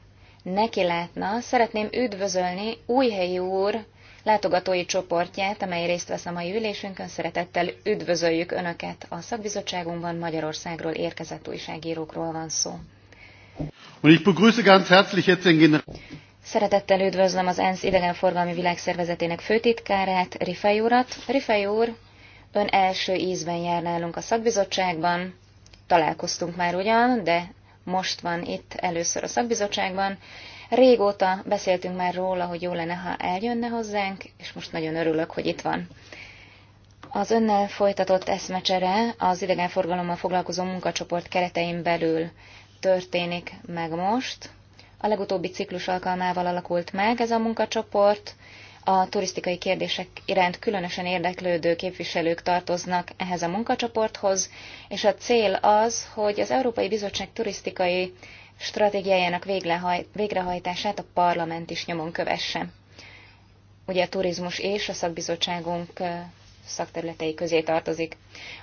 neki látna, szeretném üdvözölni Újhelyi úr látogatói csoportját, amely részt vesz a mai ülésünkön. Szeretettel üdvözöljük Önöket a szakbizottságunkban, Magyarországról érkezett újságírókról van szó. Szeretettel üdvözlöm az ENSZ idegenforgalmi világszervezetének főtitkárát, Rifei urat. Rifei úr, ön első ízben jár nálunk a szakbizottságban, találkoztunk már ugyan, de most van itt először a szakbizottságban. Régóta beszéltünk már róla, hogy jó lenne, ha eljönne hozzánk, és most nagyon örülök, hogy itt van. Az önnel folytatott eszmecsere az idegenforgalommal foglalkozó munkacsoport keretein belül történik meg most. A legutóbbi ciklus alkalmával alakult meg ez a munkacsoport. A turisztikai kérdések iránt különösen érdeklődő képviselők tartoznak ehhez a munkacsoporthoz, és a cél az, hogy az Európai Bizottság turisztikai stratégiájának végrehajtását a parlament is nyomon kövesse. Ugye a turizmus és a szakbizottságunk szakterületei közé tartozik.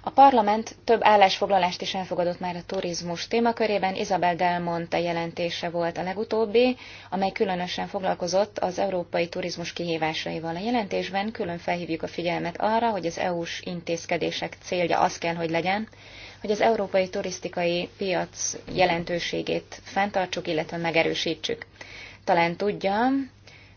A parlament több állásfoglalást is elfogadott már a turizmus témakörében. Isabel Delmonte jelentése volt a legutóbbi, amely különösen foglalkozott az európai turizmus kihívásaival. A jelentésben külön felhívjuk a figyelmet arra, hogy az EU-s intézkedések célja az kell, hogy legyen, hogy az európai turisztikai piac jelentőségét fenntartsuk, illetve megerősítsük. Talán tudja,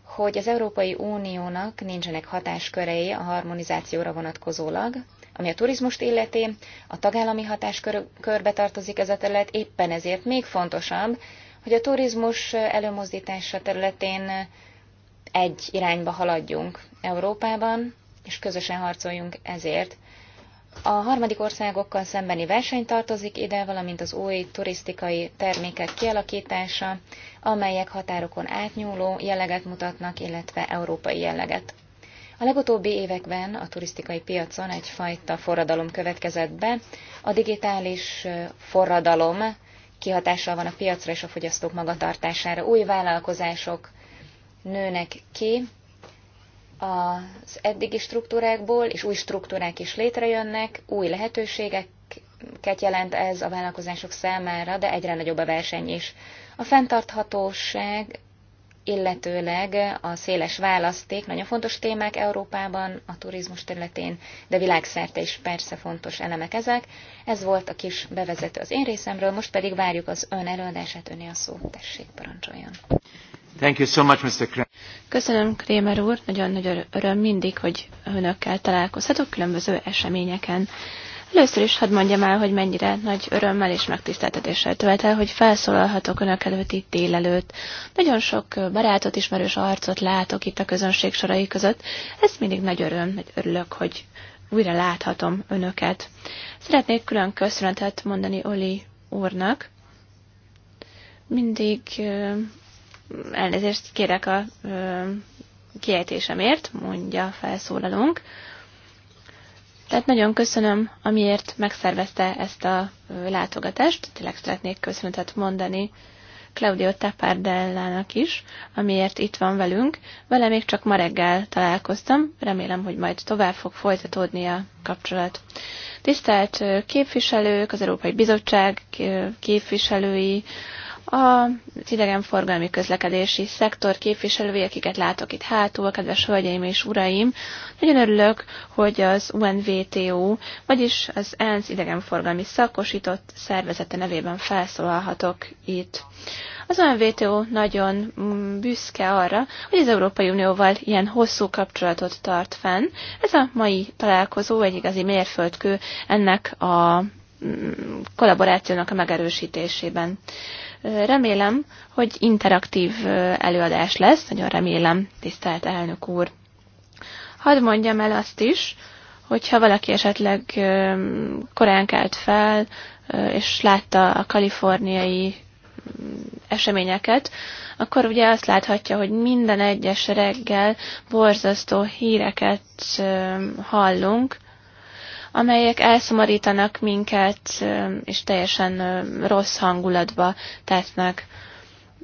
hogy az Európai Uniónak nincsenek hatáskörei a harmonizációra vonatkozólag, ami a turizmust illeti, a tagállami hatáskörbe tartozik ez a terület, éppen ezért még fontosabb, hogy a turizmus előmozdítása területén egy irányba haladjunk Európában, és közösen harcoljunk ezért. A harmadik országokkal szembeni verseny tartozik ide, valamint az új turisztikai termékek kialakítása, amelyek határokon átnyúló jelleget mutatnak, illetve európai jelleget. A legutóbbi években a turisztikai piacon egyfajta forradalom következett be. A digitális forradalom kihatással van a piacra és a fogyasztók magatartására. Új vállalkozások nőnek ki, az eddigi struktúrákból, és új struktúrák is létrejönnek, új lehetőségeket jelent ez a vállalkozások számára, de egyre nagyobb a verseny is. A fenntarthatóság, illetőleg a széles választék nagyon fontos témák Európában, a turizmus területén, de világszerte is persze fontos elemek ezek. Ez volt a kis bevezető az én részemről, most pedig várjuk az ön előadását, öné a szót, tessék, parancsoljon. Thank you so much, Mr. Kramer. Köszönöm, Krémer úr. Nagyon nagy öröm mindig, hogy önökkel találkozhatok különböző eseményeken. Először is hadd mondjam el, hogy mennyire nagy örömmel és megtiszteltetéssel tölt el, hogy felszólalhatok önök előtt itt délelőtt. Nagyon sok barátot, ismerős arcot látok itt a közönség sorai között. Ez mindig nagy öröm, nagy örülök, hogy újra láthatom önöket. Szeretnék külön köszönetet mondani Oli úrnak. Mindig elnézést kérek a kiejtésemért, mondja felszólalunk. Tehát nagyon köszönöm, amiért megszervezte ezt a látogatást. Tényleg szeretnék köszönetet mondani Claudio Tapardellának is, amiért itt van velünk. Vele még csak ma reggel találkoztam, remélem, hogy majd tovább fog folytatódni a kapcsolat. Tisztelt képviselők, az Európai Bizottság képviselői, az idegenforgalmi közlekedési szektor képviselői, akiket látok itt hátul, kedves hölgyeim és uraim. Nagyon örülök, hogy az UNVTO, vagyis az ENSZ idegenforgalmi szakosított szervezete nevében felszólalhatok itt. Az UNVTO nagyon mm, büszke arra, hogy az Európai Unióval ilyen hosszú kapcsolatot tart fenn. Ez a mai találkozó egy igazi mérföldkő ennek a mm, kollaborációnak a megerősítésében. Remélem, hogy interaktív előadás lesz, nagyon remélem, tisztelt elnök úr. Hadd mondjam el azt is, hogyha valaki esetleg korán kelt fel, és látta a kaliforniai mm, eseményeket, akkor ugye azt láthatja, hogy minden egyes reggel borzasztó híreket hallunk amelyek elszomorítanak minket, és teljesen rossz hangulatba tesznek.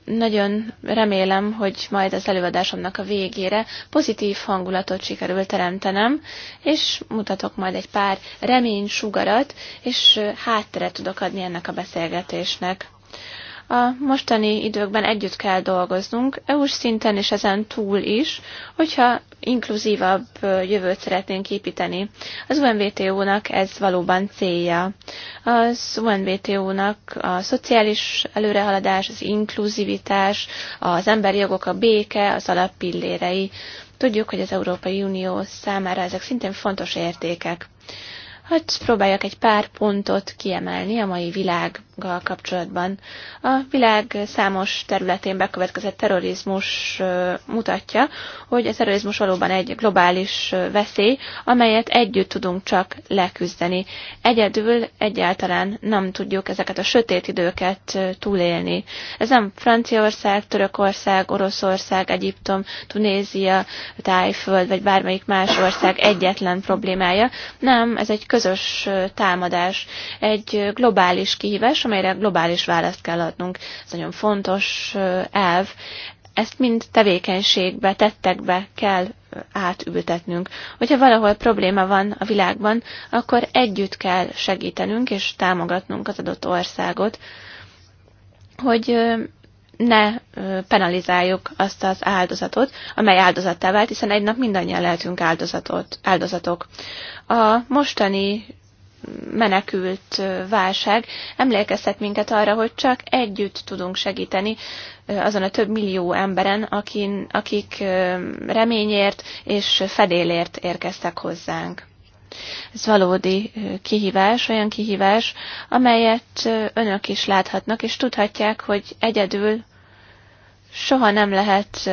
Nagyon remélem, hogy majd az előadásomnak a végére pozitív hangulatot sikerül teremtenem, és mutatok majd egy pár remény sugarat, és hátteret tudok adni ennek a beszélgetésnek. A mostani időkben együtt kell dolgoznunk, EU-s szinten és ezen túl is, hogyha inkluzívabb jövőt szeretnénk építeni. Az UNVTO-nak ez valóban célja. Az UNVTO-nak a szociális előrehaladás, az inkluzivitás, az emberi jogok, a béke, az alappillérei. Tudjuk, hogy az Európai Unió számára ezek szintén fontos értékek. Hát próbáljak egy pár pontot kiemelni a mai világ gal kapcsolatban. A világ számos területén bekövetkezett terrorizmus mutatja, hogy a terrorizmus valóban egy globális veszély, amelyet együtt tudunk csak leküzdeni. Egyedül egyáltalán nem tudjuk ezeket a sötét időket túlélni. Ez nem Franciaország, Törökország, Oroszország, Egyiptom, Tunézia, Tájföld vagy bármelyik más ország egyetlen problémája. Nem, ez egy közös támadás, egy globális kihívás, amelyre globális választ kell adnunk. Ez nagyon fontos elv. Ezt mind tevékenységbe, tettekbe kell átültetnünk. Hogyha valahol probléma van a világban, akkor együtt kell segítenünk és támogatnunk az adott országot, hogy ne penalizáljuk azt az áldozatot, amely áldozattá vált, hiszen egy nap mindannyian lehetünk áldozatot, áldozatok. A mostani menekült válság emlékeztet minket arra, hogy csak együtt tudunk segíteni azon a több millió emberen, akin, akik reményért és fedélért érkeztek hozzánk. Ez valódi kihívás, olyan kihívás, amelyet önök is láthatnak, és tudhatják, hogy egyedül soha nem lehet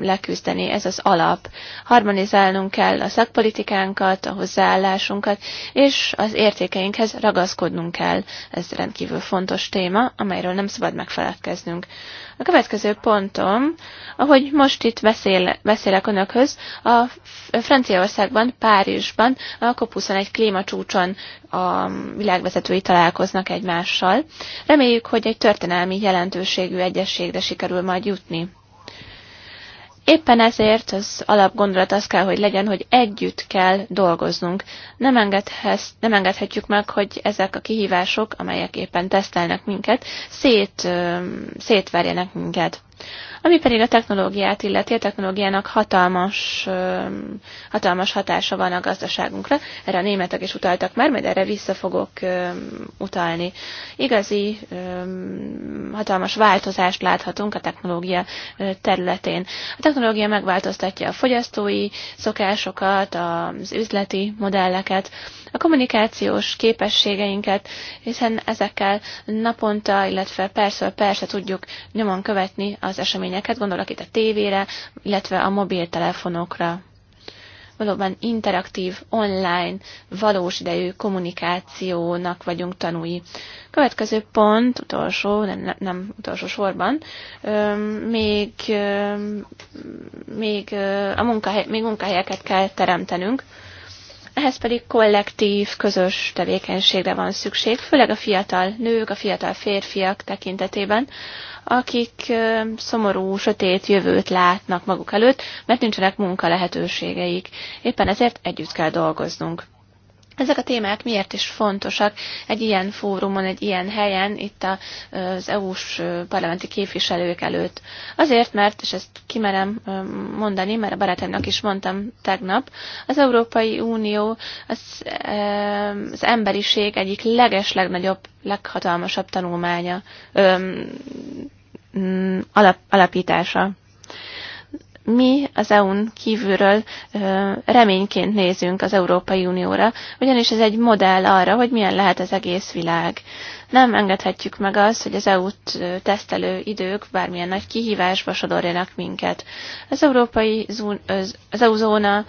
leküzdeni, ez az alap. Harmonizálnunk kell a szakpolitikánkat, a hozzáállásunkat, és az értékeinkhez ragaszkodnunk kell. Ez rendkívül fontos téma, amelyről nem szabad megfeledkeznünk. A következő pontom, ahogy most itt beszél, beszélek önökhöz, a Franciaországban, Párizsban a COP21 klímacsúcson a világvezetői találkoznak egymással. Reméljük, hogy egy történelmi jelentőségű egyességre sikerül majd jutni. Éppen ezért az alapgondolat az kell, hogy legyen, hogy együtt kell dolgoznunk. Nem, engedhez, nem engedhetjük meg, hogy ezek a kihívások, amelyek éppen tesztelnek minket, szét, szétverjenek minket. Ami pedig a technológiát illeti, a technológiának hatalmas, hatalmas hatása van a gazdaságunkra. Erre a németek is utaltak már, majd erre vissza fogok utalni. Igazi hatalmas változást láthatunk a technológia területén. A technológia megváltoztatja a fogyasztói szokásokat, az üzleti modelleket, a kommunikációs képességeinket, hiszen ezekkel naponta, illetve persze persze tudjuk nyomon követni a az eseményeket, gondolok itt a tévére, illetve a mobiltelefonokra. Valóban interaktív, online, valós idejű kommunikációnak vagyunk tanúi. Következő pont, utolsó, nem, nem utolsó sorban, még, még, a munkahely, még munkahelyeket kell teremtenünk, ehhez pedig kollektív, közös tevékenységre van szükség, főleg a fiatal nők, a fiatal férfiak tekintetében, akik szomorú, sötét jövőt látnak maguk előtt, mert nincsenek munka lehetőségeik. Éppen ezért együtt kell dolgoznunk. Ezek a témák miért is fontosak egy ilyen fórumon, egy ilyen helyen, itt az EU-s parlamenti képviselők előtt? Azért, mert, és ezt kimerem mondani, mert a barátaimnak is mondtam tegnap, az Európai Unió az, az emberiség egyik leges, legnagyobb, leghatalmasabb tanulmánya, alap, alapítása mi az EU-n kívülről reményként nézünk az Európai Unióra, ugyanis ez egy modell arra, hogy milyen lehet az egész világ. Nem engedhetjük meg azt, hogy az EU-t tesztelő idők bármilyen nagy kihívásba sodorjanak minket. Az Európai az EU zóna,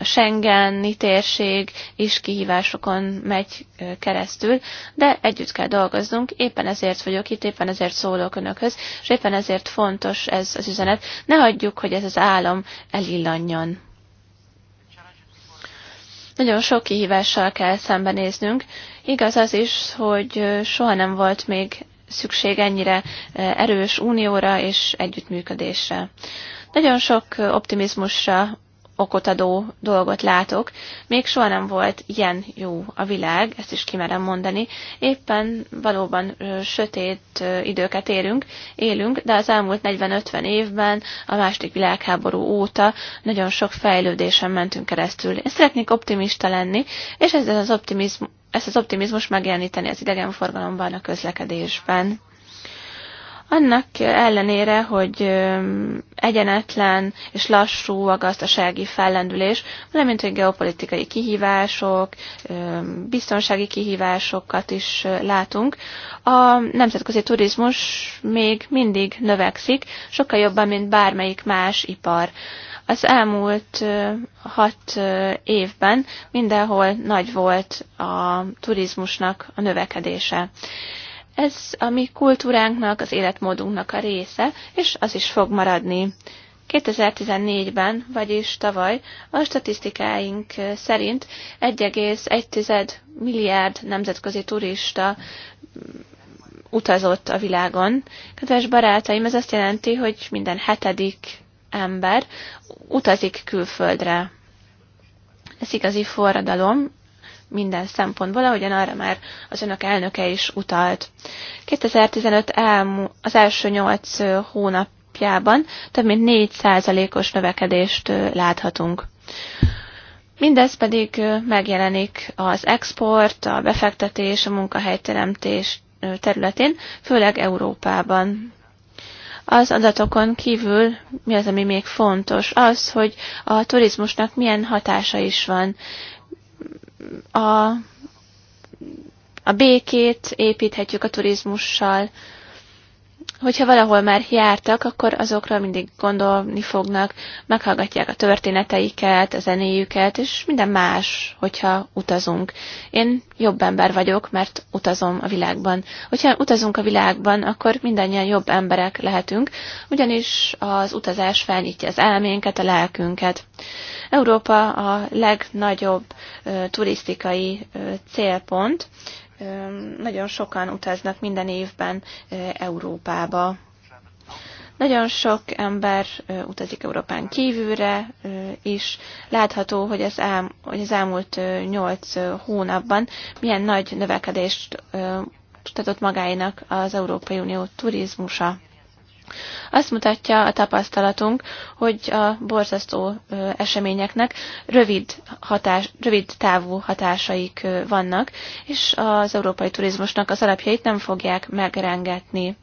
Schengeni térség is kihívásokon megy keresztül, de együtt kell dolgoznunk, éppen ezért vagyok itt, éppen ezért szólok önökhöz, és éppen ezért fontos ez az üzenet. Ne hagyjuk, hogy ez az állam elillanjon. Nagyon sok kihívással kell szembenéznünk. Igaz az is, hogy soha nem volt még szükség ennyire erős unióra és együttműködésre. Nagyon sok optimizmusra okot adó dolgot látok. Még soha nem volt ilyen jó a világ, ezt is kimerem mondani. Éppen valóban sötét időket érünk, élünk, de az elmúlt 40-50 évben, a második világháború óta nagyon sok fejlődésen mentünk keresztül. Én szeretnék optimista lenni, és ezzel az optimizmus, ezt az optimizmus megjeleníteni az idegenforgalomban, a közlekedésben. Annak ellenére, hogy egyenetlen és lassú a gazdasági fellendülés, valamint hogy geopolitikai kihívások, biztonsági kihívásokat is látunk, a nemzetközi turizmus még mindig növekszik, sokkal jobban, mint bármelyik más ipar. Az elmúlt hat évben mindenhol nagy volt a turizmusnak a növekedése. Ez a mi kultúránknak, az életmódunknak a része, és az is fog maradni. 2014-ben, vagyis tavaly a statisztikáink szerint 1,1 milliárd nemzetközi turista utazott a világon. Kedves barátaim, ez azt jelenti, hogy minden hetedik ember utazik külföldre. Ez igazi forradalom, minden szempontból, ahogyan arra már az önök elnöke is utalt. 2015 elmú, az első 8 hónapjában több mint 4%-os növekedést láthatunk. Mindez pedig megjelenik az export, a befektetés, a munkahelyteremtés területén, főleg Európában. Az adatokon kívül mi az, ami még fontos? Az, hogy a turizmusnak milyen hatása is van a, a békét építhetjük a turizmussal, hogyha valahol már jártak, akkor azokra mindig gondolni fognak, meghallgatják a történeteiket, a zenéjüket, és minden más, hogyha utazunk. Én jobb ember vagyok, mert utazom a világban. Hogyha utazunk a világban, akkor mindannyian jobb emberek lehetünk, ugyanis az utazás felnyitja az elménket, a lelkünket. Európa a legnagyobb ö, turisztikai ö, célpont, nagyon sokan utaznak minden évben Európába. Nagyon sok ember utazik Európán kívülre és Látható, hogy az, ám, hogy az elmúlt 8 hónapban milyen nagy növekedést mutatott magáinak az Európai Unió turizmusa. Azt mutatja a tapasztalatunk, hogy a borzasztó eseményeknek rövid, hatás, rövid távú hatásaik vannak, és az európai turizmusnak az alapjait nem fogják megrengetni.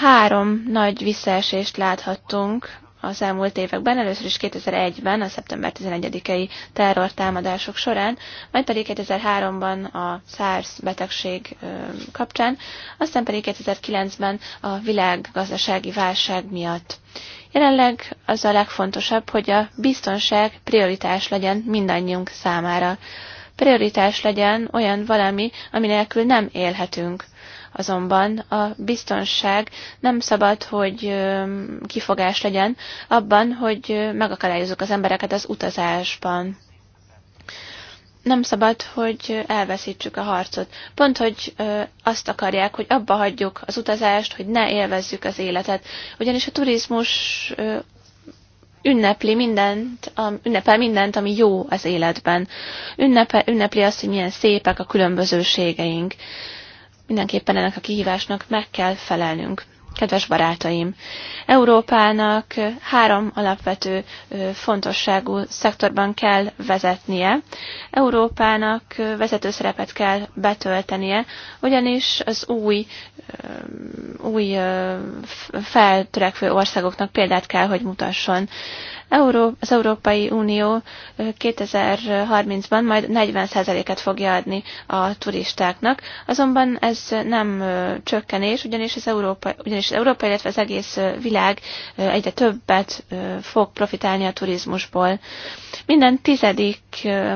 Három nagy visszaesést láthattunk az elmúlt években, először is 2001-ben, a szeptember 11-i terrortámadások során, majd pedig 2003-ban a SARS betegség kapcsán, aztán pedig 2009-ben a világgazdasági válság miatt. Jelenleg az a legfontosabb, hogy a biztonság prioritás legyen mindannyiunk számára. Prioritás legyen olyan valami, ami nélkül nem élhetünk Azonban a biztonság nem szabad, hogy kifogás legyen abban, hogy megakadályozzuk az embereket az utazásban nem szabad, hogy elveszítsük a harcot. Pont, hogy ö, azt akarják, hogy abba hagyjuk az utazást, hogy ne élvezzük az életet. Ugyanis a turizmus ö, ünnepli mindent, a, ünnepel mindent, ami jó az életben. Ünnepe, ünnepli azt, hogy milyen szépek a különbözőségeink mindenképpen ennek a kihívásnak meg kell felelnünk. Kedves barátaim, Európának három alapvető fontosságú szektorban kell vezetnie. Európának vezető szerepet kell betöltenie, ugyanis az új, új feltörekvő országoknak példát kell, hogy mutasson. Euró, az Európai Unió 2030-ban majd 40%-et fogja adni a turistáknak, azonban ez nem csökkenés, ugyanis az Európa, ugyanis az Európa illetve az egész világ egyre többet fog profitálni a turizmusból. Minden tizedik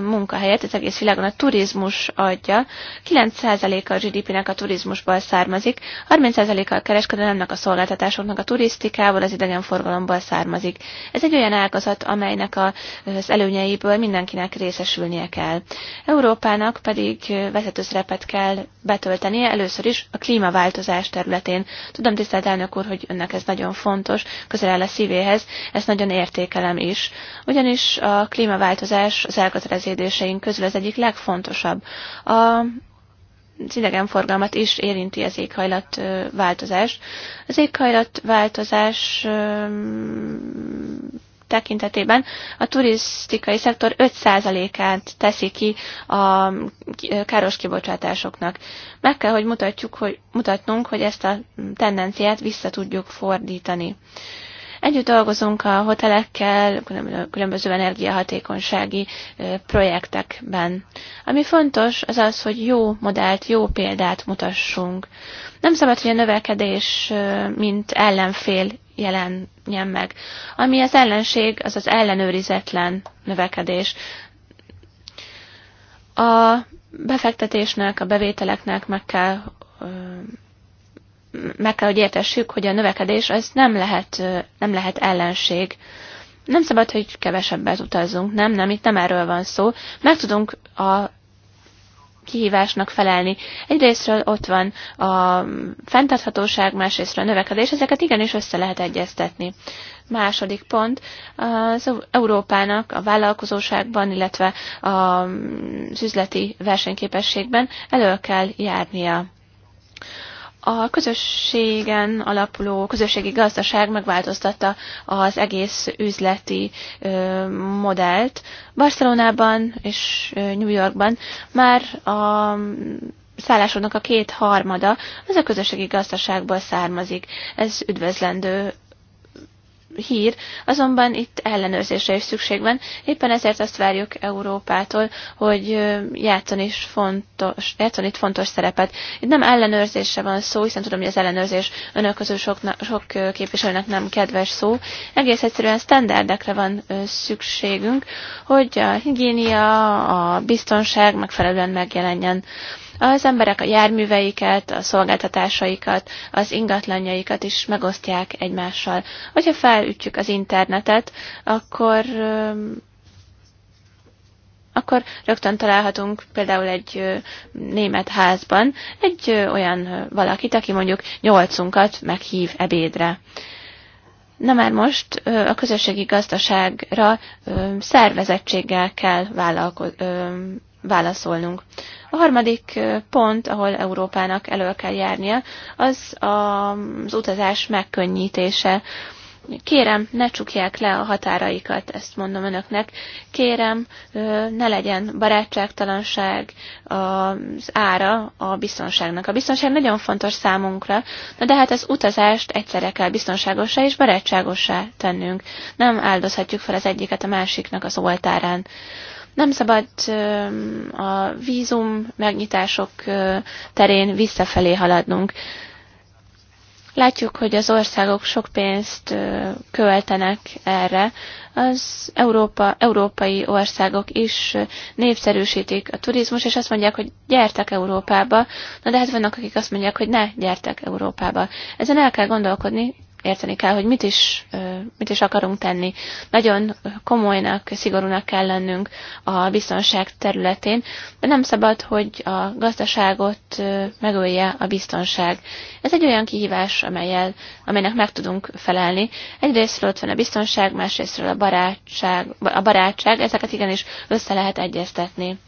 munkahelyet az egész világon a turizmus adja. 9%-a a GDP-nek a turizmusból származik, 30%-a a kereskedelemnek, a szolgáltatásoknak, a turisztikából, az idegenforgalomból származik. Ez egy olyan ágazat, amelynek az előnyeiből mindenkinek részesülnie kell. Európának pedig vezető szerepet kell betöltenie először is a klímaváltozás területén. Tudom, tisztelt elnök úr, hogy önnek ez nagyon fontos, közel áll a szívéhez, ezt nagyon értékelem is. Ugyanis a klímaváltozás az elköteleződéseink közül az egyik legfontosabb. A az idegenforgalmat is érinti az éghajlatváltozás. Az éghajlatváltozás tekintetében a turisztikai szektor 5%-át teszi ki a káros kibocsátásoknak. Meg kell, hogy, mutatjuk, hogy mutatnunk, hogy ezt a tendenciát vissza tudjuk fordítani. Együtt dolgozunk a hotelekkel, különböző energiahatékonysági projektekben. Ami fontos, az az, hogy jó modellt, jó példát mutassunk. Nem szabad, hogy a növekedés mint ellenfél jelenjen meg. Ami az ellenség, az az ellenőrizetlen növekedés. A befektetésnek, a bevételeknek meg kell meg kell, hogy értessük, hogy a növekedés az nem lehet, nem lehet ellenség. Nem szabad, hogy kevesebbet utazzunk, nem, nem, itt nem erről van szó. Meg tudunk a kihívásnak felelni. Egyrésztről ott van a fenntarthatóság, másrésztről a növekedés, ezeket igenis össze lehet egyeztetni. Második pont, az Európának a vállalkozóságban, illetve a üzleti versenyképességben elő kell járnia. A közösségen alapuló közösségi gazdaság megváltoztatta az egész üzleti ö, modellt. Barcelonában és New Yorkban már a szállásoknak a két harmada az a közösségi gazdaságból származik. Ez üdvözlendő hír, azonban itt ellenőrzésre is szükség van. Éppen ezért azt várjuk Európától, hogy játszon, is fontos, játszon itt fontos szerepet. Itt nem ellenőrzésre van szó, hiszen tudom, hogy az ellenőrzés önök közül sok, sok képviselőnek nem kedves szó. Egész egyszerűen standardekre van szükségünk, hogy a higiénia, a biztonság megfelelően megjelenjen. Az emberek a járműveiket, a szolgáltatásaikat, az ingatlanjaikat is megosztják egymással. Hogyha felütjük az internetet, akkor akkor rögtön találhatunk például egy német házban egy olyan valakit, aki mondjuk nyolcunkat meghív ebédre. Na már most a közösségi gazdaságra szervezettséggel kell válaszolnunk. A harmadik pont, ahol Európának elő kell járnia, az az utazás megkönnyítése. Kérem, ne csukják le a határaikat, ezt mondom önöknek. Kérem, ne legyen barátságtalanság az ára a biztonságnak. A biztonság nagyon fontos számunkra, na de hát az utazást egyszerre kell biztonságosá és barátságosá tennünk. Nem áldozhatjuk fel az egyiket a másiknak az oltárán. Nem szabad a vízum megnyitások terén visszafelé haladnunk. Látjuk, hogy az országok sok pénzt költenek erre. Az Európa, európai országok is népszerűsítik a turizmus, és azt mondják, hogy gyertek Európába. Na de hát vannak, akik azt mondják, hogy ne gyertek Európába. Ezen el kell gondolkodni, érteni kell, hogy mit is, mit is akarunk tenni. Nagyon komolynak, szigorúnak kell lennünk a biztonság területén, de nem szabad, hogy a gazdaságot megölje a biztonság. Ez egy olyan kihívás, amelyel, amelynek meg tudunk felelni. Egyrésztről ott van a biztonság, másrésztről a barátság, a barátság ezeket igenis össze lehet egyeztetni.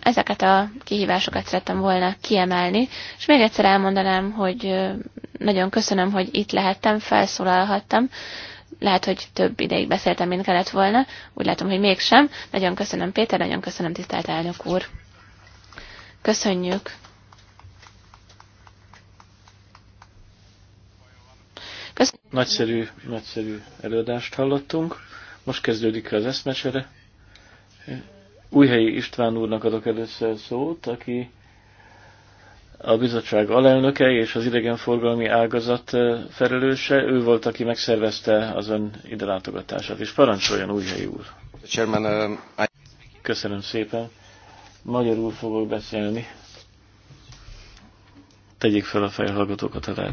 Ezeket a kihívásokat szerettem volna kiemelni, és még egyszer elmondanám, hogy nagyon köszönöm, hogy itt lehettem, felszólalhattam. Lehet, hogy több ideig beszéltem, mint kellett volna. Úgy látom, hogy mégsem. Nagyon köszönöm, Péter, nagyon köszönöm, tisztelt elnök úr. Köszönjük. Köszönjük. Nagyszerű, nagyszerű előadást hallottunk. Most kezdődik az eszmesere. Újhelyi István úrnak adok először szót, aki a bizottság alelnöke és az idegenforgalmi ágazat felelőse. Ő volt, aki megszervezte az ön ide látogatását, és parancsoljon Újhelyi úr. Um, Köszönöm szépen. Magyarul fogok beszélni. Tegyék fel a fejhallgatókat a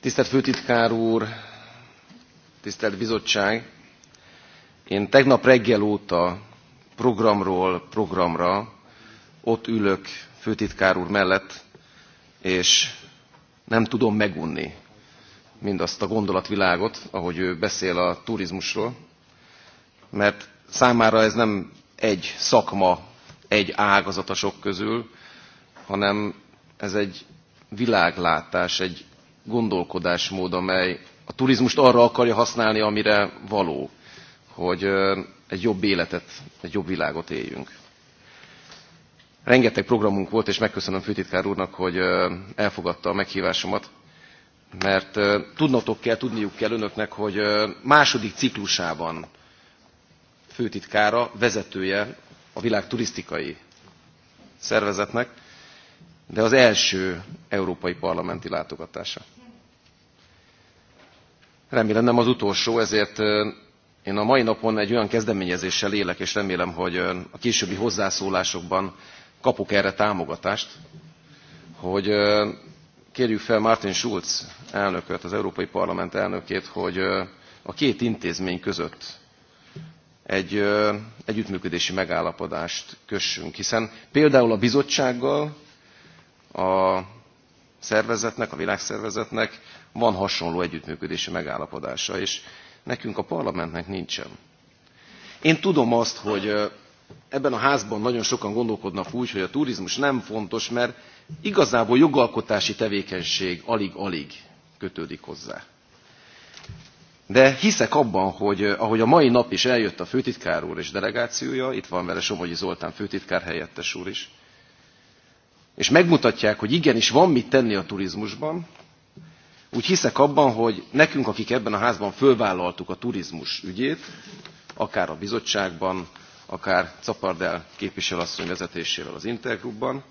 Tisztelt Főtitkár úr, tisztelt bizottság! Én tegnap reggel óta programról programra ott ülök főtitkár úr mellett, és nem tudom megunni mindazt a gondolatvilágot, ahogy ő beszél a turizmusról, mert számára ez nem egy szakma, egy ágazat a sok közül, hanem ez egy világlátás, egy gondolkodásmód, amely a turizmust arra akarja használni, amire való hogy egy jobb életet, egy jobb világot éljünk. Rengeteg programunk volt, és megköszönöm főtitkár úrnak, hogy elfogadta a meghívásomat, mert tudnotok kell, tudniuk kell önöknek, hogy második ciklusában főtitkára, vezetője a világ turisztikai szervezetnek, de az első európai parlamenti látogatása. Remélem nem az utolsó, ezért én a mai napon egy olyan kezdeményezéssel élek és remélem hogy a későbbi hozzászólásokban kapok erre támogatást hogy kérjük fel martin schulz elnököt az európai parlament elnökét hogy a két intézmény között egy együttműködési megállapodást kössünk hiszen például a bizottsággal a szervezetnek a világszervezetnek van hasonló együttműködési megállapodása és nekünk a parlamentnek nincsen. Én tudom azt, hogy ebben a házban nagyon sokan gondolkodnak úgy, hogy a turizmus nem fontos, mert igazából jogalkotási tevékenység alig-alig kötődik hozzá. De hiszek abban, hogy ahogy a mai nap is eljött a főtitkár úr és delegációja, itt van vele Somogyi Zoltán főtitkár helyettes úr is, és megmutatják, hogy igenis van mit tenni a turizmusban, úgy hiszek abban, hogy nekünk, akik ebben a házban fölvállaltuk a turizmus ügyét, akár a bizottságban, akár Capardel képviselőasszony vezetésével az Intergrupban,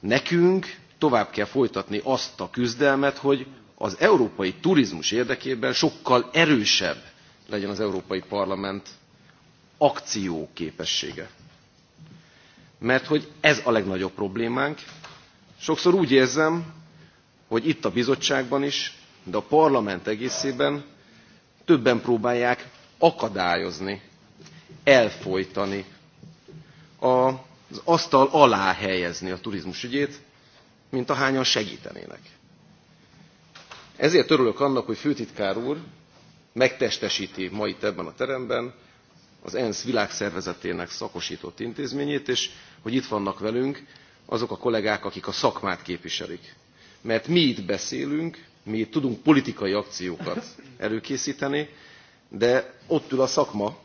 nekünk tovább kell folytatni azt a küzdelmet, hogy az európai turizmus érdekében sokkal erősebb legyen az Európai Parlament akció képessége, Mert hogy ez a legnagyobb problémánk. Sokszor úgy érzem, hogy itt a bizottságban is, de a parlament egészében többen próbálják akadályozni, elfolytani, az asztal alá helyezni a turizmus ügyét, mint ahányan segítenének. Ezért örülök annak, hogy főtitkár úr megtestesíti ma itt ebben a teremben az ENSZ világszervezetének szakosított intézményét, és hogy itt vannak velünk azok a kollégák, akik a szakmát képviselik mert mi itt beszélünk, mi itt tudunk politikai akciókat előkészíteni, de ott ül a szakma,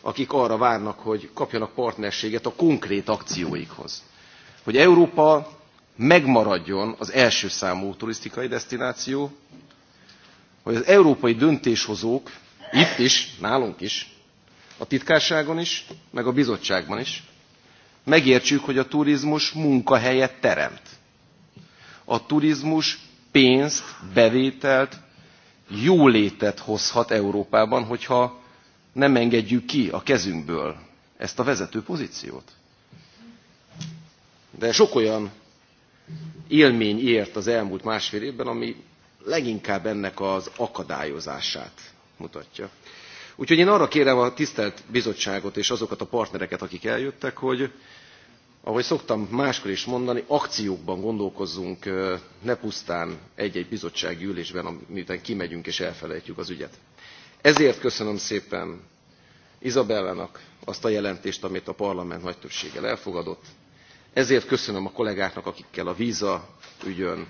akik arra várnak, hogy kapjanak partnerséget a konkrét akcióikhoz. Hogy Európa megmaradjon az első számú turisztikai destináció, hogy az európai döntéshozók itt is, nálunk is, a titkárságon is, meg a bizottságban is megértsük, hogy a turizmus munkahelyet teremt a turizmus pénzt, bevételt, jólétet hozhat Európában, hogyha nem engedjük ki a kezünkből ezt a vezető pozíciót. De sok olyan élmény ért az elmúlt másfél évben, ami leginkább ennek az akadályozását mutatja. Úgyhogy én arra kérem a tisztelt bizottságot és azokat a partnereket, akik eljöttek, hogy ahogy szoktam máskor is mondani, akciókban gondolkozzunk, ne pusztán egy-egy bizottsági ülésben, miután kimegyünk és elfelejtjük az ügyet. Ezért köszönöm szépen Izabellának azt a jelentést, amit a parlament nagy többséggel elfogadott. Ezért köszönöm a kollégáknak, akikkel a víza ügyön,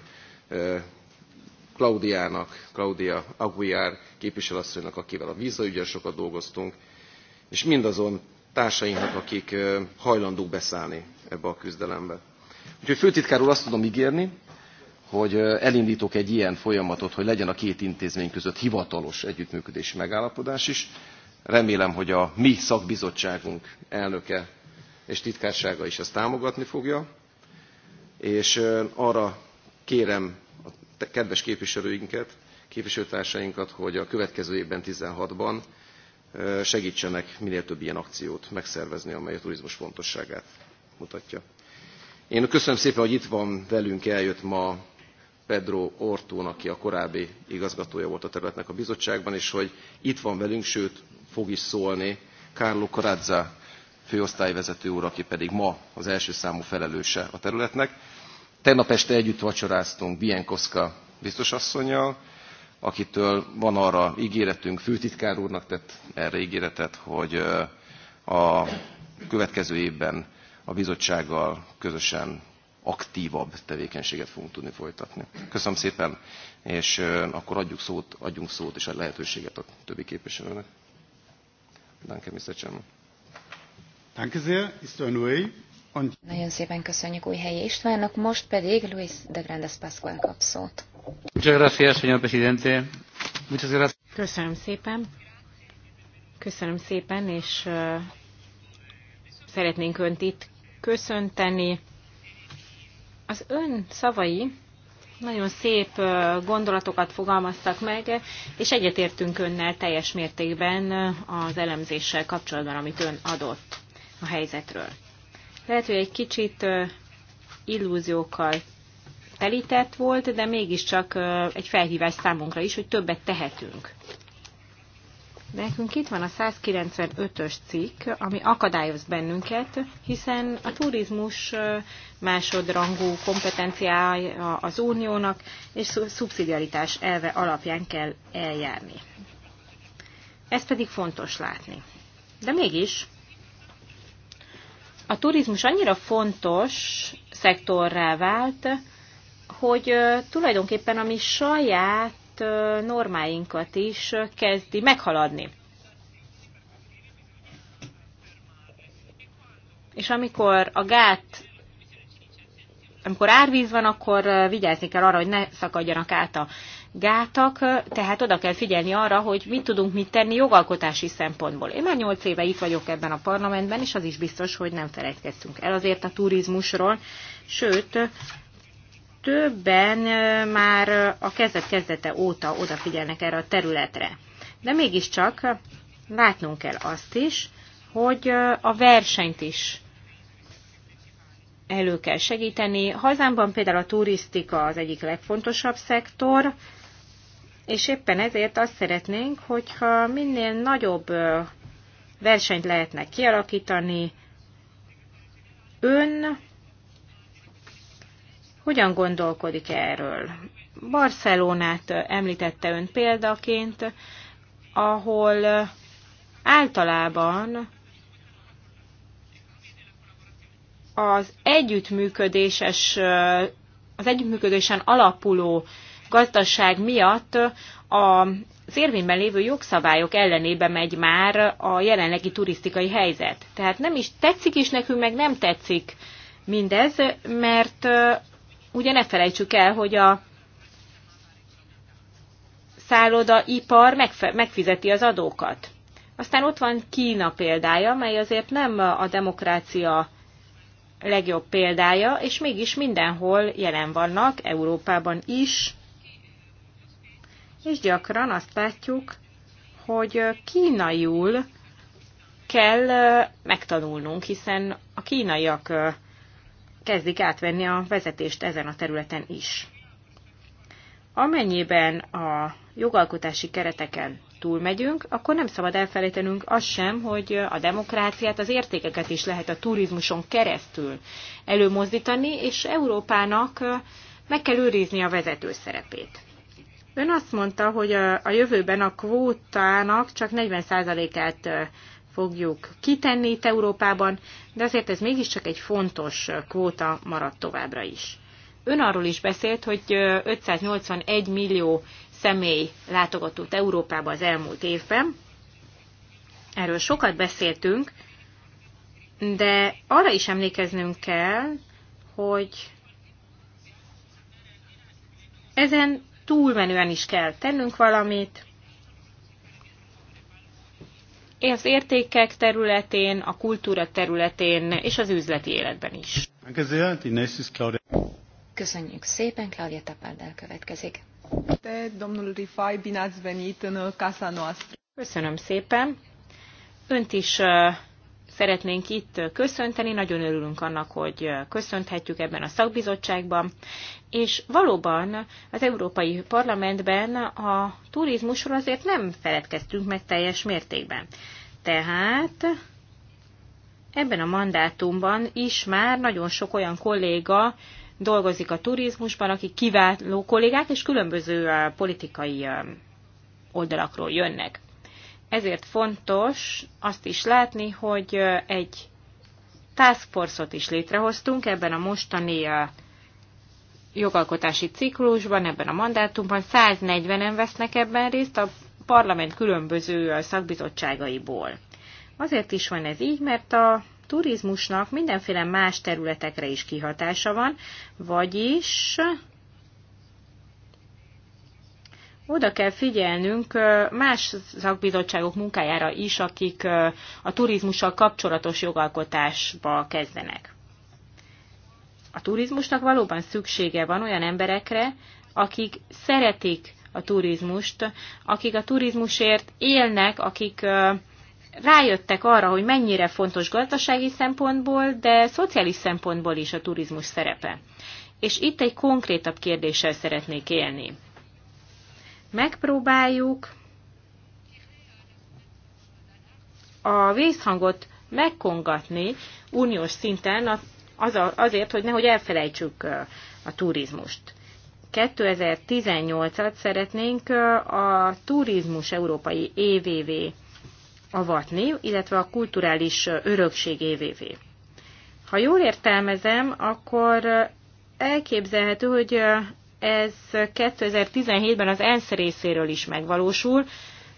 nak, Claudia Aguiar képviselőasszonynak, akivel a ügyen sokat dolgoztunk, és mindazon társainknak, akik hajlandók beszállni ebbe a küzdelembe. Úgyhogy főtitkár úr azt tudom ígérni, hogy elindítok egy ilyen folyamatot, hogy legyen a két intézmény között hivatalos együttműködési megállapodás is. Remélem, hogy a mi szakbizottságunk elnöke és titkársága is ezt támogatni fogja, és arra kérem a kedves képviselőinket, képviselőtársainkat, hogy a következő évben 16-ban segítsenek minél több ilyen akciót megszervezni, amely a turizmus fontosságát mutatja. Én köszönöm szépen, hogy itt van velünk, eljött ma Pedro Ortón, aki a korábbi igazgatója volt a területnek a bizottságban, és hogy itt van velünk, sőt fog is szólni Carlo Corazza főosztályvezető úr, aki pedig ma az első számú felelőse a területnek. Tegnap este együtt vacsoráztunk Bienkoszka biztosasszonyjal, akitől van arra ígéretünk, főtitkár úrnak tett erre ígéretet, hogy a következő évben a bizottsággal közösen aktívabb tevékenységet fogunk tudni folytatni. Köszönöm szépen, és akkor adjuk szót, adjunk szót és a lehetőséget a többi képviselőnek. Danke, Mr. Chairman. Danke sehr, ist Und... Nagyon szépen köszönjük új helyi Istvánnak, most pedig Luis de Grandes Pascual kap szót. Köszönöm szépen. Köszönöm szépen, és szeretnénk Önt itt köszönteni. Az Ön szavai nagyon szép gondolatokat fogalmaztak meg, és egyetértünk Önnel teljes mértékben az elemzéssel kapcsolatban, amit Ön adott a helyzetről. Lehet, hogy egy kicsit illúziókkal telített volt, de mégiscsak egy felhívás számunkra is, hogy többet tehetünk. Nekünk itt van a 195-ös cikk, ami akadályoz bennünket, hiszen a turizmus másodrangú kompetenciája az uniónak, és szubszidiaritás elve alapján kell eljárni. Ezt pedig fontos látni. De mégis a turizmus annyira fontos szektorrá vált, hogy tulajdonképpen a mi saját normáinkat is kezdi meghaladni. És amikor a gát, amikor árvíz van, akkor vigyázni kell arra, hogy ne szakadjanak át a gátak, tehát oda kell figyelni arra, hogy mit tudunk mit tenni jogalkotási szempontból. Én már nyolc éve itt vagyok ebben a parlamentben, és az is biztos, hogy nem felejtkeztünk el azért a turizmusról, sőt, többen már a kezdet-kezdete óta odafigyelnek erre a területre. De mégiscsak látnunk kell azt is, hogy a versenyt is elő kell segíteni. Hazámban például a turisztika az egyik legfontosabb szektor, és éppen ezért azt szeretnénk, hogyha minél nagyobb versenyt lehetne kialakítani, ön hogyan gondolkodik erről? Barcelonát említette ön példaként, ahol általában az együttműködéses, az együttműködésen alapuló gazdaság miatt a az érvényben lévő jogszabályok ellenébe megy már a jelenlegi turisztikai helyzet. Tehát nem is tetszik is nekünk, meg nem tetszik mindez, mert ugye ne felejtsük el, hogy a szállodaipar megfizeti az adókat. Aztán ott van Kína példája, mely azért nem a demokrácia legjobb példája, és mégis mindenhol jelen vannak, Európában is, és gyakran azt látjuk, hogy kínaiul kell megtanulnunk, hiszen a kínaiak kezdik átvenni a vezetést ezen a területen is. Amennyiben a jogalkotási kereteken túlmegyünk, akkor nem szabad elfelejtenünk azt sem, hogy a demokráciát, az értékeket is lehet a turizmuson keresztül előmozdítani, és Európának meg kell őrizni a vezető szerepét. Ön azt mondta, hogy a jövőben a kvótának csak 40%-át fogjuk kitenni itt Európában, de azért ez mégiscsak egy fontos kvóta maradt továbbra is. Ön arról is beszélt, hogy 581 millió személy látogatott Európába az elmúlt évben. Erről sokat beszéltünk, de arra is emlékeznünk kell, hogy ezen túlmenően is kell tennünk valamit, az értékek területén, a kultúra területén és az üzleti életben is. Köszönjük szépen, Claudia Tapárdál következik. Domnul Rifai, bine ați venit în casa noastră. Köszönöm szépen. Önt is uh, szeretnénk itt uh, köszönteni, nagyon örülünk annak, hogy uh, köszönthetjük ebben a szakbizottságban és valóban az Európai Parlamentben a turizmusról azért nem feledkeztünk meg teljes mértékben. Tehát ebben a mandátumban is már nagyon sok olyan kolléga dolgozik a turizmusban, akik kiváló kollégák és különböző politikai oldalakról jönnek. Ezért fontos azt is látni, hogy egy taskforce ot is létrehoztunk ebben a mostani jogalkotási ciklusban, ebben a mandátumban 140-en vesznek ebben részt a parlament különböző szakbizottságaiból. Azért is van ez így, mert a turizmusnak mindenféle más területekre is kihatása van, vagyis oda kell figyelnünk más szakbizottságok munkájára is, akik a turizmussal kapcsolatos jogalkotásba kezdenek. A turizmusnak valóban szüksége van olyan emberekre, akik szeretik a turizmust, akik a turizmusért élnek, akik rájöttek arra, hogy mennyire fontos gazdasági szempontból, de szociális szempontból is a turizmus szerepe. És itt egy konkrétabb kérdéssel szeretnék élni. Megpróbáljuk a vészhangot megkongatni uniós szinten a az a, azért, hogy nehogy elfelejtsük a turizmust. 2018-at szeretnénk a turizmus európai évévé avatni, illetve a kulturális örökség évévé. Ha jól értelmezem, akkor elképzelhető, hogy ez 2017-ben az ENSZ részéről is megvalósul,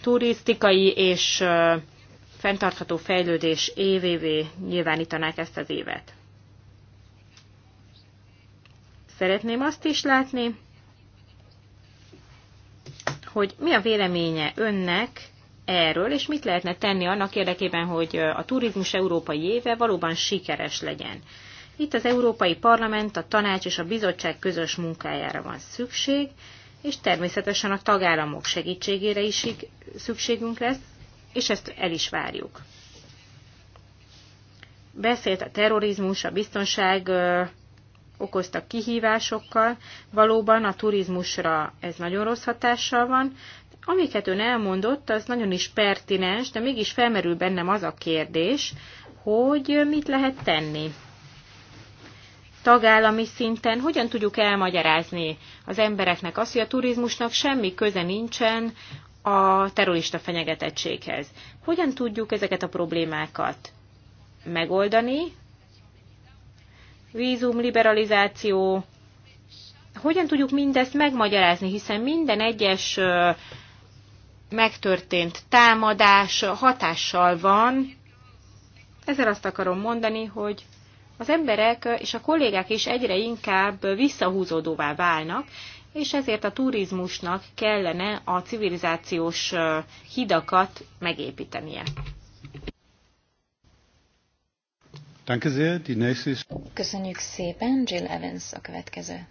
turisztikai és fenntartható fejlődés évévé nyilvánítanák ezt az évet. Szeretném azt is látni, hogy mi a véleménye önnek erről, és mit lehetne tenni annak érdekében, hogy a turizmus európai éve valóban sikeres legyen. Itt az Európai Parlament, a Tanács és a Bizottság közös munkájára van szükség, és természetesen a tagállamok segítségére is szükségünk lesz, és ezt el is várjuk. Beszélt a terrorizmus, a biztonság okoztak kihívásokkal, valóban a turizmusra ez nagyon rossz hatással van. Amiket ön elmondott, az nagyon is pertinens, de mégis felmerül bennem az a kérdés, hogy mit lehet tenni. Tagállami szinten hogyan tudjuk elmagyarázni az embereknek azt, hogy a turizmusnak semmi köze nincsen a terrorista fenyegetettséghez. Hogyan tudjuk ezeket a problémákat megoldani, vízum liberalizáció. Hogyan tudjuk mindezt megmagyarázni, hiszen minden egyes megtörtént támadás hatással van. Ezzel azt akarom mondani, hogy az emberek és a kollégák is egyre inkább visszahúzódóvá válnak, és ezért a turizmusnak kellene a civilizációs hidakat megépítenie. Köszönjük szépen, Jill Evans a következő.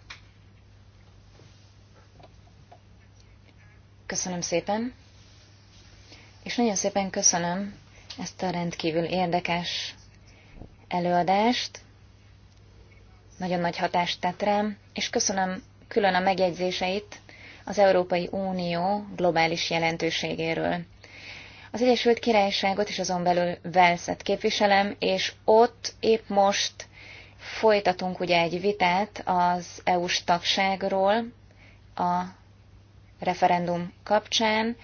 Köszönöm szépen, és nagyon szépen köszönöm ezt a rendkívül érdekes előadást. Nagyon nagy hatást tett rám, és köszönöm külön a megjegyzéseit az Európai Unió globális jelentőségéről. Az Egyesült Királyságot és azon belül Velszet képviselem, és ott épp most folytatunk ugye egy vitát az EU-s tagságról a referendum kapcsán.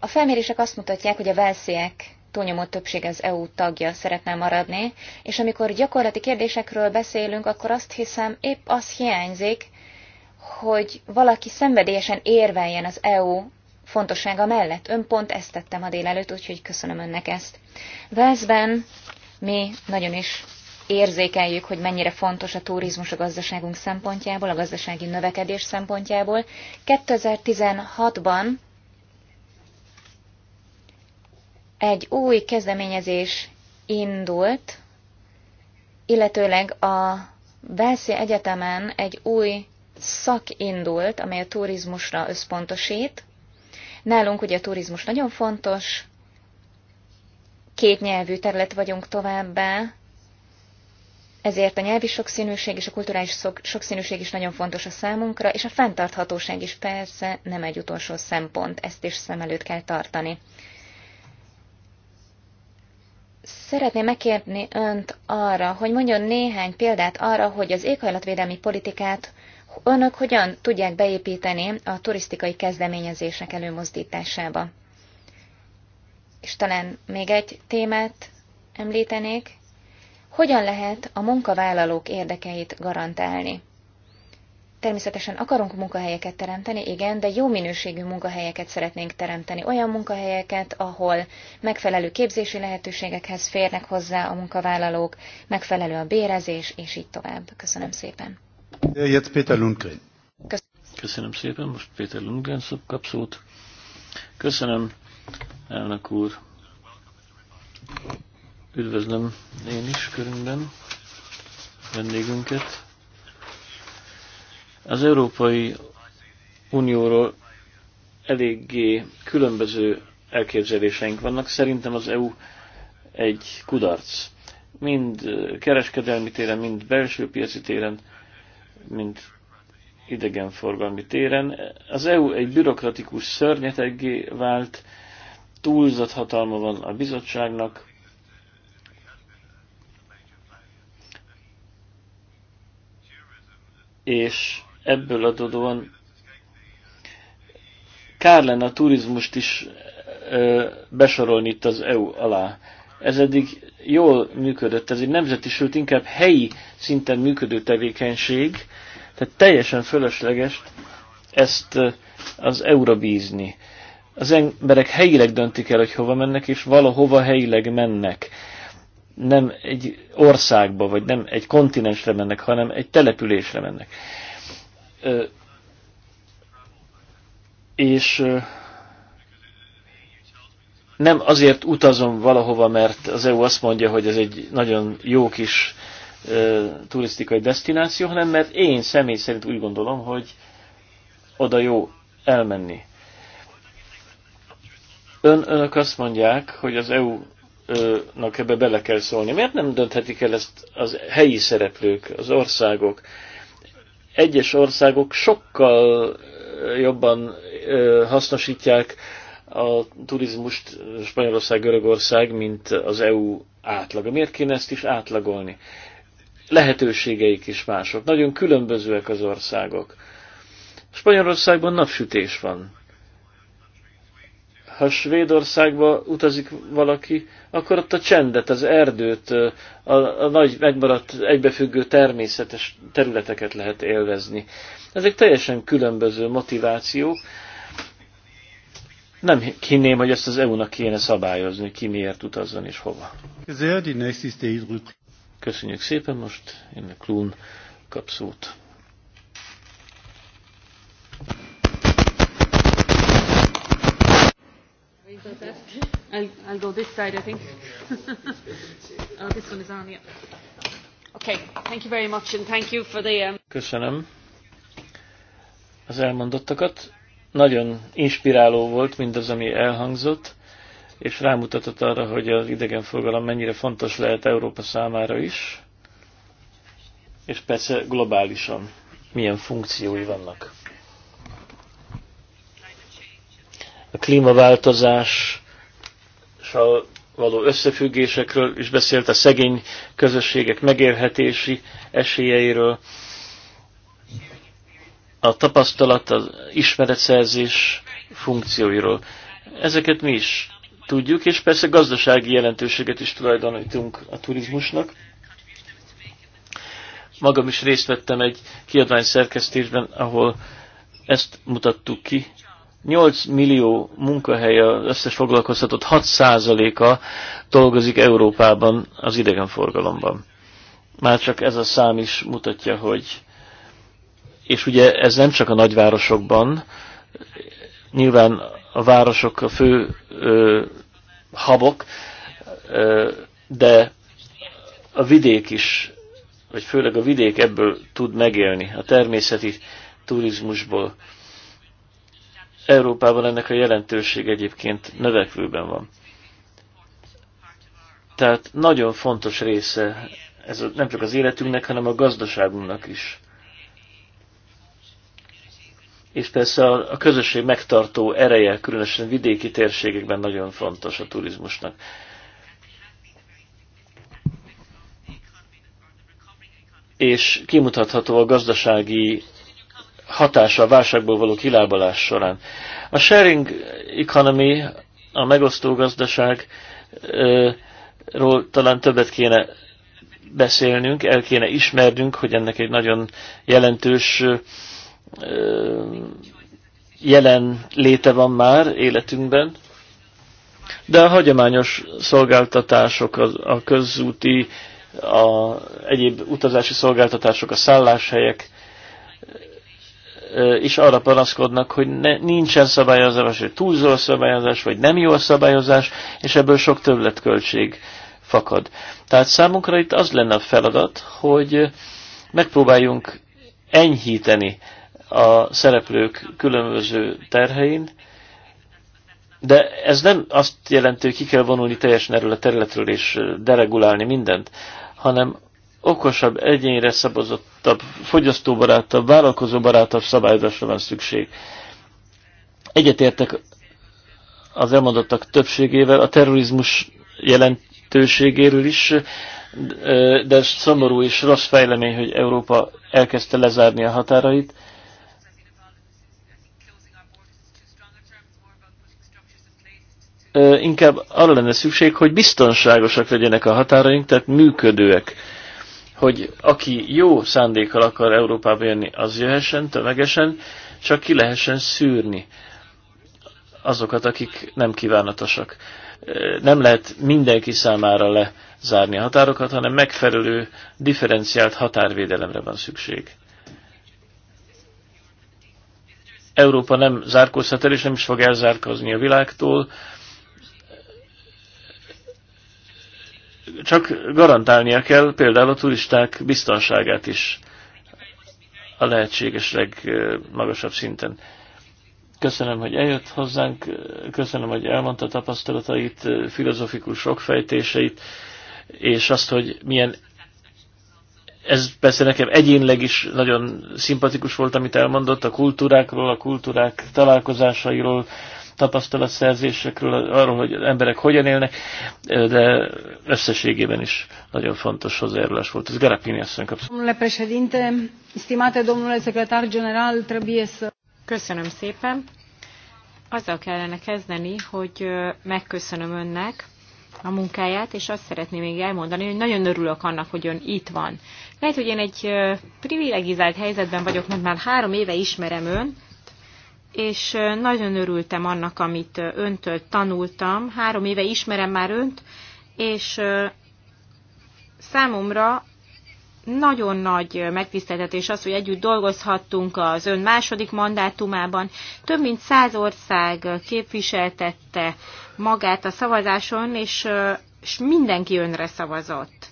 A felmérések azt mutatják, hogy a velsziek túlnyomó többség az EU tagja szeretne maradni, és amikor gyakorlati kérdésekről beszélünk, akkor azt hiszem épp az hiányzik, hogy valaki szenvedélyesen érveljen az EU fontossága mellett. Ön pont ezt tettem a délelőtt, úgyhogy köszönöm önnek ezt. Velszben mi nagyon is érzékeljük, hogy mennyire fontos a turizmus a gazdaságunk szempontjából, a gazdasági növekedés szempontjából. 2016-ban egy új kezdeményezés indult, illetőleg a Velszi Egyetemen egy új szak indult, amely a turizmusra összpontosít, Nálunk ugye a turizmus nagyon fontos, Két nyelvű terület vagyunk továbbá, ezért a nyelvi sokszínűség és a kulturális sokszínűség is nagyon fontos a számunkra, és a fenntarthatóság is persze nem egy utolsó szempont, ezt is szem előtt kell tartani. Szeretném megkérni önt arra, hogy mondjon néhány példát arra, hogy az éghajlatvédelmi politikát önök hogyan tudják beépíteni a turisztikai kezdeményezések előmozdításába? És talán még egy témát említenék. Hogyan lehet a munkavállalók érdekeit garantálni? Természetesen akarunk munkahelyeket teremteni, igen, de jó minőségű munkahelyeket szeretnénk teremteni. Olyan munkahelyeket, ahol megfelelő képzési lehetőségekhez férnek hozzá a munkavállalók, megfelelő a bérezés, és így tovább. Köszönöm szépen. Jetzt Peter Lundgren. Köszönöm szépen, most Péter Lundgren kap szót. Köszönöm, elnök úr. Üdvözlöm én is körünkben vendégünket. Az Európai Unióról eléggé különböző elképzeléseink vannak. Szerintem az EU egy kudarc. Mind kereskedelmi téren, mind belső piaci téren mint idegenforgalmi téren. Az EU egy bürokratikus szörnyeteggé vált, túlzott hatalma van a bizottságnak, és ebből adódóan kár lenne a turizmust is besorolni itt az EU alá. Ez eddig jól működött, ez egy nemzeti, sőt inkább helyi szinten működő tevékenység, tehát teljesen fölösleges ezt az eu bízni. Az emberek helyileg döntik el, hogy hova mennek, és valahova helyileg mennek. Nem egy országba, vagy nem egy kontinensre mennek, hanem egy településre mennek. És nem azért utazom valahova, mert az EU azt mondja, hogy ez egy nagyon jó kis ö, turisztikai destináció, hanem mert én személy szerint úgy gondolom, hogy oda jó elmenni. Ön, önök azt mondják, hogy az EU-nak ebbe bele kell szólni. Miért nem dönthetik el ezt az helyi szereplők, az országok? Egyes országok sokkal jobban hasznosítják a turizmust Spanyolország, Görögország, mint az EU átlaga. Miért kéne ezt is átlagolni? Lehetőségeik is mások. Nagyon különbözőek az országok. Spanyolországban napsütés van. Ha Svédországba utazik valaki, akkor ott a csendet, az erdőt, a, a nagy megmaradt egybefüggő természetes területeket lehet élvezni. Ezek teljesen különböző motivációk, nem hinném, hogy ezt az EU-nak kéne szabályozni, ki miért utazzon és hova. Köszönjük szépen most, én a Klún kap szót. I'll, I'll go this side, I think. oh, this one is on, yeah. Okay, thank you very much, and thank you for the... Um... Köszönöm az elmondottakat nagyon inspiráló volt mindaz, ami elhangzott, és rámutatott arra, hogy az idegenforgalom mennyire fontos lehet Európa számára is, és persze globálisan milyen funkciói vannak. A klímaváltozással való összefüggésekről is beszélt, a szegény közösségek megélhetési esélyeiről, a tapasztalat, az ismeretszerzés funkcióiról. Ezeket mi is tudjuk, és persze gazdasági jelentőséget is tulajdonítunk a turizmusnak. Magam is részt vettem egy kiadvány szerkesztésben, ahol ezt mutattuk ki. 8 millió munkahely az összes foglalkoztatott 6%-a dolgozik Európában az idegenforgalomban. Már csak ez a szám is mutatja, hogy és ugye ez nem csak a nagyvárosokban, nyilván a városok a fő ö, habok, ö, de a vidék is, vagy főleg a vidék ebből tud megélni, a természeti turizmusból. Európában ennek a jelentőség egyébként növekvőben van. Tehát nagyon fontos része ez nem csak az életünknek, hanem a gazdaságunknak is és persze a, a közösség megtartó ereje, különösen vidéki térségekben nagyon fontos a turizmusnak. És kimutatható a gazdasági hatása a válságból való kilábalás során. A sharing economy, a megosztó gazdaságról talán többet kéne beszélnünk, el kéne ismernünk, hogy ennek egy nagyon jelentős jelen léte van már életünkben, de a hagyományos szolgáltatások, a közúti, a egyéb utazási szolgáltatások, a szálláshelyek is arra panaszkodnak, hogy ne, nincsen szabályozás, vagy túlzó szabályozás, vagy nem jó szabályozás, és ebből sok többletköltség fakad. Tehát számunkra itt az lenne a feladat, hogy megpróbáljunk enyhíteni a szereplők különböző terhein, de ez nem azt jelenti, hogy ki kell vonulni teljesen erről a területről és deregulálni mindent, hanem okosabb, egyénre szabozottabb, fogyasztóbarátabb, vállalkozóbarátabb szabályozásra van szükség. Egyetértek az elmondottak többségével, a terrorizmus jelentőségéről is, de szomorú és rossz fejlemény, hogy Európa elkezdte lezárni a határait. inkább arra lenne szükség, hogy biztonságosak legyenek a határaink, tehát működőek. Hogy aki jó szándékkal akar Európába jönni, az jöhessen tömegesen, csak ki lehessen szűrni azokat, akik nem kívánatosak. Nem lehet mindenki számára lezárni a határokat, hanem megfelelő, differenciált határvédelemre van szükség. Európa nem zárkózhat el, és nem is fog elzárkozni a világtól, csak garantálnia kell például a turisták biztonságát is a lehetséges legmagasabb szinten. Köszönöm, hogy eljött hozzánk, köszönöm, hogy elmondta tapasztalatait, filozofikus okfejtéseit, és azt, hogy milyen ez persze nekem egyénleg is nagyon szimpatikus volt, amit elmondott a kultúrákról, a kultúrák találkozásairól, tapasztalatszerzésekről, arról, hogy emberek hogyan élnek, de összességében is nagyon fontos hozzájárulás volt. Ez Garapini asszony Köszönöm szépen. Azzal kellene kezdeni, hogy megköszönöm önnek, a munkáját, és azt szeretném még elmondani, hogy nagyon örülök annak, hogy ön itt van. Lehet, hogy én egy privilegizált helyzetben vagyok, mert már három éve ismerem ön, és nagyon örültem annak, amit öntől tanultam. Három éve ismerem már önt, és számomra nagyon nagy megtiszteltetés az, hogy együtt dolgozhattunk az ön második mandátumában. Több mint száz ország képviseltette magát a szavazáson, és, és mindenki önre szavazott.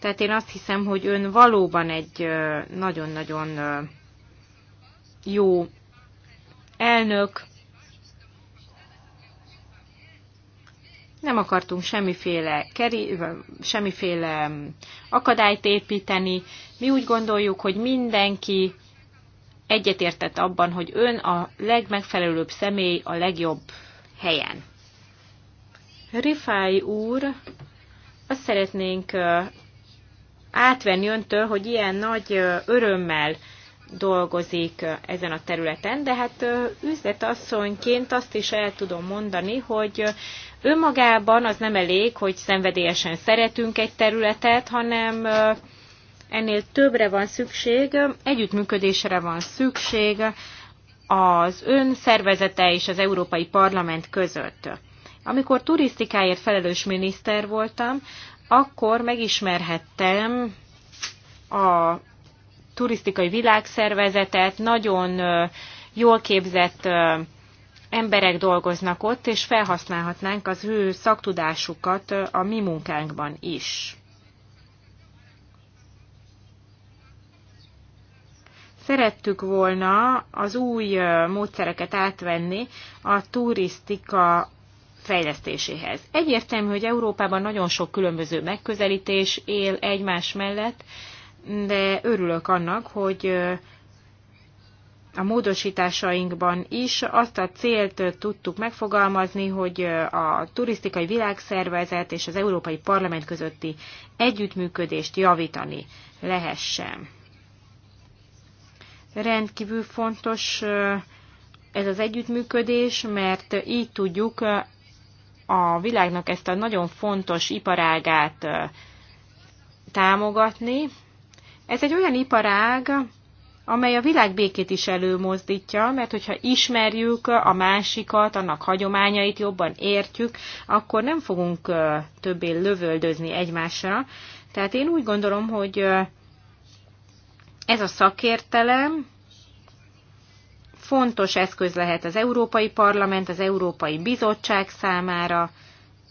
Tehát én azt hiszem, hogy ön valóban egy nagyon-nagyon jó elnök. Nem akartunk semmiféle, keri, semmiféle akadályt építeni. Mi úgy gondoljuk, hogy mindenki egyetértett abban, hogy ön a legmegfelelőbb személy a legjobb helyen. Rifáj úr, azt szeretnénk átvenni öntől, hogy ilyen nagy örömmel dolgozik ezen a területen, de hát üzletasszonyként azt is el tudom mondani, hogy önmagában az nem elég, hogy szenvedélyesen szeretünk egy területet, hanem ennél többre van szükség, együttműködésre van szükség az ön szervezete és az Európai Parlament között. Amikor turisztikáért felelős miniszter voltam, akkor megismerhettem a turisztikai világszervezetet, nagyon jól képzett emberek dolgoznak ott, és felhasználhatnánk az ő szaktudásukat a mi munkánkban is. szerettük volna az új módszereket átvenni a turisztika fejlesztéséhez. Egyértelmű, hogy Európában nagyon sok különböző megközelítés él egymás mellett, de örülök annak, hogy a módosításainkban is azt a célt tudtuk megfogalmazni, hogy a turisztikai világszervezet és az Európai Parlament közötti együttműködést javítani lehessen. Rendkívül fontos ez az együttműködés, mert így tudjuk a világnak ezt a nagyon fontos iparágát támogatni, ez egy olyan iparág, amely a világ békét is előmozdítja, mert hogyha ismerjük a másikat, annak hagyományait jobban értjük, akkor nem fogunk többé lövöldözni egymásra. Tehát én úgy gondolom, hogy ez a szakértelem fontos eszköz lehet az Európai Parlament, az Európai Bizottság számára,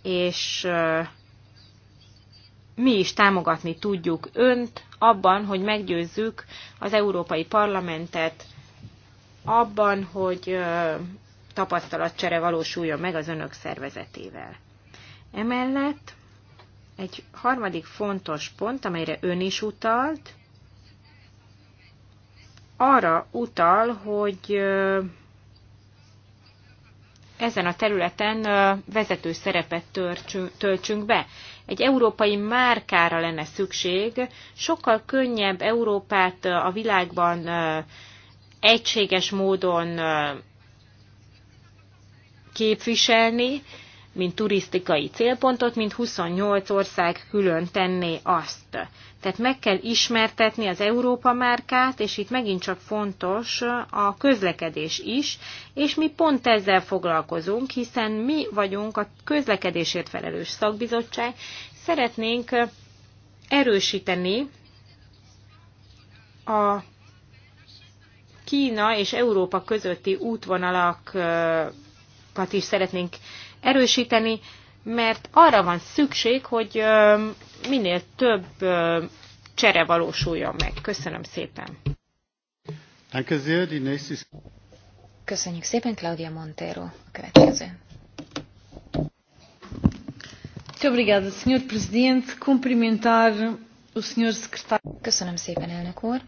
és mi is támogatni tudjuk önt abban, hogy meggyőzzük az Európai Parlamentet abban, hogy tapasztalatcsere valósuljon meg az önök szervezetével. Emellett egy harmadik fontos pont, amelyre ön is utalt, arra utal, hogy ezen a területen vezető szerepet töltsünk be egy európai márkára lenne szükség, sokkal könnyebb Európát a világban egységes módon képviselni, mint turisztikai célpontot, mint 28 ország külön tenné azt. Tehát meg kell ismertetni az Európa márkát, és itt megint csak fontos a közlekedés is, és mi pont ezzel foglalkozunk, hiszen mi vagyunk a közlekedésért felelős szakbizottság, szeretnénk erősíteni a Kína és Európa közötti útvonalakat is szeretnénk erősíteni, mert arra van szükség, hogy minél több csere valósuljon meg. Köszönöm szépen. Köszönjük szépen, Claudia Montero. A következő. Köszönöm szépen, elnök úr.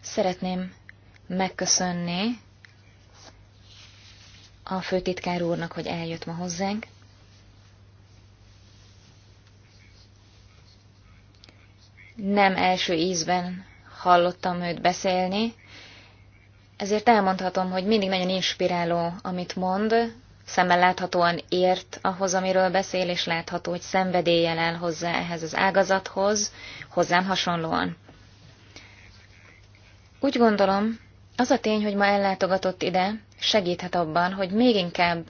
Szeretném megköszönni a főtitkár úrnak, hogy eljött ma hozzánk. Nem első ízben hallottam őt beszélni, ezért elmondhatom, hogy mindig nagyon inspiráló, amit mond, szemmel láthatóan ért ahhoz, amiről beszél, és látható, hogy szenvedéllyel áll hozzá ehhez az ágazathoz, hozzám hasonlóan. Úgy gondolom, az a tény, hogy ma ellátogatott ide, segíthet abban, hogy még inkább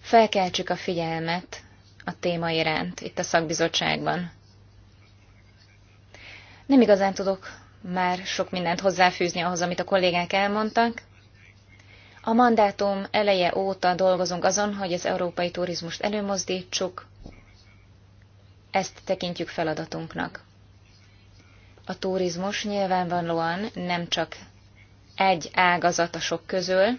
felkeltsük a figyelmet a téma iránt itt a szakbizottságban. Nem igazán tudok már sok mindent hozzáfűzni ahhoz, amit a kollégák elmondtak. A mandátum eleje óta dolgozunk azon, hogy az európai turizmust előmozdítsuk, ezt tekintjük feladatunknak. A turizmus nyilvánvalóan nem csak egy ágazat a sok közül.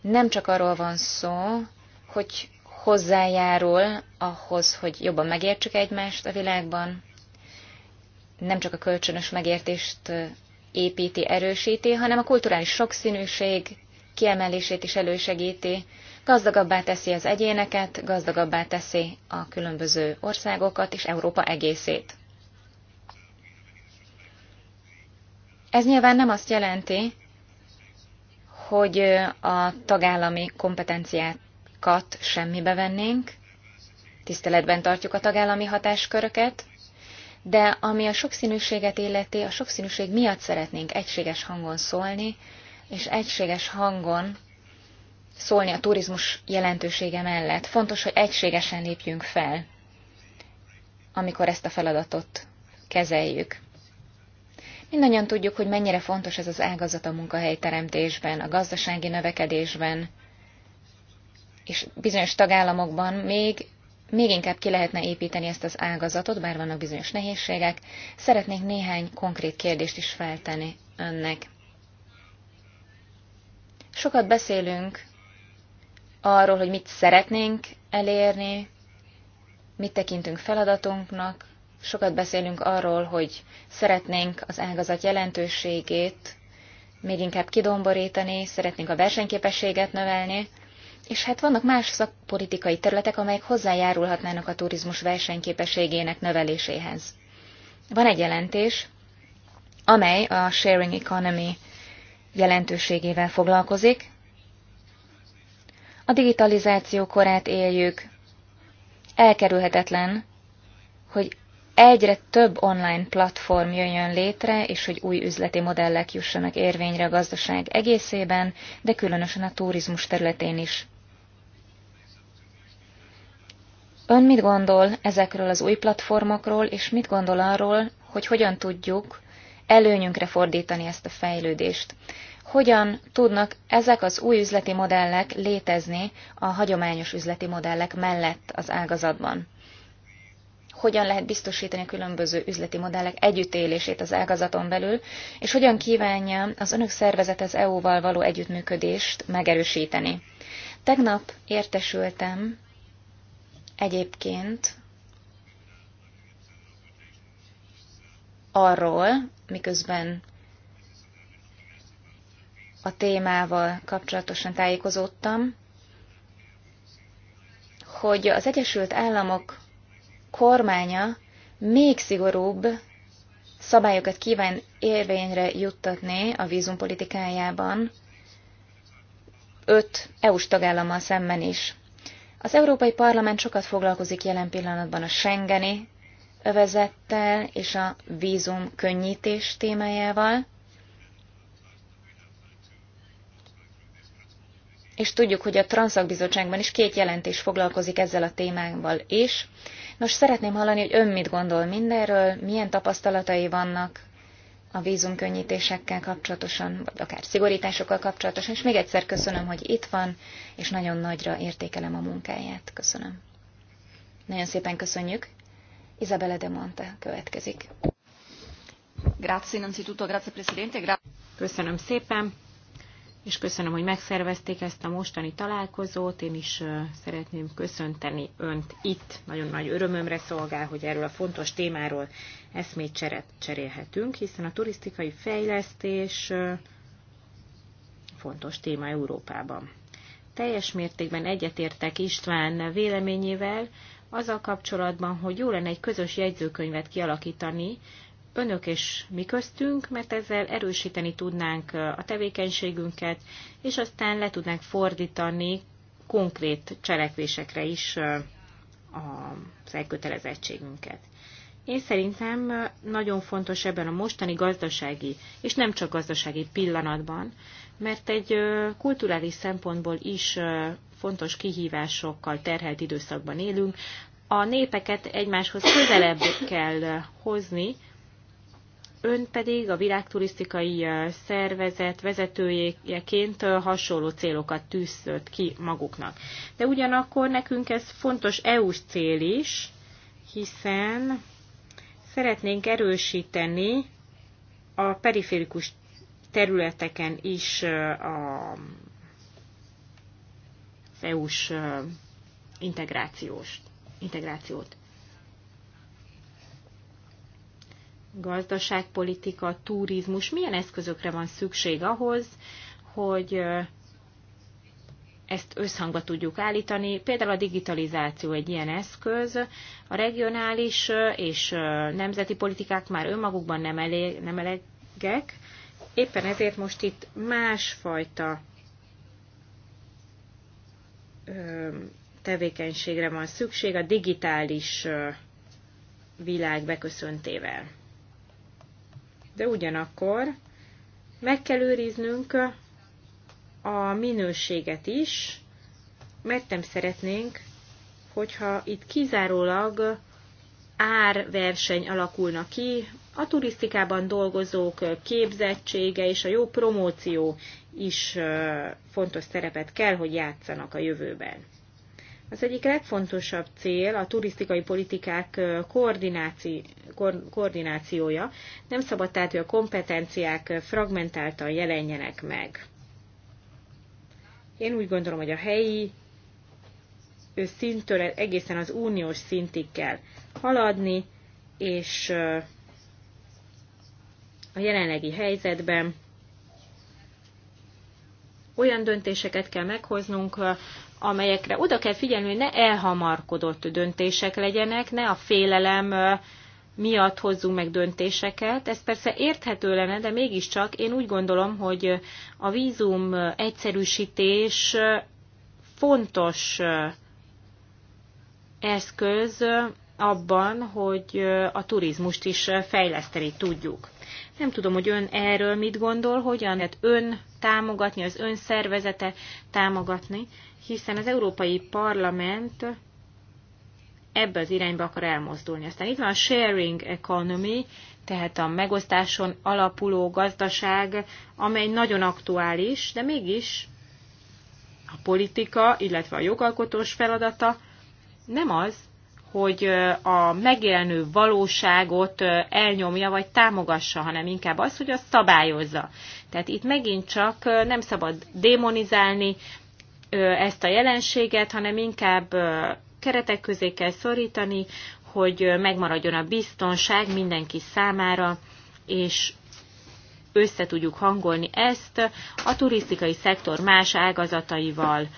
Nem csak arról van szó, hogy hozzájárul ahhoz, hogy jobban megértsük egymást a világban, nem csak a kölcsönös megértést építi, erősíti, hanem a kulturális sokszínűség kiemelését is elősegíti, gazdagabbá teszi az egyéneket, gazdagabbá teszi a különböző országokat és Európa egészét. Ez nyilván nem azt jelenti, hogy a tagállami kompetenciákat semmibe vennénk, tiszteletben tartjuk a tagállami hatásköröket, de ami a sokszínűséget illeti, a sokszínűség miatt szeretnénk egységes hangon szólni, és egységes hangon szólni a turizmus jelentősége mellett. Fontos, hogy egységesen lépjünk fel, amikor ezt a feladatot kezeljük. Mindannyian tudjuk, hogy mennyire fontos ez az ágazat a munkahelyteremtésben, a gazdasági növekedésben, és bizonyos tagállamokban még, még inkább ki lehetne építeni ezt az ágazatot, bár vannak bizonyos nehézségek. Szeretnék néhány konkrét kérdést is feltenni önnek. Sokat beszélünk arról, hogy mit szeretnénk elérni, mit tekintünk feladatunknak, Sokat beszélünk arról, hogy szeretnénk az ágazat jelentőségét még inkább kidomborítani, szeretnénk a versenyképességet növelni, és hát vannak más szakpolitikai területek, amelyek hozzájárulhatnának a turizmus versenyképességének növeléséhez. Van egy jelentés, amely a sharing economy jelentőségével foglalkozik. A digitalizáció korát éljük. Elkerülhetetlen, hogy egyre több online platform jöjjön létre, és hogy új üzleti modellek jussanak érvényre a gazdaság egészében, de különösen a turizmus területén is. Ön mit gondol ezekről az új platformokról, és mit gondol arról, hogy hogyan tudjuk előnyünkre fordítani ezt a fejlődést? Hogyan tudnak ezek az új üzleti modellek létezni a hagyományos üzleti modellek mellett az ágazatban? hogyan lehet biztosítani a különböző üzleti modellek együttélését az ágazaton belül, és hogyan kívánja az önök szervezet az EU-val való együttműködést megerősíteni. Tegnap értesültem egyébként arról, miközben a témával kapcsolatosan tájékozódtam, hogy az Egyesült Államok kormánya még szigorúbb szabályokat kíván érvényre juttatni a vízumpolitikájában öt EU-s tagállammal szemben is. Az Európai Parlament sokat foglalkozik jelen pillanatban a Schengeni övezettel és a vízum könnyítés témájával, és tudjuk, hogy a Transzakbizottságban is két jelentés foglalkozik ezzel a témával is. Nos, szeretném hallani, hogy ön mit gondol mindenről, milyen tapasztalatai vannak a vízumkönnyítésekkel kapcsolatosan, vagy akár szigorításokkal kapcsolatosan, és még egyszer köszönöm, hogy itt van, és nagyon nagyra értékelem a munkáját. Köszönöm. Nagyon szépen köszönjük. Isabella de Monte következik. Grazie, innanzitutto, grazie Presidente. Gra- köszönöm szépen és köszönöm, hogy megszervezték ezt a mostani találkozót. Én is szeretném köszönteni Önt itt. Nagyon nagy örömömre szolgál, hogy erről a fontos témáról eszmét cseret cserélhetünk, hiszen a turisztikai fejlesztés fontos téma Európában. Teljes mértékben egyetértek István véleményével, azzal kapcsolatban, hogy jó lenne egy közös jegyzőkönyvet kialakítani önök és mi köztünk, mert ezzel erősíteni tudnánk a tevékenységünket, és aztán le tudnánk fordítani konkrét cselekvésekre is az elkötelezettségünket. Én szerintem nagyon fontos ebben a mostani gazdasági, és nem csak gazdasági pillanatban, mert egy kulturális szempontból is fontos kihívásokkal terhelt időszakban élünk. A népeket egymáshoz közelebb kell hozni, ön pedig a világturisztikai szervezet vezetőjeként hasonló célokat tűzött ki maguknak. De ugyanakkor nekünk ez fontos EU-s cél is, hiszen szeretnénk erősíteni a periférikus területeken is a EU-s integrációt. gazdaságpolitika, turizmus, milyen eszközökre van szükség ahhoz, hogy ezt összhangba tudjuk állítani. Például a digitalizáció egy ilyen eszköz. A regionális és nemzeti politikák már önmagukban nem, elég, nem elegek. Éppen ezért most itt másfajta tevékenységre van szükség a digitális világ beköszöntével de ugyanakkor meg kell őriznünk a minőséget is, mert nem szeretnénk, hogyha itt kizárólag árverseny alakulna ki, a turisztikában dolgozók képzettsége és a jó promóció is fontos szerepet kell, hogy játszanak a jövőben. Az egyik legfontosabb cél a turisztikai politikák koordinációja. Nem szabad tehát, hogy a kompetenciák fragmentáltan jelenjenek meg. Én úgy gondolom, hogy a helyi szinttől egészen az uniós szintig kell haladni, és a jelenlegi helyzetben olyan döntéseket kell meghoznunk, amelyekre oda kell figyelni, hogy ne elhamarkodott döntések legyenek, ne a félelem miatt hozzunk meg döntéseket. Ez persze érthető lenne, de mégiscsak én úgy gondolom, hogy a vízum egyszerűsítés fontos eszköz abban, hogy a turizmust is fejleszteni tudjuk. Nem tudom, hogy ön erről mit gondol, hogyan lehet ön támogatni, az ön szervezete támogatni, hiszen az Európai Parlament ebbe az irányba akar elmozdulni. Aztán itt van a sharing economy, tehát a megosztáson alapuló gazdaság, amely nagyon aktuális, de mégis a politika, illetve a jogalkotós feladata nem az, hogy a megjelenő valóságot elnyomja vagy támogassa, hanem inkább az, hogy azt szabályozza. Tehát itt megint csak nem szabad démonizálni, ezt a jelenséget, hanem inkább keretek közé kell szorítani, hogy megmaradjon a biztonság mindenki számára, és össze tudjuk hangolni ezt a turisztikai szektor más ágazataival,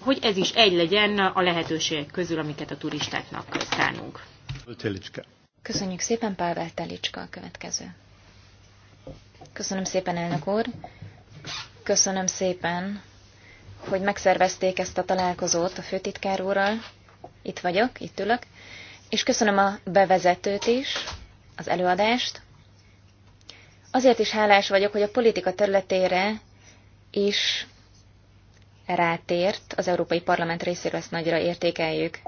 hogy ez is egy legyen a lehetőségek közül, amiket a turistáknak szánunk. Köszönjük szépen, Pável Telicska a következő. Köszönöm szépen, elnök úr. Köszönöm szépen hogy megszervezték ezt a találkozót a főtitkár úrral. Itt vagyok, itt ülök. És köszönöm a bevezetőt is, az előadást. Azért is hálás vagyok, hogy a politika területére is rátért, az Európai Parlament részéről ezt nagyra értékeljük.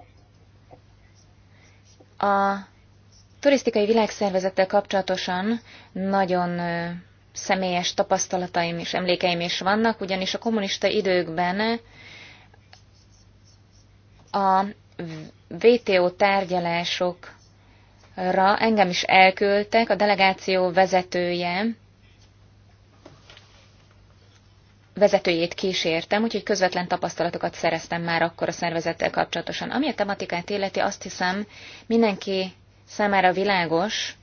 A turisztikai világszervezettel kapcsolatosan nagyon személyes tapasztalataim és emlékeim is vannak, ugyanis a kommunista időkben a VTO tárgyalásokra engem is elküldtek, a delegáció vezetője, vezetőjét kísértem, úgyhogy közvetlen tapasztalatokat szereztem már akkor a szervezettel kapcsolatosan. Ami a tematikát illeti, azt hiszem mindenki számára világos,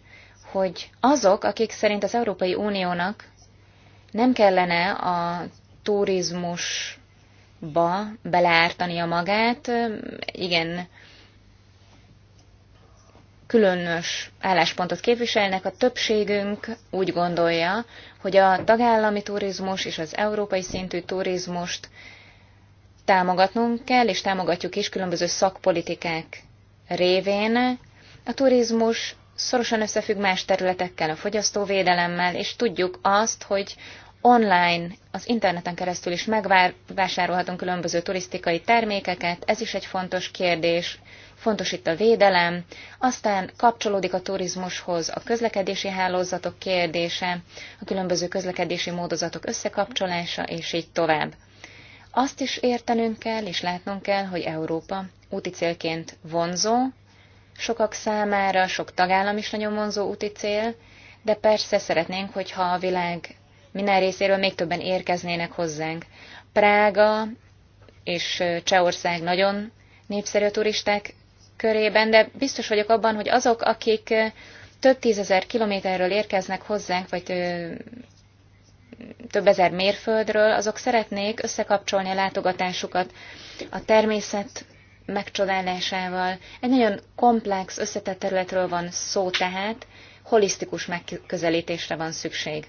hogy azok, akik szerint az Európai Uniónak nem kellene a turizmusba a magát, igen, különös álláspontot képviselnek, a többségünk úgy gondolja, hogy a tagállami turizmus és az európai szintű turizmust támogatnunk kell, és támogatjuk is különböző szakpolitikák révén. A turizmus szorosan összefügg más területekkel, a fogyasztóvédelemmel, és tudjuk azt, hogy online, az interneten keresztül is megvásárolhatunk különböző turisztikai termékeket, ez is egy fontos kérdés, fontos itt a védelem, aztán kapcsolódik a turizmushoz a közlekedési hálózatok kérdése, a különböző közlekedési módozatok összekapcsolása, és így tovább. Azt is értenünk kell, és látnunk kell, hogy Európa úti célként vonzó, sokak számára, sok tagállam is nagyon vonzó úti cél, de persze szeretnénk, hogyha a világ minden részéről még többen érkeznének hozzánk. Prága és Csehország nagyon népszerű a turisták körében, de biztos vagyok abban, hogy azok, akik több tízezer kilométerről érkeznek hozzánk, vagy több ezer mérföldről, azok szeretnék összekapcsolni a látogatásukat a természet megcsodálásával. Egy nagyon komplex, összetett területről van szó tehát, holisztikus megközelítésre van szükség.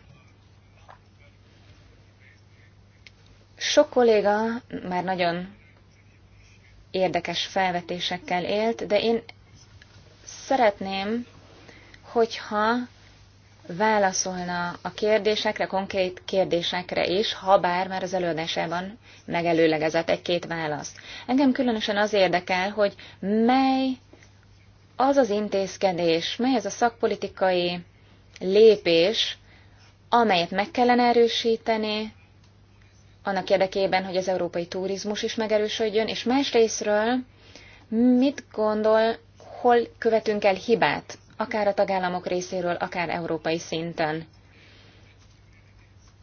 Sok kolléga már nagyon érdekes felvetésekkel élt, de én szeretném, hogyha válaszolna a kérdésekre, konkrét kérdésekre is, ha bár már az előadásában megelőlegezett egy-két választ. Engem különösen az érdekel, hogy mely az az intézkedés, mely az a szakpolitikai lépés, amelyet meg kellene erősíteni, annak érdekében, hogy az európai turizmus is megerősödjön, és más részről mit gondol, hol követünk el hibát akár a tagállamok részéről, akár európai szinten.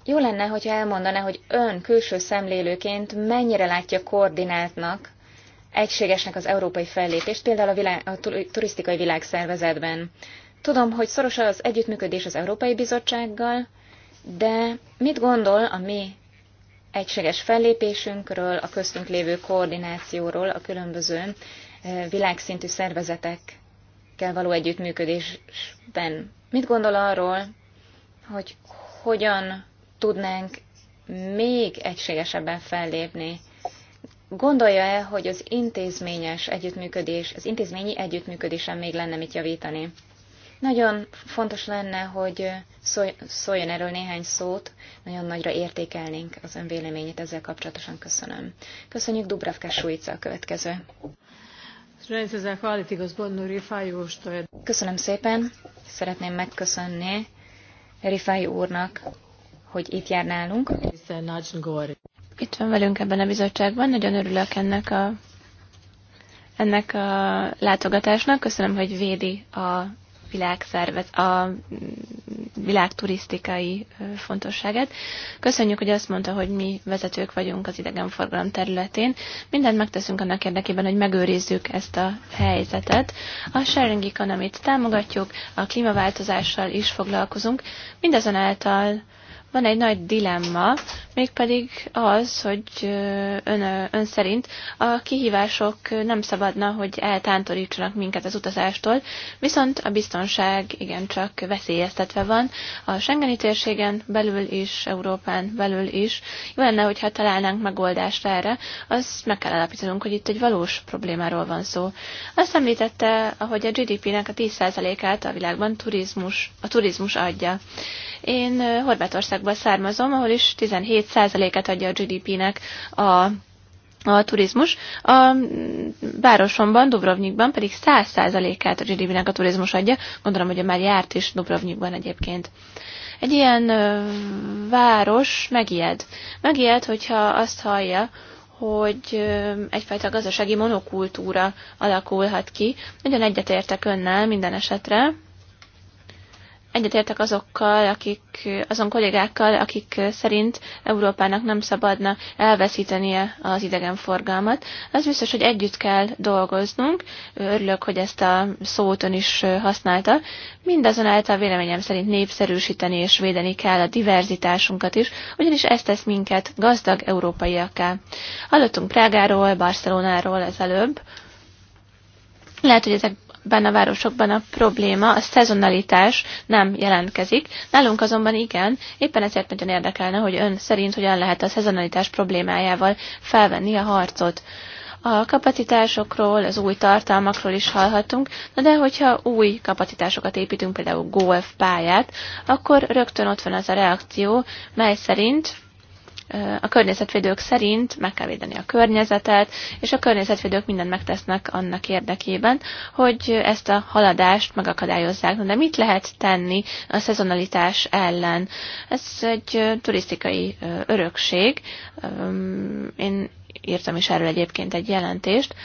Jó lenne, hogyha elmondaná, hogy ön külső szemlélőként mennyire látja koordináltnak, egységesnek az európai fellépést, például a, világ, a turisztikai világszervezetben. Tudom, hogy szoros az együttműködés az Európai Bizottsággal, de mit gondol a mi egységes fellépésünkről, a köztünk lévő koordinációról, a különböző eh, világszintű szervezetek kell való együttműködésben. Mit gondol arról, hogy hogyan tudnánk még egységesebben fellépni? Gondolja-e, hogy az intézményes együttműködés, az intézményi együttműködésen még lenne mit javítani? Nagyon fontos lenne, hogy szóljon erről néhány szót, nagyon nagyra értékelnénk az önvéleményét véleményét ezzel kapcsolatosan. Köszönöm. Köszönjük Dubravka Sújca a következő. Köszönöm szépen. Szeretném megköszönni Rifai úrnak, hogy itt jár nálunk. Itt van velünk ebben a bizottságban. Nagyon örülök ennek a, ennek a látogatásnak. Köszönöm, hogy védi a világszervez, a világturisztikai fontosságát. Köszönjük, hogy azt mondta, hogy mi vezetők vagyunk az idegenforgalom területén. Mindent megteszünk annak érdekében, hogy megőrizzük ezt a helyzetet. A sharing economy támogatjuk, a klímaváltozással is foglalkozunk, mindazonáltal van egy nagy dilemma, mégpedig az, hogy ön, ön szerint a kihívások nem szabadna, hogy eltántorítsanak minket az utazástól, viszont a biztonság igencsak veszélyeztetve van a Schengeni térségen belül is, Európán belül is. Jó lenne, hogyha találnánk megoldást erre, az meg kell alapítanunk, hogy itt egy valós problémáról van szó. Azt említette, hogy a GDP-nek a 10%-át a világban turizmus, a turizmus adja. Én Horvátországban országból származom, ahol is 17%-et adja a GDP-nek a a turizmus. A városomban, Dubrovnikban pedig 100%-át a GDP-nek a turizmus adja. Gondolom, hogy már járt is Dubrovnikban egyébként. Egy ilyen város megijed. Megijed, hogyha azt hallja, hogy egyfajta gazdasági monokultúra alakulhat ki. Nagyon egyetértek önnel minden esetre, egyetértek azokkal, akik, azon kollégákkal, akik szerint Európának nem szabadna elveszítenie az idegenforgalmat. Az biztos, hogy együtt kell dolgoznunk. Örülök, hogy ezt a szót ön is használta. Mindazonáltal véleményem szerint népszerűsíteni és védeni kell a diverzitásunkat is, ugyanis ez tesz minket gazdag európaiakká. Hallottunk Prágáról, Barcelonáról ezelőbb. Lehet, hogy ezek ezekben a városokban a probléma, a szezonalitás nem jelentkezik. Nálunk azonban igen, éppen ezért nagyon érdekelne, hogy ön szerint hogyan lehet a szezonalitás problémájával felvenni a harcot. A kapacitásokról, az új tartalmakról is hallhatunk, na de hogyha új kapacitásokat építünk, például golfpályát, akkor rögtön ott van az a reakció, mely szerint a környezetvédők szerint meg kell védeni a környezetet, és a környezetvédők mindent megtesznek annak érdekében, hogy ezt a haladást megakadályozzák. De mit lehet tenni a szezonalitás ellen? Ez egy turisztikai örökség. Én írtam is erről egyébként egy jelentést.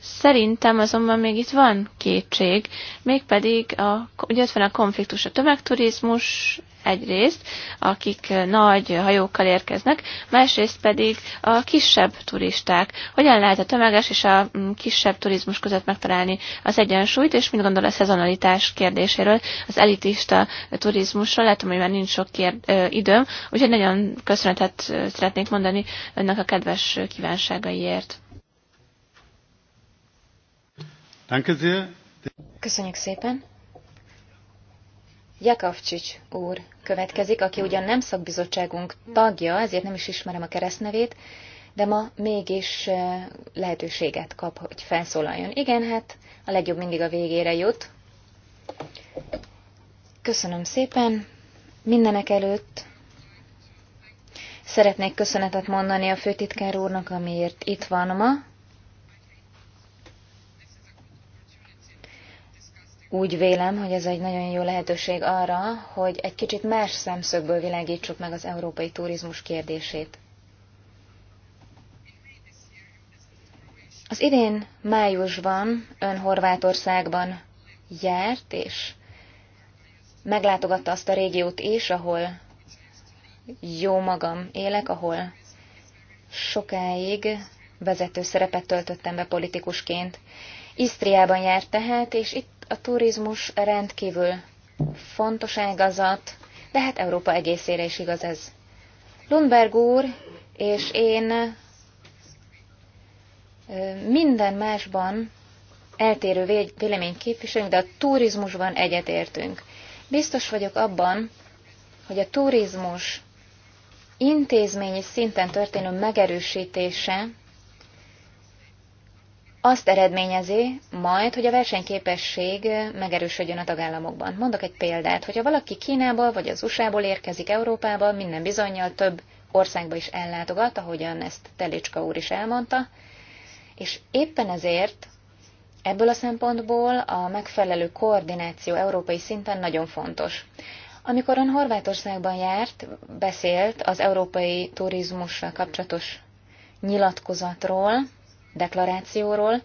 Szerintem azonban még itt van kétség, mégpedig a, ugye ott van a konfliktus, a tömegturizmus egyrészt, akik nagy hajókkal érkeznek, másrészt pedig a kisebb turisták. Hogyan lehet a tömeges és a mm, kisebb turizmus között megtalálni az egyensúlyt, és mit gondol a szezonalitás kérdéséről, az elitista turizmusról? Látom, hogy már nincs sok kérd, ö, időm, úgyhogy nagyon köszönetet szeretnék mondani önnek a kedves kívánságaiért. Köszönjük szépen. Jakovcsics úr következik, aki ugyan nem szakbizottságunk tagja, ezért nem is ismerem a keresztnevét, de ma mégis eh, lehetőséget kap, hogy felszólaljon. Igen, hát a legjobb mindig a végére jut. Köszönöm szépen. Mindenek előtt szeretnék köszönetet mondani a főtitkár úrnak, amiért itt van ma, Úgy vélem, hogy ez egy nagyon jó lehetőség arra, hogy egy kicsit más szemszögből világítsuk meg az európai turizmus kérdését. Az idén májusban ön Horvátországban járt, és meglátogatta azt a régiót is, ahol jó magam élek, ahol sokáig vezető szerepet töltöttem be politikusként. Isztriában járt tehát, és itt a turizmus rendkívül fontos ágazat, de hát Európa egészére is igaz ez. Lundberg úr és én minden másban eltérő véleményt képviselünk, de a turizmusban egyetértünk. Biztos vagyok abban, hogy a turizmus intézményi szinten történő megerősítése azt eredményezi majd, hogy a versenyképesség megerősödjön a tagállamokban. Mondok egy példát, hogyha valaki Kínából vagy az USA-ból érkezik Európába, minden bizonyal több országba is ellátogat, ahogyan ezt Telicska úr is elmondta, és éppen ezért ebből a szempontból a megfelelő koordináció európai szinten nagyon fontos. Amikor ön Horvátországban járt, beszélt az európai turizmussal kapcsolatos nyilatkozatról, deklarációról,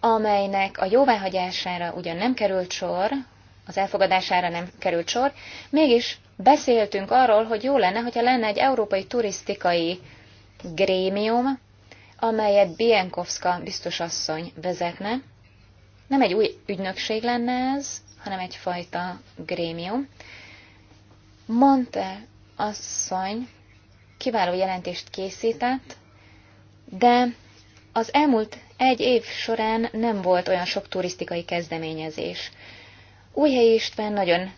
amelynek a jóváhagyására ugyan nem került sor, az elfogadására nem került sor, mégis beszéltünk arról, hogy jó lenne, hogyha lenne egy európai turisztikai grémium, amelyet Bienkowska biztosasszony vezetne. Nem egy új ügynökség lenne ez, hanem egyfajta grémium. Monte asszony kiváló jelentést készített, de az elmúlt egy év során nem volt olyan sok turisztikai kezdeményezés. Újhelyi István nagyon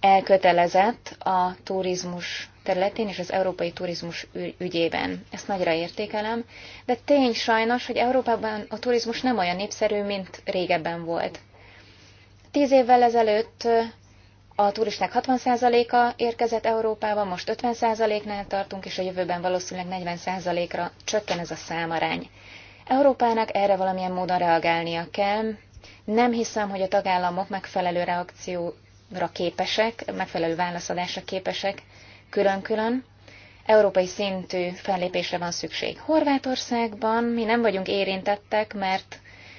elkötelezett a turizmus területén és az európai turizmus ügyében. Ezt nagyra értékelem, de tény sajnos, hogy Európában a turizmus nem olyan népszerű, mint régebben volt. Tíz évvel ezelőtt a turisták 60%-a érkezett Európába, most 50%-nál tartunk, és a jövőben valószínűleg 40%-ra csökken ez a számarány. Európának erre valamilyen módon reagálnia kell. Nem hiszem, hogy a tagállamok megfelelő reakcióra képesek, megfelelő válaszadásra képesek külön-külön. Európai szintű fellépésre van szükség. Horvátországban mi nem vagyunk érintettek, mert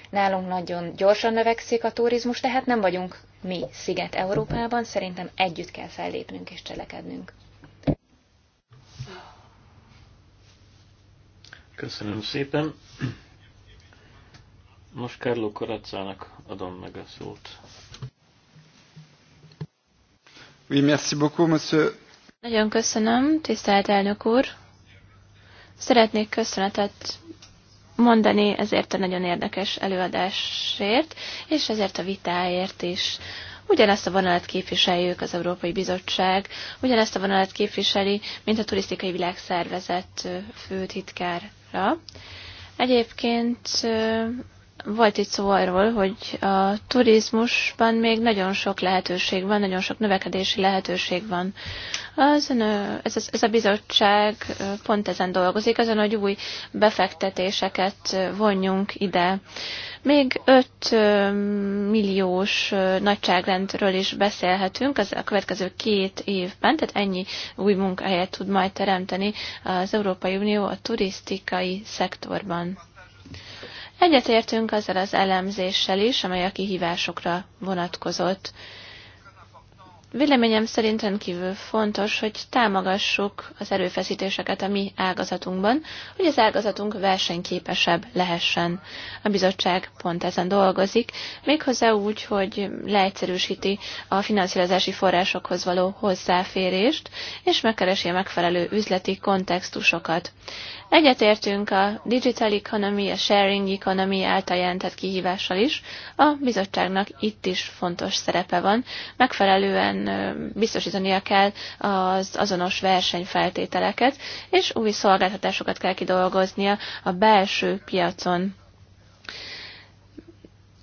nálunk nagyon gyorsan növekszik a turizmus, tehát nem vagyunk mi sziget Európában, szerintem együtt kell fellépnünk és cselekednünk. Köszönöm szépen. Most Kárló Karacának adom meg a szót. Oui, merci beaucoup, monsieur. Nagyon köszönöm, tisztelt elnök úr. Szeretnék köszönetet mondani ezért a nagyon érdekes előadásért, és ezért a vitáért is. Ugyanezt a vonalat képviseljük az Európai Bizottság, ugyanezt a vonalat képviseli, mint a Turisztikai Világszervezet főtitkára. Egyébként volt itt szó arról, hogy a turizmusban még nagyon sok lehetőség van, nagyon sok növekedési lehetőség van. Azon, ez, ez a bizottság pont ezen dolgozik, azon, hogy új befektetéseket vonjunk ide. Még 5 milliós nagyságrendről is beszélhetünk az a következő két évben, tehát ennyi új munkahelyet tud majd teremteni az Európai Unió a turisztikai szektorban. Egyetértünk azzal az elemzéssel is, amely a kihívásokra vonatkozott. Véleményem szerint rendkívül fontos, hogy támogassuk az erőfeszítéseket a mi ágazatunkban, hogy az ágazatunk versenyképesebb lehessen. A bizottság pont ezen dolgozik, méghozzá úgy, hogy leegyszerűsíti a finanszírozási forrásokhoz való hozzáférést, és megkeresi a megfelelő üzleti kontextusokat. Egyetértünk a digital economy, a sharing economy által jelentett kihívással is. A bizottságnak itt is fontos szerepe van. Megfelelően biztosítania kell az azonos versenyfeltételeket, és új szolgáltatásokat kell kidolgoznia a belső piacon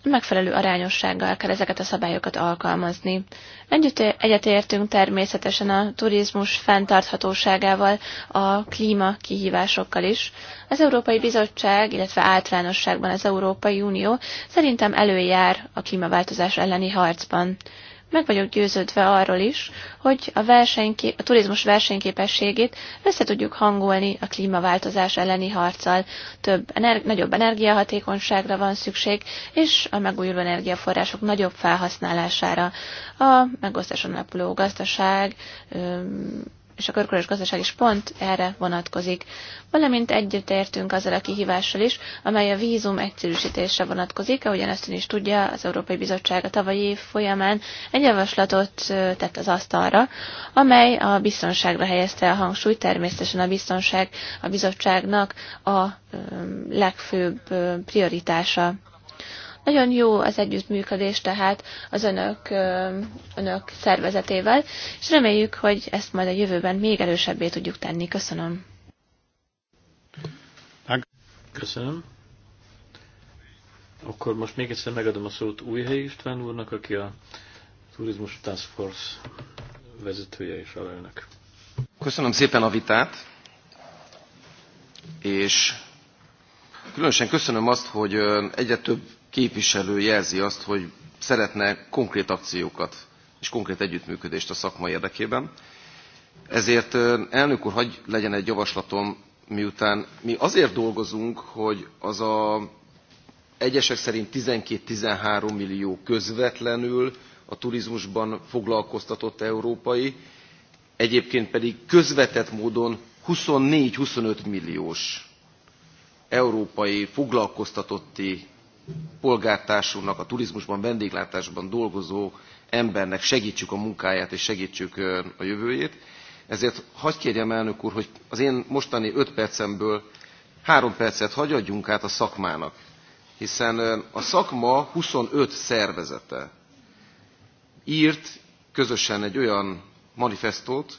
megfelelő arányossággal kell ezeket a szabályokat alkalmazni. Együtt egyetértünk természetesen a turizmus fenntarthatóságával, a klíma kihívásokkal is. Az Európai Bizottság, illetve általánosságban az Európai Unió szerintem előjár a klímaváltozás elleni harcban meg vagyok győződve arról is, hogy a, versenykép, a turizmus versenyképességét össze tudjuk hangolni a klímaváltozás elleni harccal. Több ener, nagyobb energiahatékonyságra van szükség, és a megújuló energiaforrások nagyobb felhasználására. A megosztáson alapuló gazdaság, és a körkörös gazdaság is pont erre vonatkozik. Valamint együttértünk azzal a kihívással is, amely a vízum egyszerűsítésre vonatkozik, ahogyan ezt ön is tudja, az Európai Bizottság a tavalyi év folyamán egy javaslatot tett az asztalra, amely a biztonságra helyezte a hangsúlyt, természetesen a biztonság a bizottságnak a legfőbb prioritása. Nagyon jó az együttműködés tehát az önök, önök szervezetével, és reméljük, hogy ezt majd a jövőben még erősebbé tudjuk tenni. Köszönöm. Köszönöm. Akkor most még egyszer megadom a szót Újhely István úrnak, aki a Turizmus Task Force vezetője és alelnök. Köszönöm szépen a vitát, és különösen köszönöm azt, hogy egyre több képviselő jelzi azt, hogy szeretne konkrét akciókat és konkrét együttműködést a szakma érdekében. Ezért elnök úr, hagy legyen egy javaslatom, miután mi azért dolgozunk, hogy az a egyesek szerint 12-13 millió közvetlenül a turizmusban foglalkoztatott európai, egyébként pedig közvetett módon 24-25 milliós európai foglalkoztatotti polgártársunknak, a turizmusban, vendéglátásban dolgozó embernek segítsük a munkáját és segítsük a jövőjét. Ezért hagyj kérjem, elnök úr, hogy az én mostani öt percemből három percet hagyadjunk át a szakmának. Hiszen a szakma 25 szervezete írt közösen egy olyan manifestót,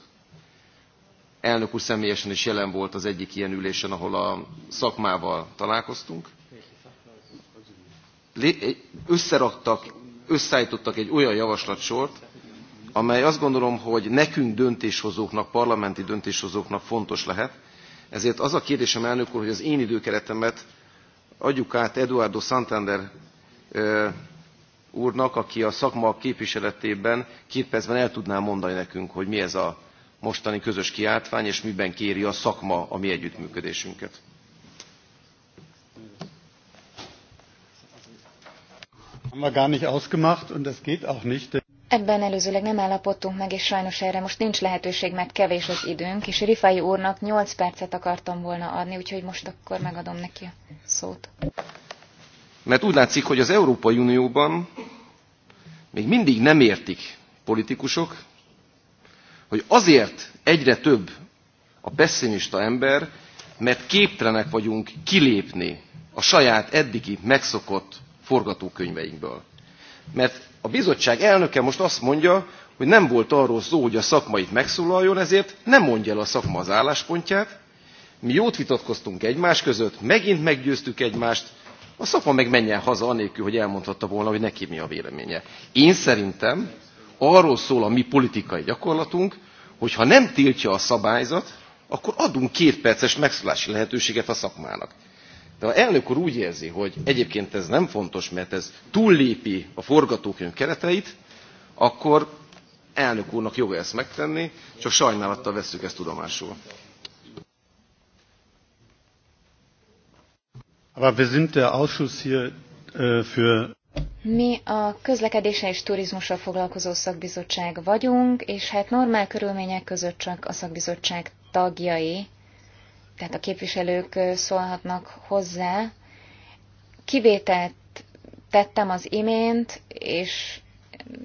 elnök úr személyesen is jelen volt az egyik ilyen ülésen, ahol a szakmával találkoztunk, összeraktak, összeállítottak egy olyan javaslatsort, amely azt gondolom, hogy nekünk döntéshozóknak, parlamenti döntéshozóknak fontos lehet. Ezért az a kérdésem, elnök úr, hogy az én időkeretemet adjuk át Eduardo Santander úrnak, aki a szakma képviseletében két percben el tudná mondani nekünk, hogy mi ez a mostani közös kiáltvány, és miben kéri a szakma a mi együttműködésünket. Ebben előzőleg nem állapodtunk meg, és sajnos erre most nincs lehetőség, mert kevés az időnk, és Rifai úrnak 8 percet akartam volna adni, úgyhogy most akkor megadom neki a szót. Mert úgy látszik, hogy az Európai Unióban még mindig nem értik politikusok, hogy azért egyre több a pessimista ember, mert képtelenek vagyunk kilépni a saját eddigi megszokott forgatókönyveinkből. Mert a bizottság elnöke most azt mondja, hogy nem volt arról szó, hogy a szakmait megszólaljon, ezért nem mondja el a szakma az álláspontját. Mi jót vitatkoztunk egymás között, megint meggyőztük egymást, a szakma meg menjen haza, anélkül, hogy elmondhatta volna, hogy neki mi a véleménye. Én szerintem arról szól a mi politikai gyakorlatunk, hogy ha nem tiltja a szabályzat, akkor adunk két perces megszólási lehetőséget a szakmának de ha elnök úr úgy érzi hogy egyébként ez nem fontos mert ez túllépi a forgatókönyv kereteit akkor elnök úrnak joga ezt megtenni csak sajnálattal vesszük ezt tudomásul. Äh, mi a közlekedése és turizmusra foglalkozó szakbizottság vagyunk, és hát normál körülmények között csak a szakbizottság tagjai tehát a képviselők szólhatnak hozzá. Kivételt tettem az imént, és mm,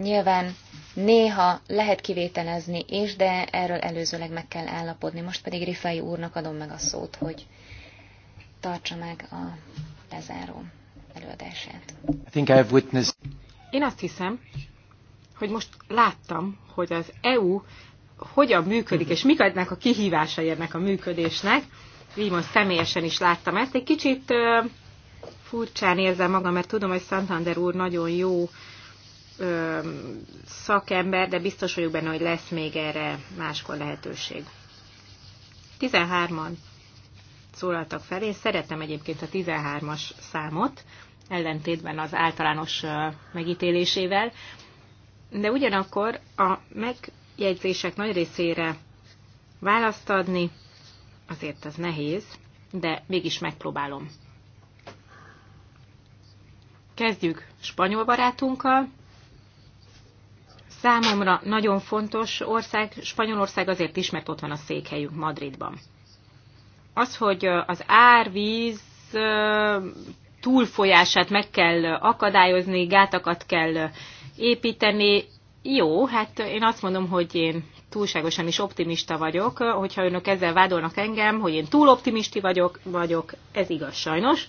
nyilván néha lehet kivételezni is, de erről előzőleg meg kell állapodni. Most pedig Rifai úrnak adom meg a szót, hogy tartsa meg a lezáró előadását. I think I've witnessed... Én azt hiszem, hogy most láttam, hogy az EU hogyan működik, és mik adnak a kihívásai ennek a működésnek. Így most személyesen is láttam ezt. Egy kicsit furcsán érzem magam, mert tudom, hogy Santander úr nagyon jó ö, szakember, de biztos vagyok benne, hogy lesz még erre máskor lehetőség. 13-an szólaltak fel. Én szeretem egyébként a 13-as számot, ellentétben az általános megítélésével, de ugyanakkor a meg jegyzések nagy részére választ adni. Azért ez nehéz, de mégis megpróbálom. Kezdjük spanyol barátunkkal. Számomra nagyon fontos ország, Spanyolország azért is, mert ott van a székhelyünk Madridban. Az, hogy az árvíz túlfolyását meg kell akadályozni, gátakat kell építeni, jó, hát én azt mondom, hogy én túlságosan is optimista vagyok, hogyha önök ezzel vádolnak engem, hogy én túl optimisti vagyok, vagyok, ez igaz sajnos.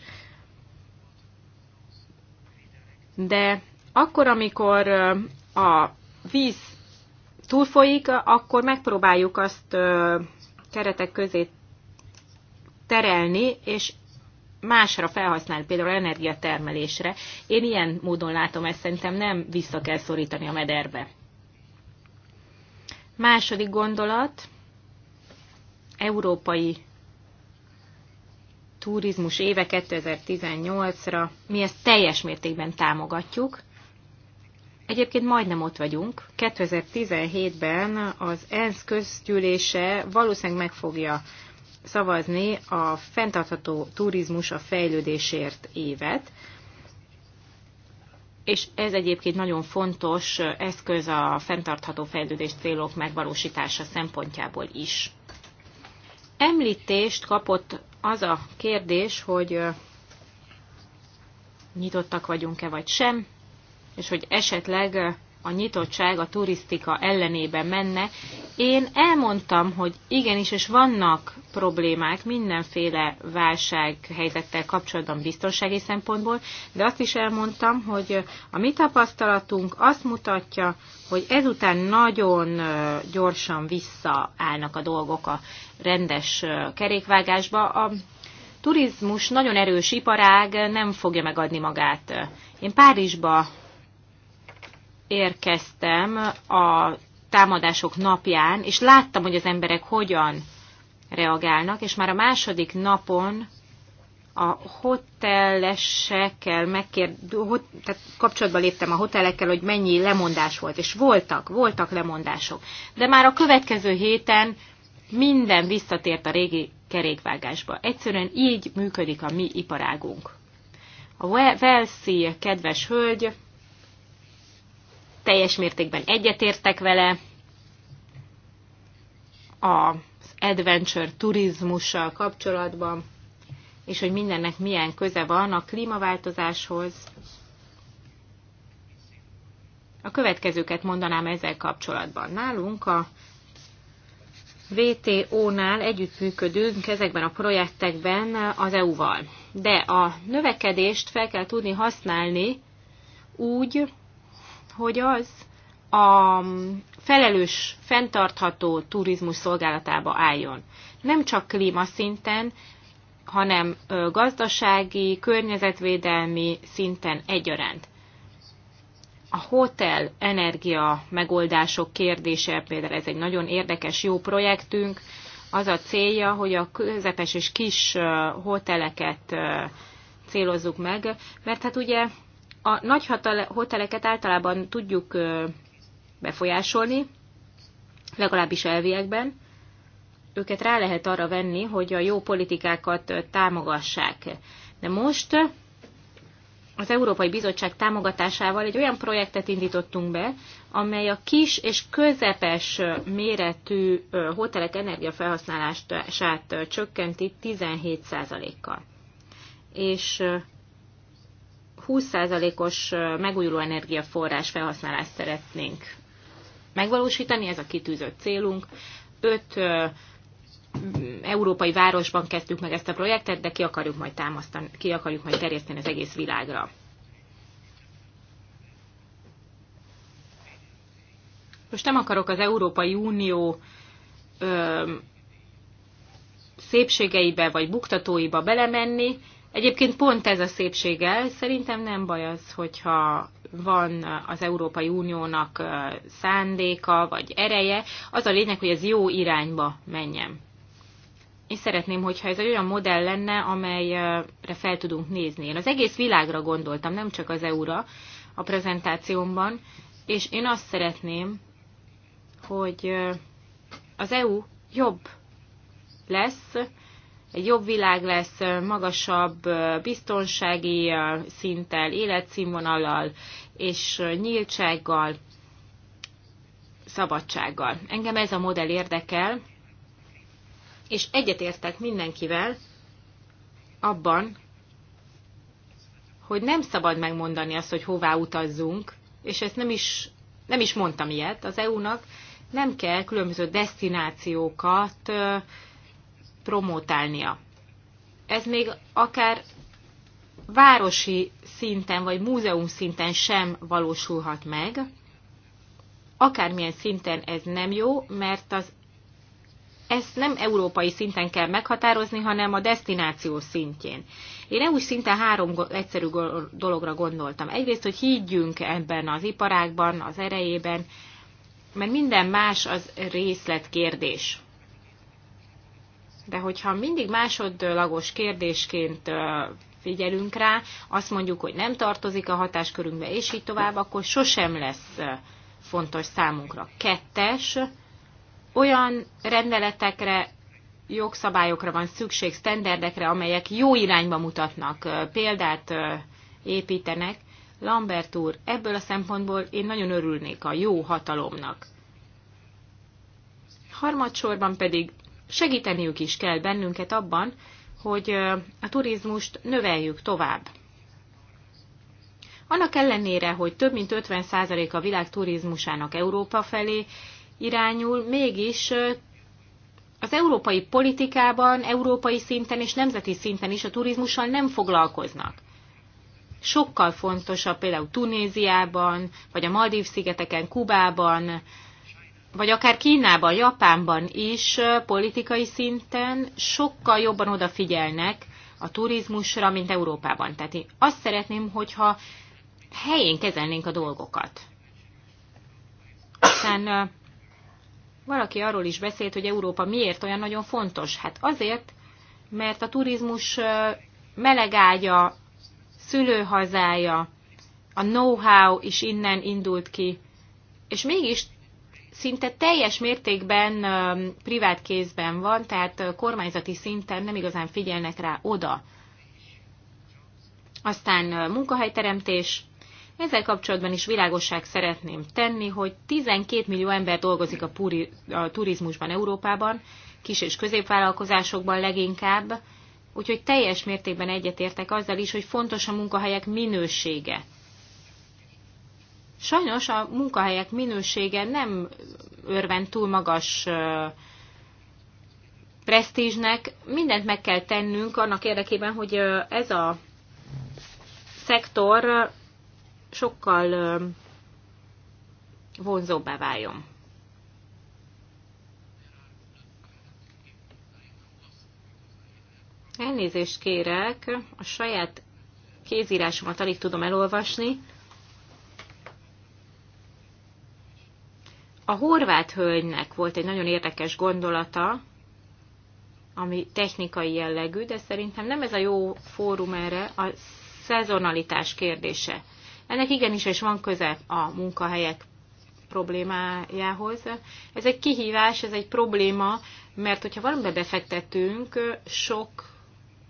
De akkor, amikor a víz túlfolyik, akkor megpróbáljuk azt keretek közé terelni, és másra felhasznál, például energiatermelésre. Én ilyen módon látom ezt, szerintem nem vissza kell szorítani a mederbe. Második gondolat, európai turizmus éve 2018-ra, mi ezt teljes mértékben támogatjuk. Egyébként majdnem ott vagyunk. 2017-ben az ENSZ közgyűlése valószínűleg meg fogja szavazni a fenntartható turizmus a fejlődésért évet, és ez egyébként nagyon fontos eszköz a fenntartható fejlődés célok megvalósítása szempontjából is. Említést kapott az a kérdés, hogy nyitottak vagyunk-e vagy sem, és hogy esetleg a nyitottság a turisztika ellenében menne. Én elmondtam, hogy igenis, és vannak problémák mindenféle válsághelyzettel kapcsolatban biztonsági szempontból, de azt is elmondtam, hogy a mi tapasztalatunk azt mutatja, hogy ezután nagyon gyorsan visszaállnak a dolgok a rendes kerékvágásba. A turizmus nagyon erős iparág, nem fogja megadni magát. Én Párizsba érkeztem a támadások napján, és láttam, hogy az emberek hogyan reagálnak, és már a második napon a hotellesekkel megkér, hot, tehát kapcsolatba léptem a hotelekkel, hogy mennyi lemondás volt, és voltak, voltak lemondások. De már a következő héten minden visszatért a régi kerékvágásba. Egyszerűen így működik a mi iparágunk. A Velszi kedves hölgy teljes mértékben egyetértek vele. Az adventure turizmussal kapcsolatban, és hogy mindennek milyen köze van a klímaváltozáshoz. A következőket mondanám ezzel kapcsolatban. Nálunk a VTO-nál együttműködünk ezekben a projektekben az EU-val. De a növekedést fel kell tudni használni úgy, hogy az a felelős, fenntartható turizmus szolgálatába álljon. Nem csak klímaszinten, hanem gazdasági, környezetvédelmi szinten egyaránt. A hotel energia megoldások kérdése például ez egy nagyon érdekes, jó projektünk. Az a célja, hogy a közepes és kis hoteleket célozzuk meg, mert hát ugye a nagy hoteleket általában tudjuk befolyásolni, legalábbis elviekben. Őket rá lehet arra venni, hogy a jó politikákat támogassák. De most az Európai Bizottság támogatásával egy olyan projektet indítottunk be, amely a kis és közepes méretű hotelek energiafelhasználását csökkenti 17%-kal. És 20%-os megújuló energiaforrás felhasználást szeretnénk megvalósítani, ez a kitűzött célunk. Öt európai városban kezdtük meg ezt a projektet, de ki akarjuk majd támasztani, ki akarjuk majd terjeszteni az egész világra. Most nem akarok az Európai Unió ö, szépségeibe vagy buktatóiba belemenni, Egyébként pont ez a szépsége. Szerintem nem baj az, hogyha van az Európai Uniónak szándéka vagy ereje. Az a lényeg, hogy ez jó irányba menjen. Én szeretném, hogyha ez egy olyan modell lenne, amelyre fel tudunk nézni. Én az egész világra gondoltam, nem csak az EU-ra a prezentációmban, és én azt szeretném, hogy az EU jobb lesz, egy jobb világ lesz, magasabb biztonsági szinttel, életszínvonalal és nyíltsággal, szabadsággal. Engem ez a modell érdekel, és egyetértek mindenkivel abban, hogy nem szabad megmondani azt, hogy hová utazzunk, és ezt nem is, nem is mondtam ilyet az EU-nak, nem kell különböző destinációkat promotálnia. Ez még akár városi szinten vagy múzeum szinten sem valósulhat meg. Akármilyen szinten ez nem jó, mert az ezt nem európai szinten kell meghatározni, hanem a destináció szintjén. Én EU szinten három egyszerű dologra gondoltam. Egyrészt, hogy higgyünk ebben az iparágban, az erejében, mert minden más az részletkérdés. De hogyha mindig másodlagos kérdésként figyelünk rá, azt mondjuk, hogy nem tartozik a hatáskörünkbe, és így tovább, akkor sosem lesz fontos számunkra. Kettes, olyan rendeletekre, jogszabályokra van szükség, sztenderdekre, amelyek jó irányba mutatnak, példát építenek. Lambert úr, ebből a szempontból én nagyon örülnék a jó hatalomnak. Harmadsorban pedig segíteniük is kell bennünket abban, hogy a turizmust növeljük tovább. Annak ellenére, hogy több mint 50% a világ turizmusának Európa felé irányul, mégis az európai politikában, európai szinten és nemzeti szinten is a turizmussal nem foglalkoznak. Sokkal fontosabb például Tunéziában, vagy a Maldív-szigeteken, Kubában, vagy akár Kínában, Japánban is politikai szinten sokkal jobban odafigyelnek a turizmusra, mint Európában. Tehát én azt szeretném, hogyha helyén kezelnénk a dolgokat. Aztán valaki arról is beszélt, hogy Európa miért olyan nagyon fontos. Hát azért, mert a turizmus melegágya, szülőhazája, a know-how is innen indult ki, és mégis szinte teljes mértékben privát kézben van, tehát kormányzati szinten nem igazán figyelnek rá oda. Aztán munkahelyteremtés. Ezzel kapcsolatban is világosság szeretném tenni, hogy 12 millió ember dolgozik a, puri, a turizmusban Európában, kis- és középvállalkozásokban leginkább, úgyhogy teljes mértékben egyetértek azzal is, hogy fontos a munkahelyek minősége. Sajnos a munkahelyek minősége nem örvend túl magas presztízsnek. Mindent meg kell tennünk annak érdekében, hogy ez a szektor sokkal vonzóbbá váljon. Elnézést kérek, a saját kézírásomat alig tudom elolvasni. A horvát hölgynek volt egy nagyon érdekes gondolata, ami technikai jellegű, de szerintem nem ez a jó fórum erre, a szezonalitás kérdése. Ennek igenis is van köze a munkahelyek problémájához. Ez egy kihívás, ez egy probléma, mert hogyha valamibe befektetünk, sok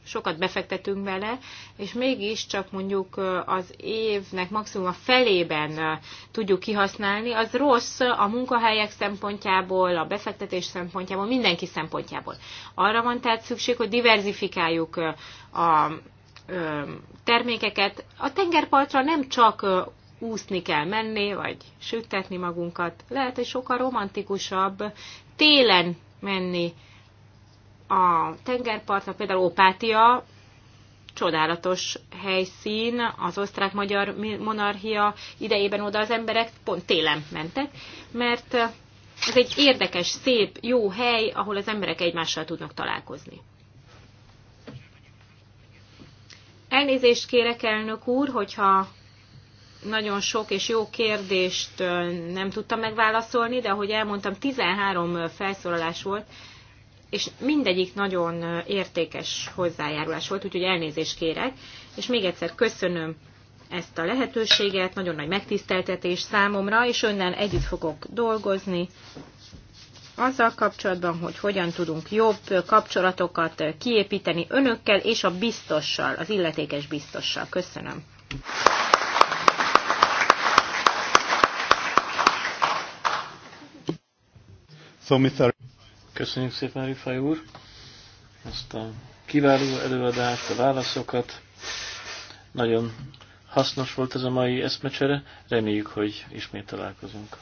sokat befektetünk bele, és mégis csak mondjuk az évnek maximum a felében tudjuk kihasználni, az rossz a munkahelyek szempontjából, a befektetés szempontjából, mindenki szempontjából. Arra van tehát szükség, hogy diverzifikáljuk a termékeket. A tengerpartra nem csak úszni kell menni, vagy sütetni magunkat. Lehet, hogy sokkal romantikusabb télen menni a tengerpartnak, például Opátia, csodálatos helyszín, az osztrák-magyar monarchia idejében oda az emberek pont télen mentek, mert ez egy érdekes, szép, jó hely, ahol az emberek egymással tudnak találkozni. Elnézést kérek, elnök úr, hogyha nagyon sok és jó kérdést nem tudtam megválaszolni, de ahogy elmondtam, 13 felszólalás volt, és mindegyik nagyon értékes hozzájárulás volt, úgyhogy elnézést kérek, és még egyszer köszönöm ezt a lehetőséget, nagyon nagy megtiszteltetés számomra, és önnel együtt fogok dolgozni, azzal kapcsolatban, hogy hogyan tudunk jobb kapcsolatokat kiépíteni önökkel és a biztossal, az illetékes biztossal. Köszönöm. So, Mr. Köszönjük szépen, Rifai úr, ezt a kiváló előadást, a válaszokat. Nagyon hasznos volt ez a mai eszmecsere. Reméljük, hogy ismét találkozunk.